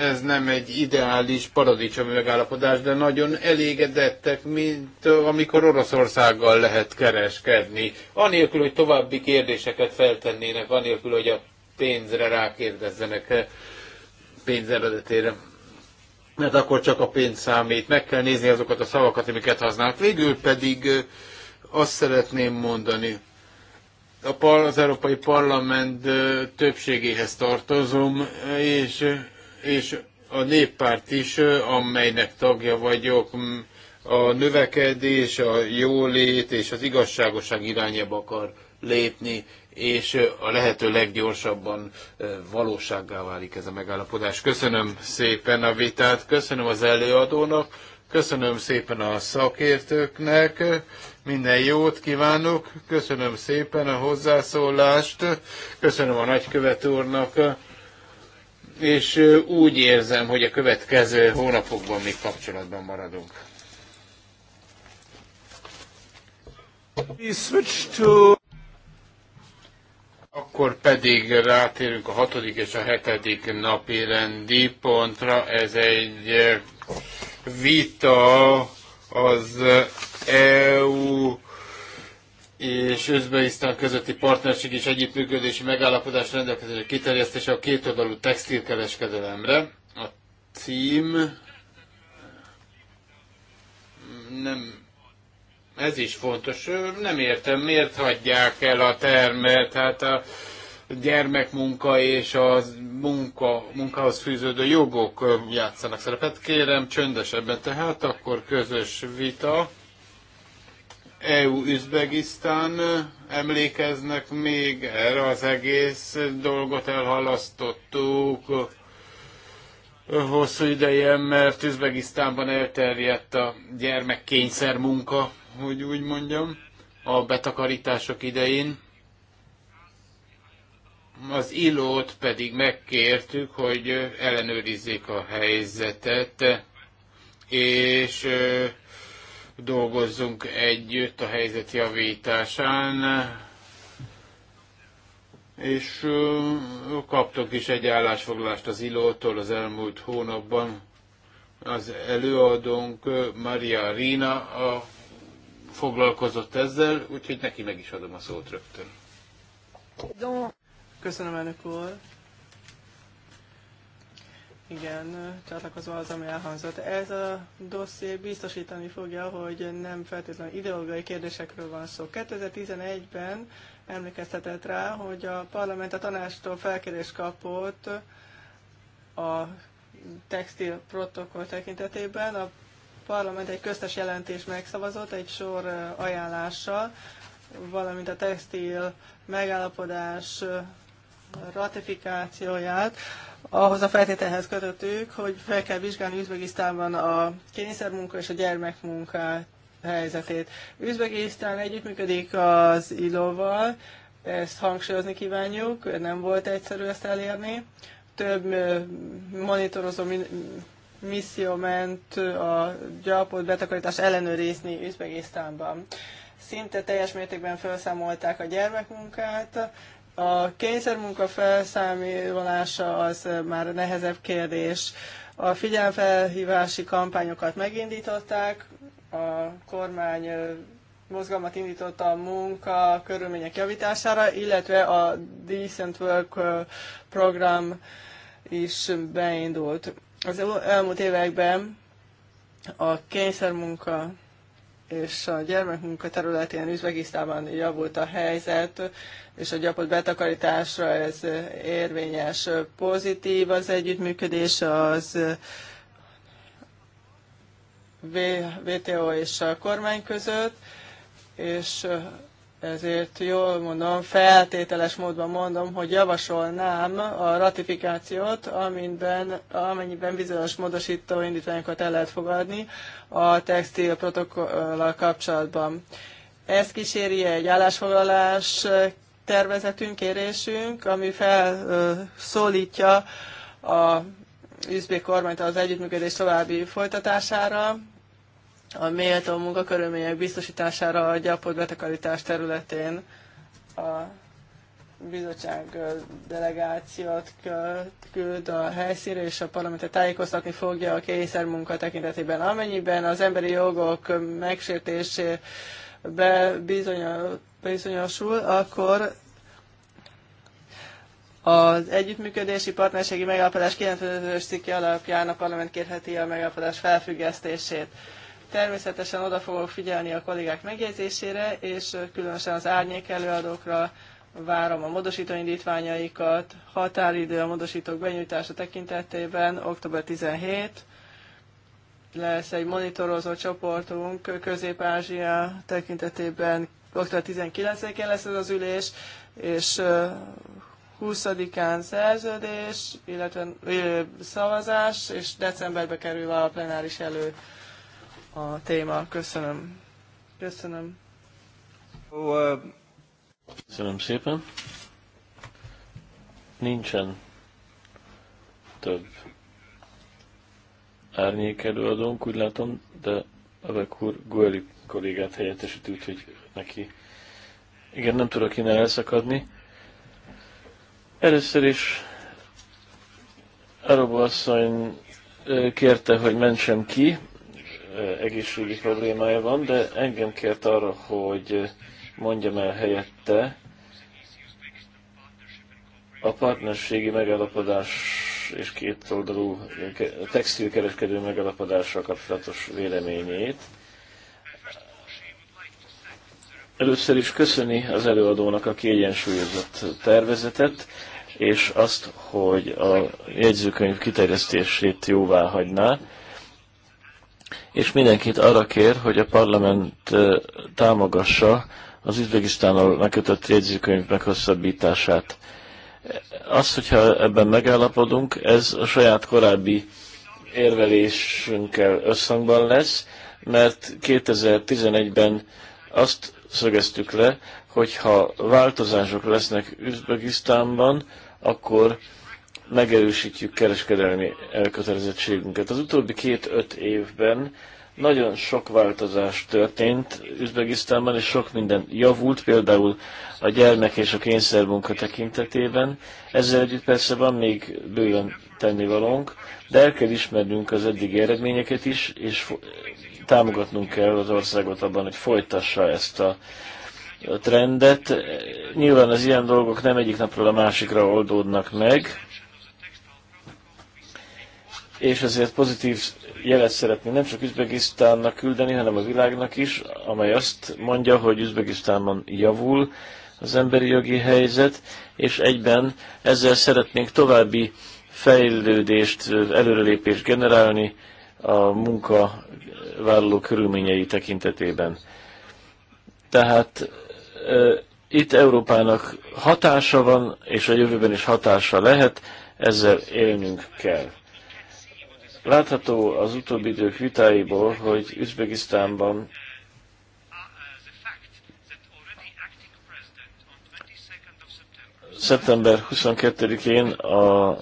ez nem egy ideális paradicsomi megállapodás, de nagyon elégedettek, mint amikor Oroszországgal lehet kereskedni. Anélkül, hogy további kérdéseket feltennének, anélkül, hogy a pénzre rákérdezzenek eh, pénz eredetére. Mert hát akkor csak a pénz számít. Meg kell nézni azokat a szavakat, amiket használnak. Végül pedig eh, azt szeretném mondani, az Európai Parlament többségéhez tartozom, és, és a néppárt is, amelynek tagja vagyok, a növekedés, a jólét és az igazságoság irányába akar lépni, és a lehető leggyorsabban valósággá válik ez a megállapodás. Köszönöm szépen a vitát, köszönöm az előadónak, köszönöm szépen a szakértőknek, minden jót kívánok, köszönöm szépen a hozzászólást, köszönöm a nagykövet úrnak, és úgy érzem, hogy a következő hónapokban még kapcsolatban maradunk. Akkor pedig rátérünk a hatodik és a hetedik napi rendi pontra. Ez egy vita az EU és Özbeisztán közötti partnerség és együttműködési megállapodás rendelkezésre kiterjesztése a kétoldalú textilkereskedelemre. A cím nem ez is fontos. Nem értem, miért hagyják el a termet, tehát a gyermekmunka és a munka, munkához fűződő jogok játszanak szerepet. Kérem, csöndesebben tehát, akkor közös vita. EU-Üzbegisztán emlékeznek még erre az egész dolgot elhalasztottuk hosszú ideje, mert Üzbegisztánban elterjedt a gyermekkényszer munka, hogy úgy mondjam, a betakarítások idején. Az ilót pedig megkértük, hogy ellenőrizzék a helyzetet, és dolgozzunk együtt a helyzet javításán, és kaptok is egy állásfoglalást az ilótól az elmúlt hónapban. Az előadónk Maria Rina a, foglalkozott ezzel, úgyhogy neki meg is adom a szót rögtön. Köszönöm, elnök úr! Igen, csatlakozva az, ami elhangzott. Ez a dosszié biztosítani fogja, hogy nem feltétlenül ideológiai kérdésekről van szó. 2011-ben emlékeztetett rá, hogy a parlament a tanástól felkérés kapott a textil protokoll tekintetében. A parlament egy köztes jelentés megszavazott egy sor ajánlással, valamint a textil megállapodás ratifikációját ahhoz a feltételhez kötöttük, hogy fel kell vizsgálni Üzbegisztánban a kényszermunka és a gyermekmunka helyzetét. Üzbegisztán együttműködik az ILO-val, ezt hangsúlyozni kívánjuk, nem volt egyszerű ezt elérni. Több monitorozó misszió ment a gyalpolt betakarítás ellenőrizni Üzbegisztánban. Szinte teljes mértékben felszámolták a gyermekmunkát, a kényszermunka felszámolása az már nehezebb kérdés. A figyelmfelhívási kampányokat megindították, a kormány mozgalmat indította a munka körülmények javítására, illetve a Decent Work program is beindult. Az elmúlt években a kényszermunka és a gyermekmunka területén Üzvegisztában javult a helyzet, és a gyapott betakarításra ez érvényes, pozitív az együttműködés az VTO és a kormány között, és ezért jól mondom, feltételes módban mondom, hogy javasolnám a ratifikációt, amiben, amennyiben bizonyos módosító indítványokat el lehet fogadni a textil protokollal kapcsolatban. Ezt kíséri egy állásfoglalás tervezetünk, kérésünk, ami felszólítja a üzbék kormányt az együttműködés további folytatására, a méltó munkakörülmények biztosítására a gyapotbetakarítás területén a bizottság delegációt küld a helyszínre, és a parlamentet tájékoztatni fogja a munka tekintetében. Amennyiben az emberi jogok megsértésébe bizonyosul, akkor az együttműködési partnerségi megállapodás 95-ös cikke alapján a parlament kérheti a megállapodás felfüggesztését. Természetesen oda fogok figyelni a kollégák megjegyzésére, és különösen az árnyék előadókra várom a módosító indítványaikat. Határidő a módosítók benyújtása tekintetében október 17. Lesz egy monitorozó csoportunk Közép-Ázsia tekintetében október 19-én lesz ez az ülés, és 20-án szerződés, illetve szavazás, és decemberbe kerül a plenáris elő a téma. Köszönöm. Köszönöm. Köszönöm szépen. Nincsen több árnyék előadónk, úgy látom, de a úr Gueli kollégát helyettesít, úgyhogy neki igen, nem tudok innen elszakadni. Először is Arabo asszony kérte, hogy mentsem ki egészségi problémája van, de engem kért arra, hogy mondjam el helyette a partnerségi megállapodás és kétoldalú textilkereskedő megállapodással kapcsolatos véleményét. Először is köszöni az előadónak a kiegyensúlyozott tervezetet, és azt, hogy a jegyzőkönyv kiterjesztését jóvá hagyná és mindenkit arra kér, hogy a parlament támogassa az Üzbegisztánnal megkötött jegyzőkönyv meghosszabbítását. Az, hogyha ebben megállapodunk, ez a saját korábbi érvelésünkkel összhangban lesz, mert 2011-ben azt szögeztük le, hogy ha változások lesznek Üzbegisztánban, akkor megerősítjük kereskedelmi elkötelezettségünket. Az utóbbi két-öt évben nagyon sok változás történt Üzbegisztánban, és sok minden javult, például a gyermek és a kényszermunka tekintetében. Ezzel együtt persze van még bőven tennivalónk, de el kell ismernünk az eddigi eredményeket is, és támogatnunk kell az országot abban, hogy folytassa ezt a trendet. Nyilván az ilyen dolgok nem egyik napról a másikra oldódnak meg, és ezért pozitív jelet szeretnénk nem csak Üzbegisztánnak küldeni, hanem a világnak is, amely azt mondja, hogy Üzbegisztánban javul az emberi jogi helyzet, és egyben ezzel szeretnénk további fejlődést, előrelépést generálni a munkavállaló körülményei tekintetében. Tehát e, itt Európának hatása van, és a jövőben is hatása lehet, ezzel élnünk kell. Látható az utóbbi idők vitáiból, hogy Üzbegisztánban szeptember 22-én a,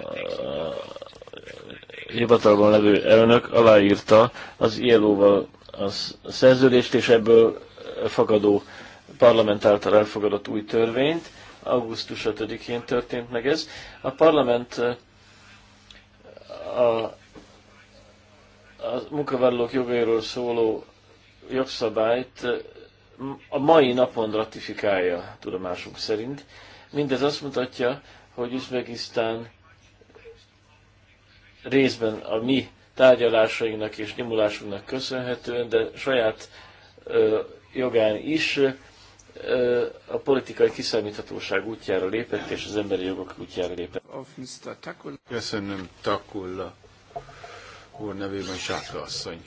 hivatalban levő elnök aláírta az ILO-val a szerződést, és ebből fakadó parlament által elfogadott új törvényt. Augusztus 5-én történt meg ez. A parlament a a munkavállalók jogairól szóló jogszabályt a mai napon ratifikálja tudomásunk szerint. Mindez azt mutatja, hogy Üzbegisztán részben a mi tárgyalásainknak és nyomulásunknak köszönhetően, de saját ö, jogán is ö, a politikai kiszámíthatóság útjára lépett, és az emberi jogok útjára lépett. Köszönöm, Takulla úr nevében Sátra asszony.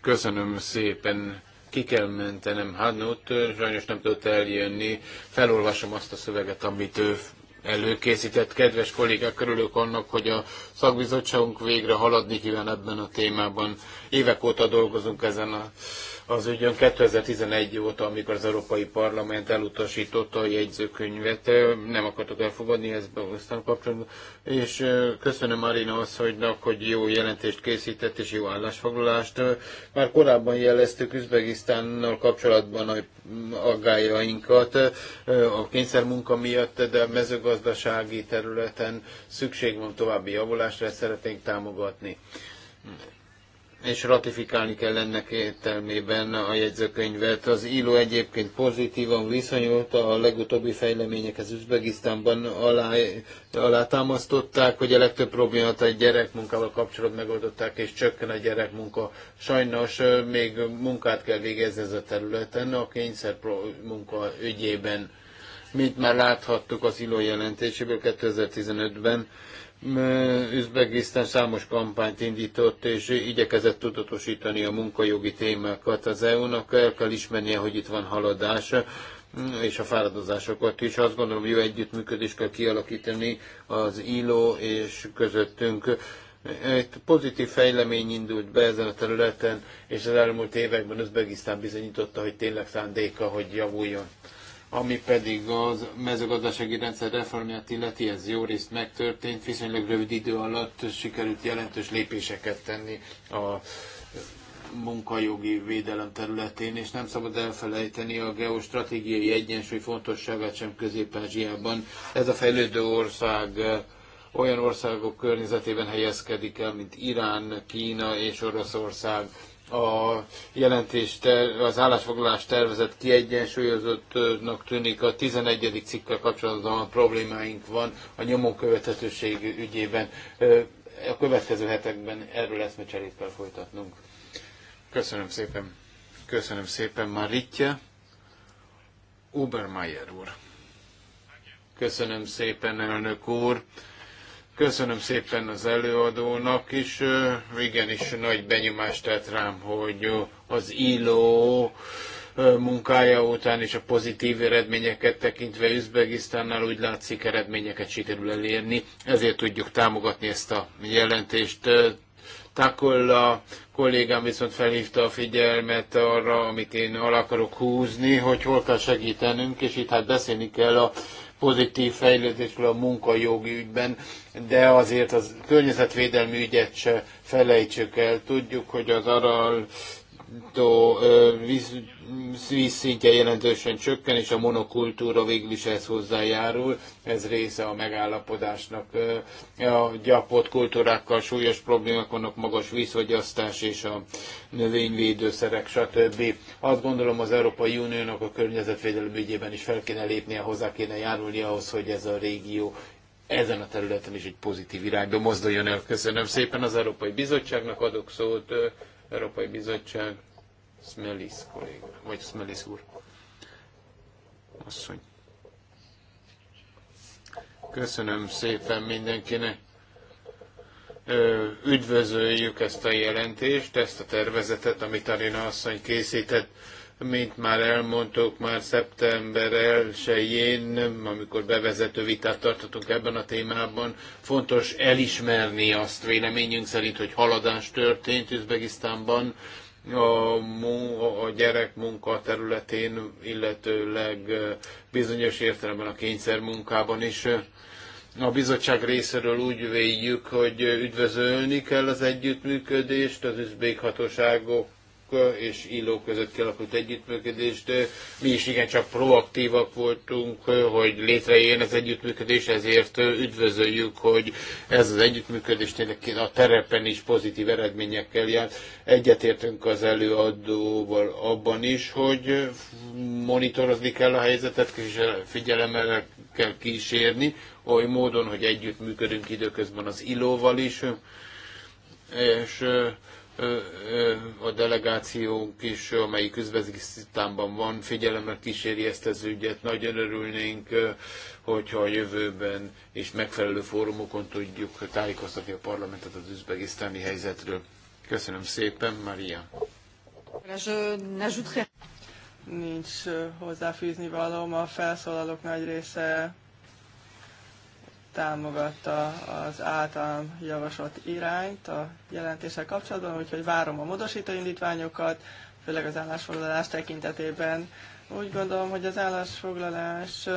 Köszönöm szépen. Ki kell mentenem Hadnót, sajnos nem tudott eljönni. Felolvasom azt a szöveget, amit ő előkészített. Kedves kollégák, örülök annak, hogy a szakbizottságunk végre haladni kíván ebben a témában. Évek óta dolgozunk ezen a az ügyön 2011 óta, amikor az Európai Parlament elutasította a jegyzőkönyvet, nem akartok elfogadni ezt aztán kapcsolatban, és köszönöm Marina asszonynak, hogy jó jelentést készített és jó állásfoglalást. Már korábban jeleztük Üzbegisztánnal kapcsolatban a mm, aggájainkat a kényszermunka miatt, de a mezőgazdasági területen szükség van további javulásra, ezt szeretnénk támogatni és ratifikálni kell ennek értelmében a jegyzőkönyvet. Az ILO egyébként pozitívan viszonyult a legutóbbi fejleményekhez Üzbegisztánban alá, alátámasztották, hogy a legtöbb problémát a gyerekmunkával kapcsolatban megoldották, és csökken a gyerekmunka. Sajnos még munkát kell végezni ez a területen, a kényszer munka ügyében, mint már láthattuk az ILO jelentéséből 2015-ben Üzbegisztán számos kampányt indított, és igyekezett tudatosítani a munkajogi témákat az EU-nak. El kell ismernie, hogy itt van haladás mm, és a fáradozásokat is. Azt gondolom, jó együttműködést kell kialakítani az ILO és közöttünk. Egy pozitív fejlemény indult be ezen a területen, és az elmúlt években Özbegisztán bizonyította, hogy tényleg szándéka, hogy javuljon. Ami pedig az mezőgazdasági rendszer reformját illeti, ez jó részt megtörtént, viszonylag rövid idő alatt sikerült jelentős lépéseket tenni a munkajogi védelem területén, és nem szabad elfelejteni a geostratégiai egyensúly fontosságát sem Közép-Ázsiában. Ez a fejlődő ország olyan országok környezetében helyezkedik el, mint Irán, Kína és Oroszország a jelentés, ter, az állásfoglalás tervezet kiegyensúlyozottnak tűnik, a 11. cikkkel kapcsolatban problémáink van a nyomókövethetőség ügyében. A következő hetekben erről eszmecserét kell folytatnunk. Köszönöm szépen. Köszönöm szépen, Maritja. Obermeier úr. Köszönöm szépen, elnök úr. Köszönöm szépen az előadónak is. Igenis nagy benyomást tett rám, hogy az ILO munkája után és a pozitív eredményeket tekintve Üzbegisztánnál úgy látszik eredményeket sikerül elérni, ezért tudjuk támogatni ezt a jelentést. Takolla kollégám viszont felhívta a figyelmet arra, amit én alá akarok húzni, hogy hol kell segítenünk, és itt hát beszélni kell a pozitív fejlődésről a munkajogi ügyben, de azért az környezetvédelmi ügyet se felejtsük el. Tudjuk, hogy az aral gazdálkodó víz, vízszintje jelentősen csökken, és a monokultúra végül is ehhez hozzájárul. Ez része a megállapodásnak. A gyapott kultúrákkal súlyos problémák vannak, magas vízfogyasztás és a növényvédőszerek, stb. Azt gondolom az Európai Uniónak a környezetvédelem ügyében is fel kéne lépnie, hozzá kéne járulni ahhoz, hogy ez a régió ezen a területen is egy pozitív irányba mozduljon el. Köszönöm szépen az Európai Bizottságnak, adok szót Európai Bizottság, Smelis kolléga, vagy Smelis úr. Asszony. Köszönöm szépen mindenkinek. Üdvözöljük ezt a jelentést, ezt a tervezetet, amit Arina asszony készített mint már elmondtuk, már szeptember elsőjén, amikor bevezető vitát tartottunk ebben a témában, fontos elismerni azt véleményünk szerint, hogy haladás történt Üzbegisztánban a, a gyerek munka területén, illetőleg bizonyos értelemben a kényszermunkában is. A bizottság részéről úgy véljük, hogy üdvözölni kell az együttműködést az üzbék hatóságok és illó között kialakult együttműködést. Mi is igencsak proaktívak voltunk, hogy létrejön az együttműködés, ezért üdvözöljük, hogy ez az együttműködés tényleg a terepen is pozitív eredményekkel jár. Egyetértünk az előadóval abban is, hogy monitorozni kell a helyzetet, és figyelemmel kell kísérni, oly módon, hogy együttműködünk időközben az ilóval is, és a delegációnk is, amelyik Üzbegisztánban van, figyelemmel kíséri ezt az ügyet. Nagyon örülnénk, hogyha a jövőben és megfelelő fórumokon tudjuk tájékoztatni a parlamentet az üzbegisztáni helyzetről. Köszönöm szépen, Maria. Nincs hozzáfűzni valóm, a felszólalók nagy része támogatta az általam javasolt irányt a jelentéssel kapcsolatban, úgyhogy várom a módosító indítványokat, főleg az állásfoglalás tekintetében. Úgy gondolom, hogy az állásfoglalás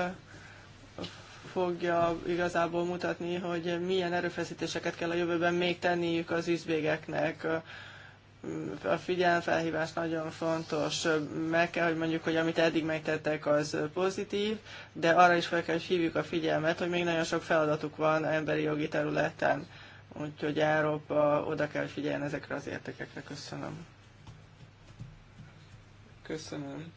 fogja igazából mutatni, hogy milyen erőfeszítéseket kell a jövőben még tenniük az üzvégeknek a felhívás nagyon fontos. Meg kell, hogy mondjuk, hogy amit eddig megtettek, az pozitív, de arra is fel kell, hogy hívjuk a figyelmet, hogy még nagyon sok feladatuk van emberi jogi területen. Úgyhogy Európa oda kell, figyelni ezekre az értékekre. Köszönöm. Köszönöm.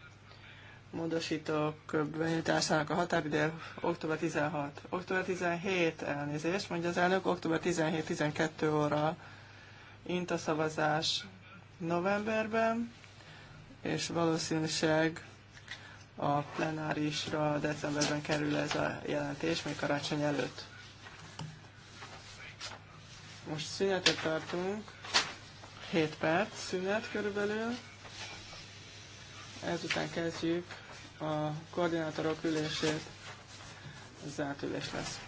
Módosítók benyújtásának a határideje október 16. Október 17 elnézést, mondja az elnök, október 17-12 óra a szavazás novemberben, és valószínűleg a plenárisra decemberben kerül ez a jelentés, még karácsony előtt. Most szünetet tartunk, 7 perc szünet körülbelül. Ezután kezdjük a koordinátorok ülését, zárt ülés lesz.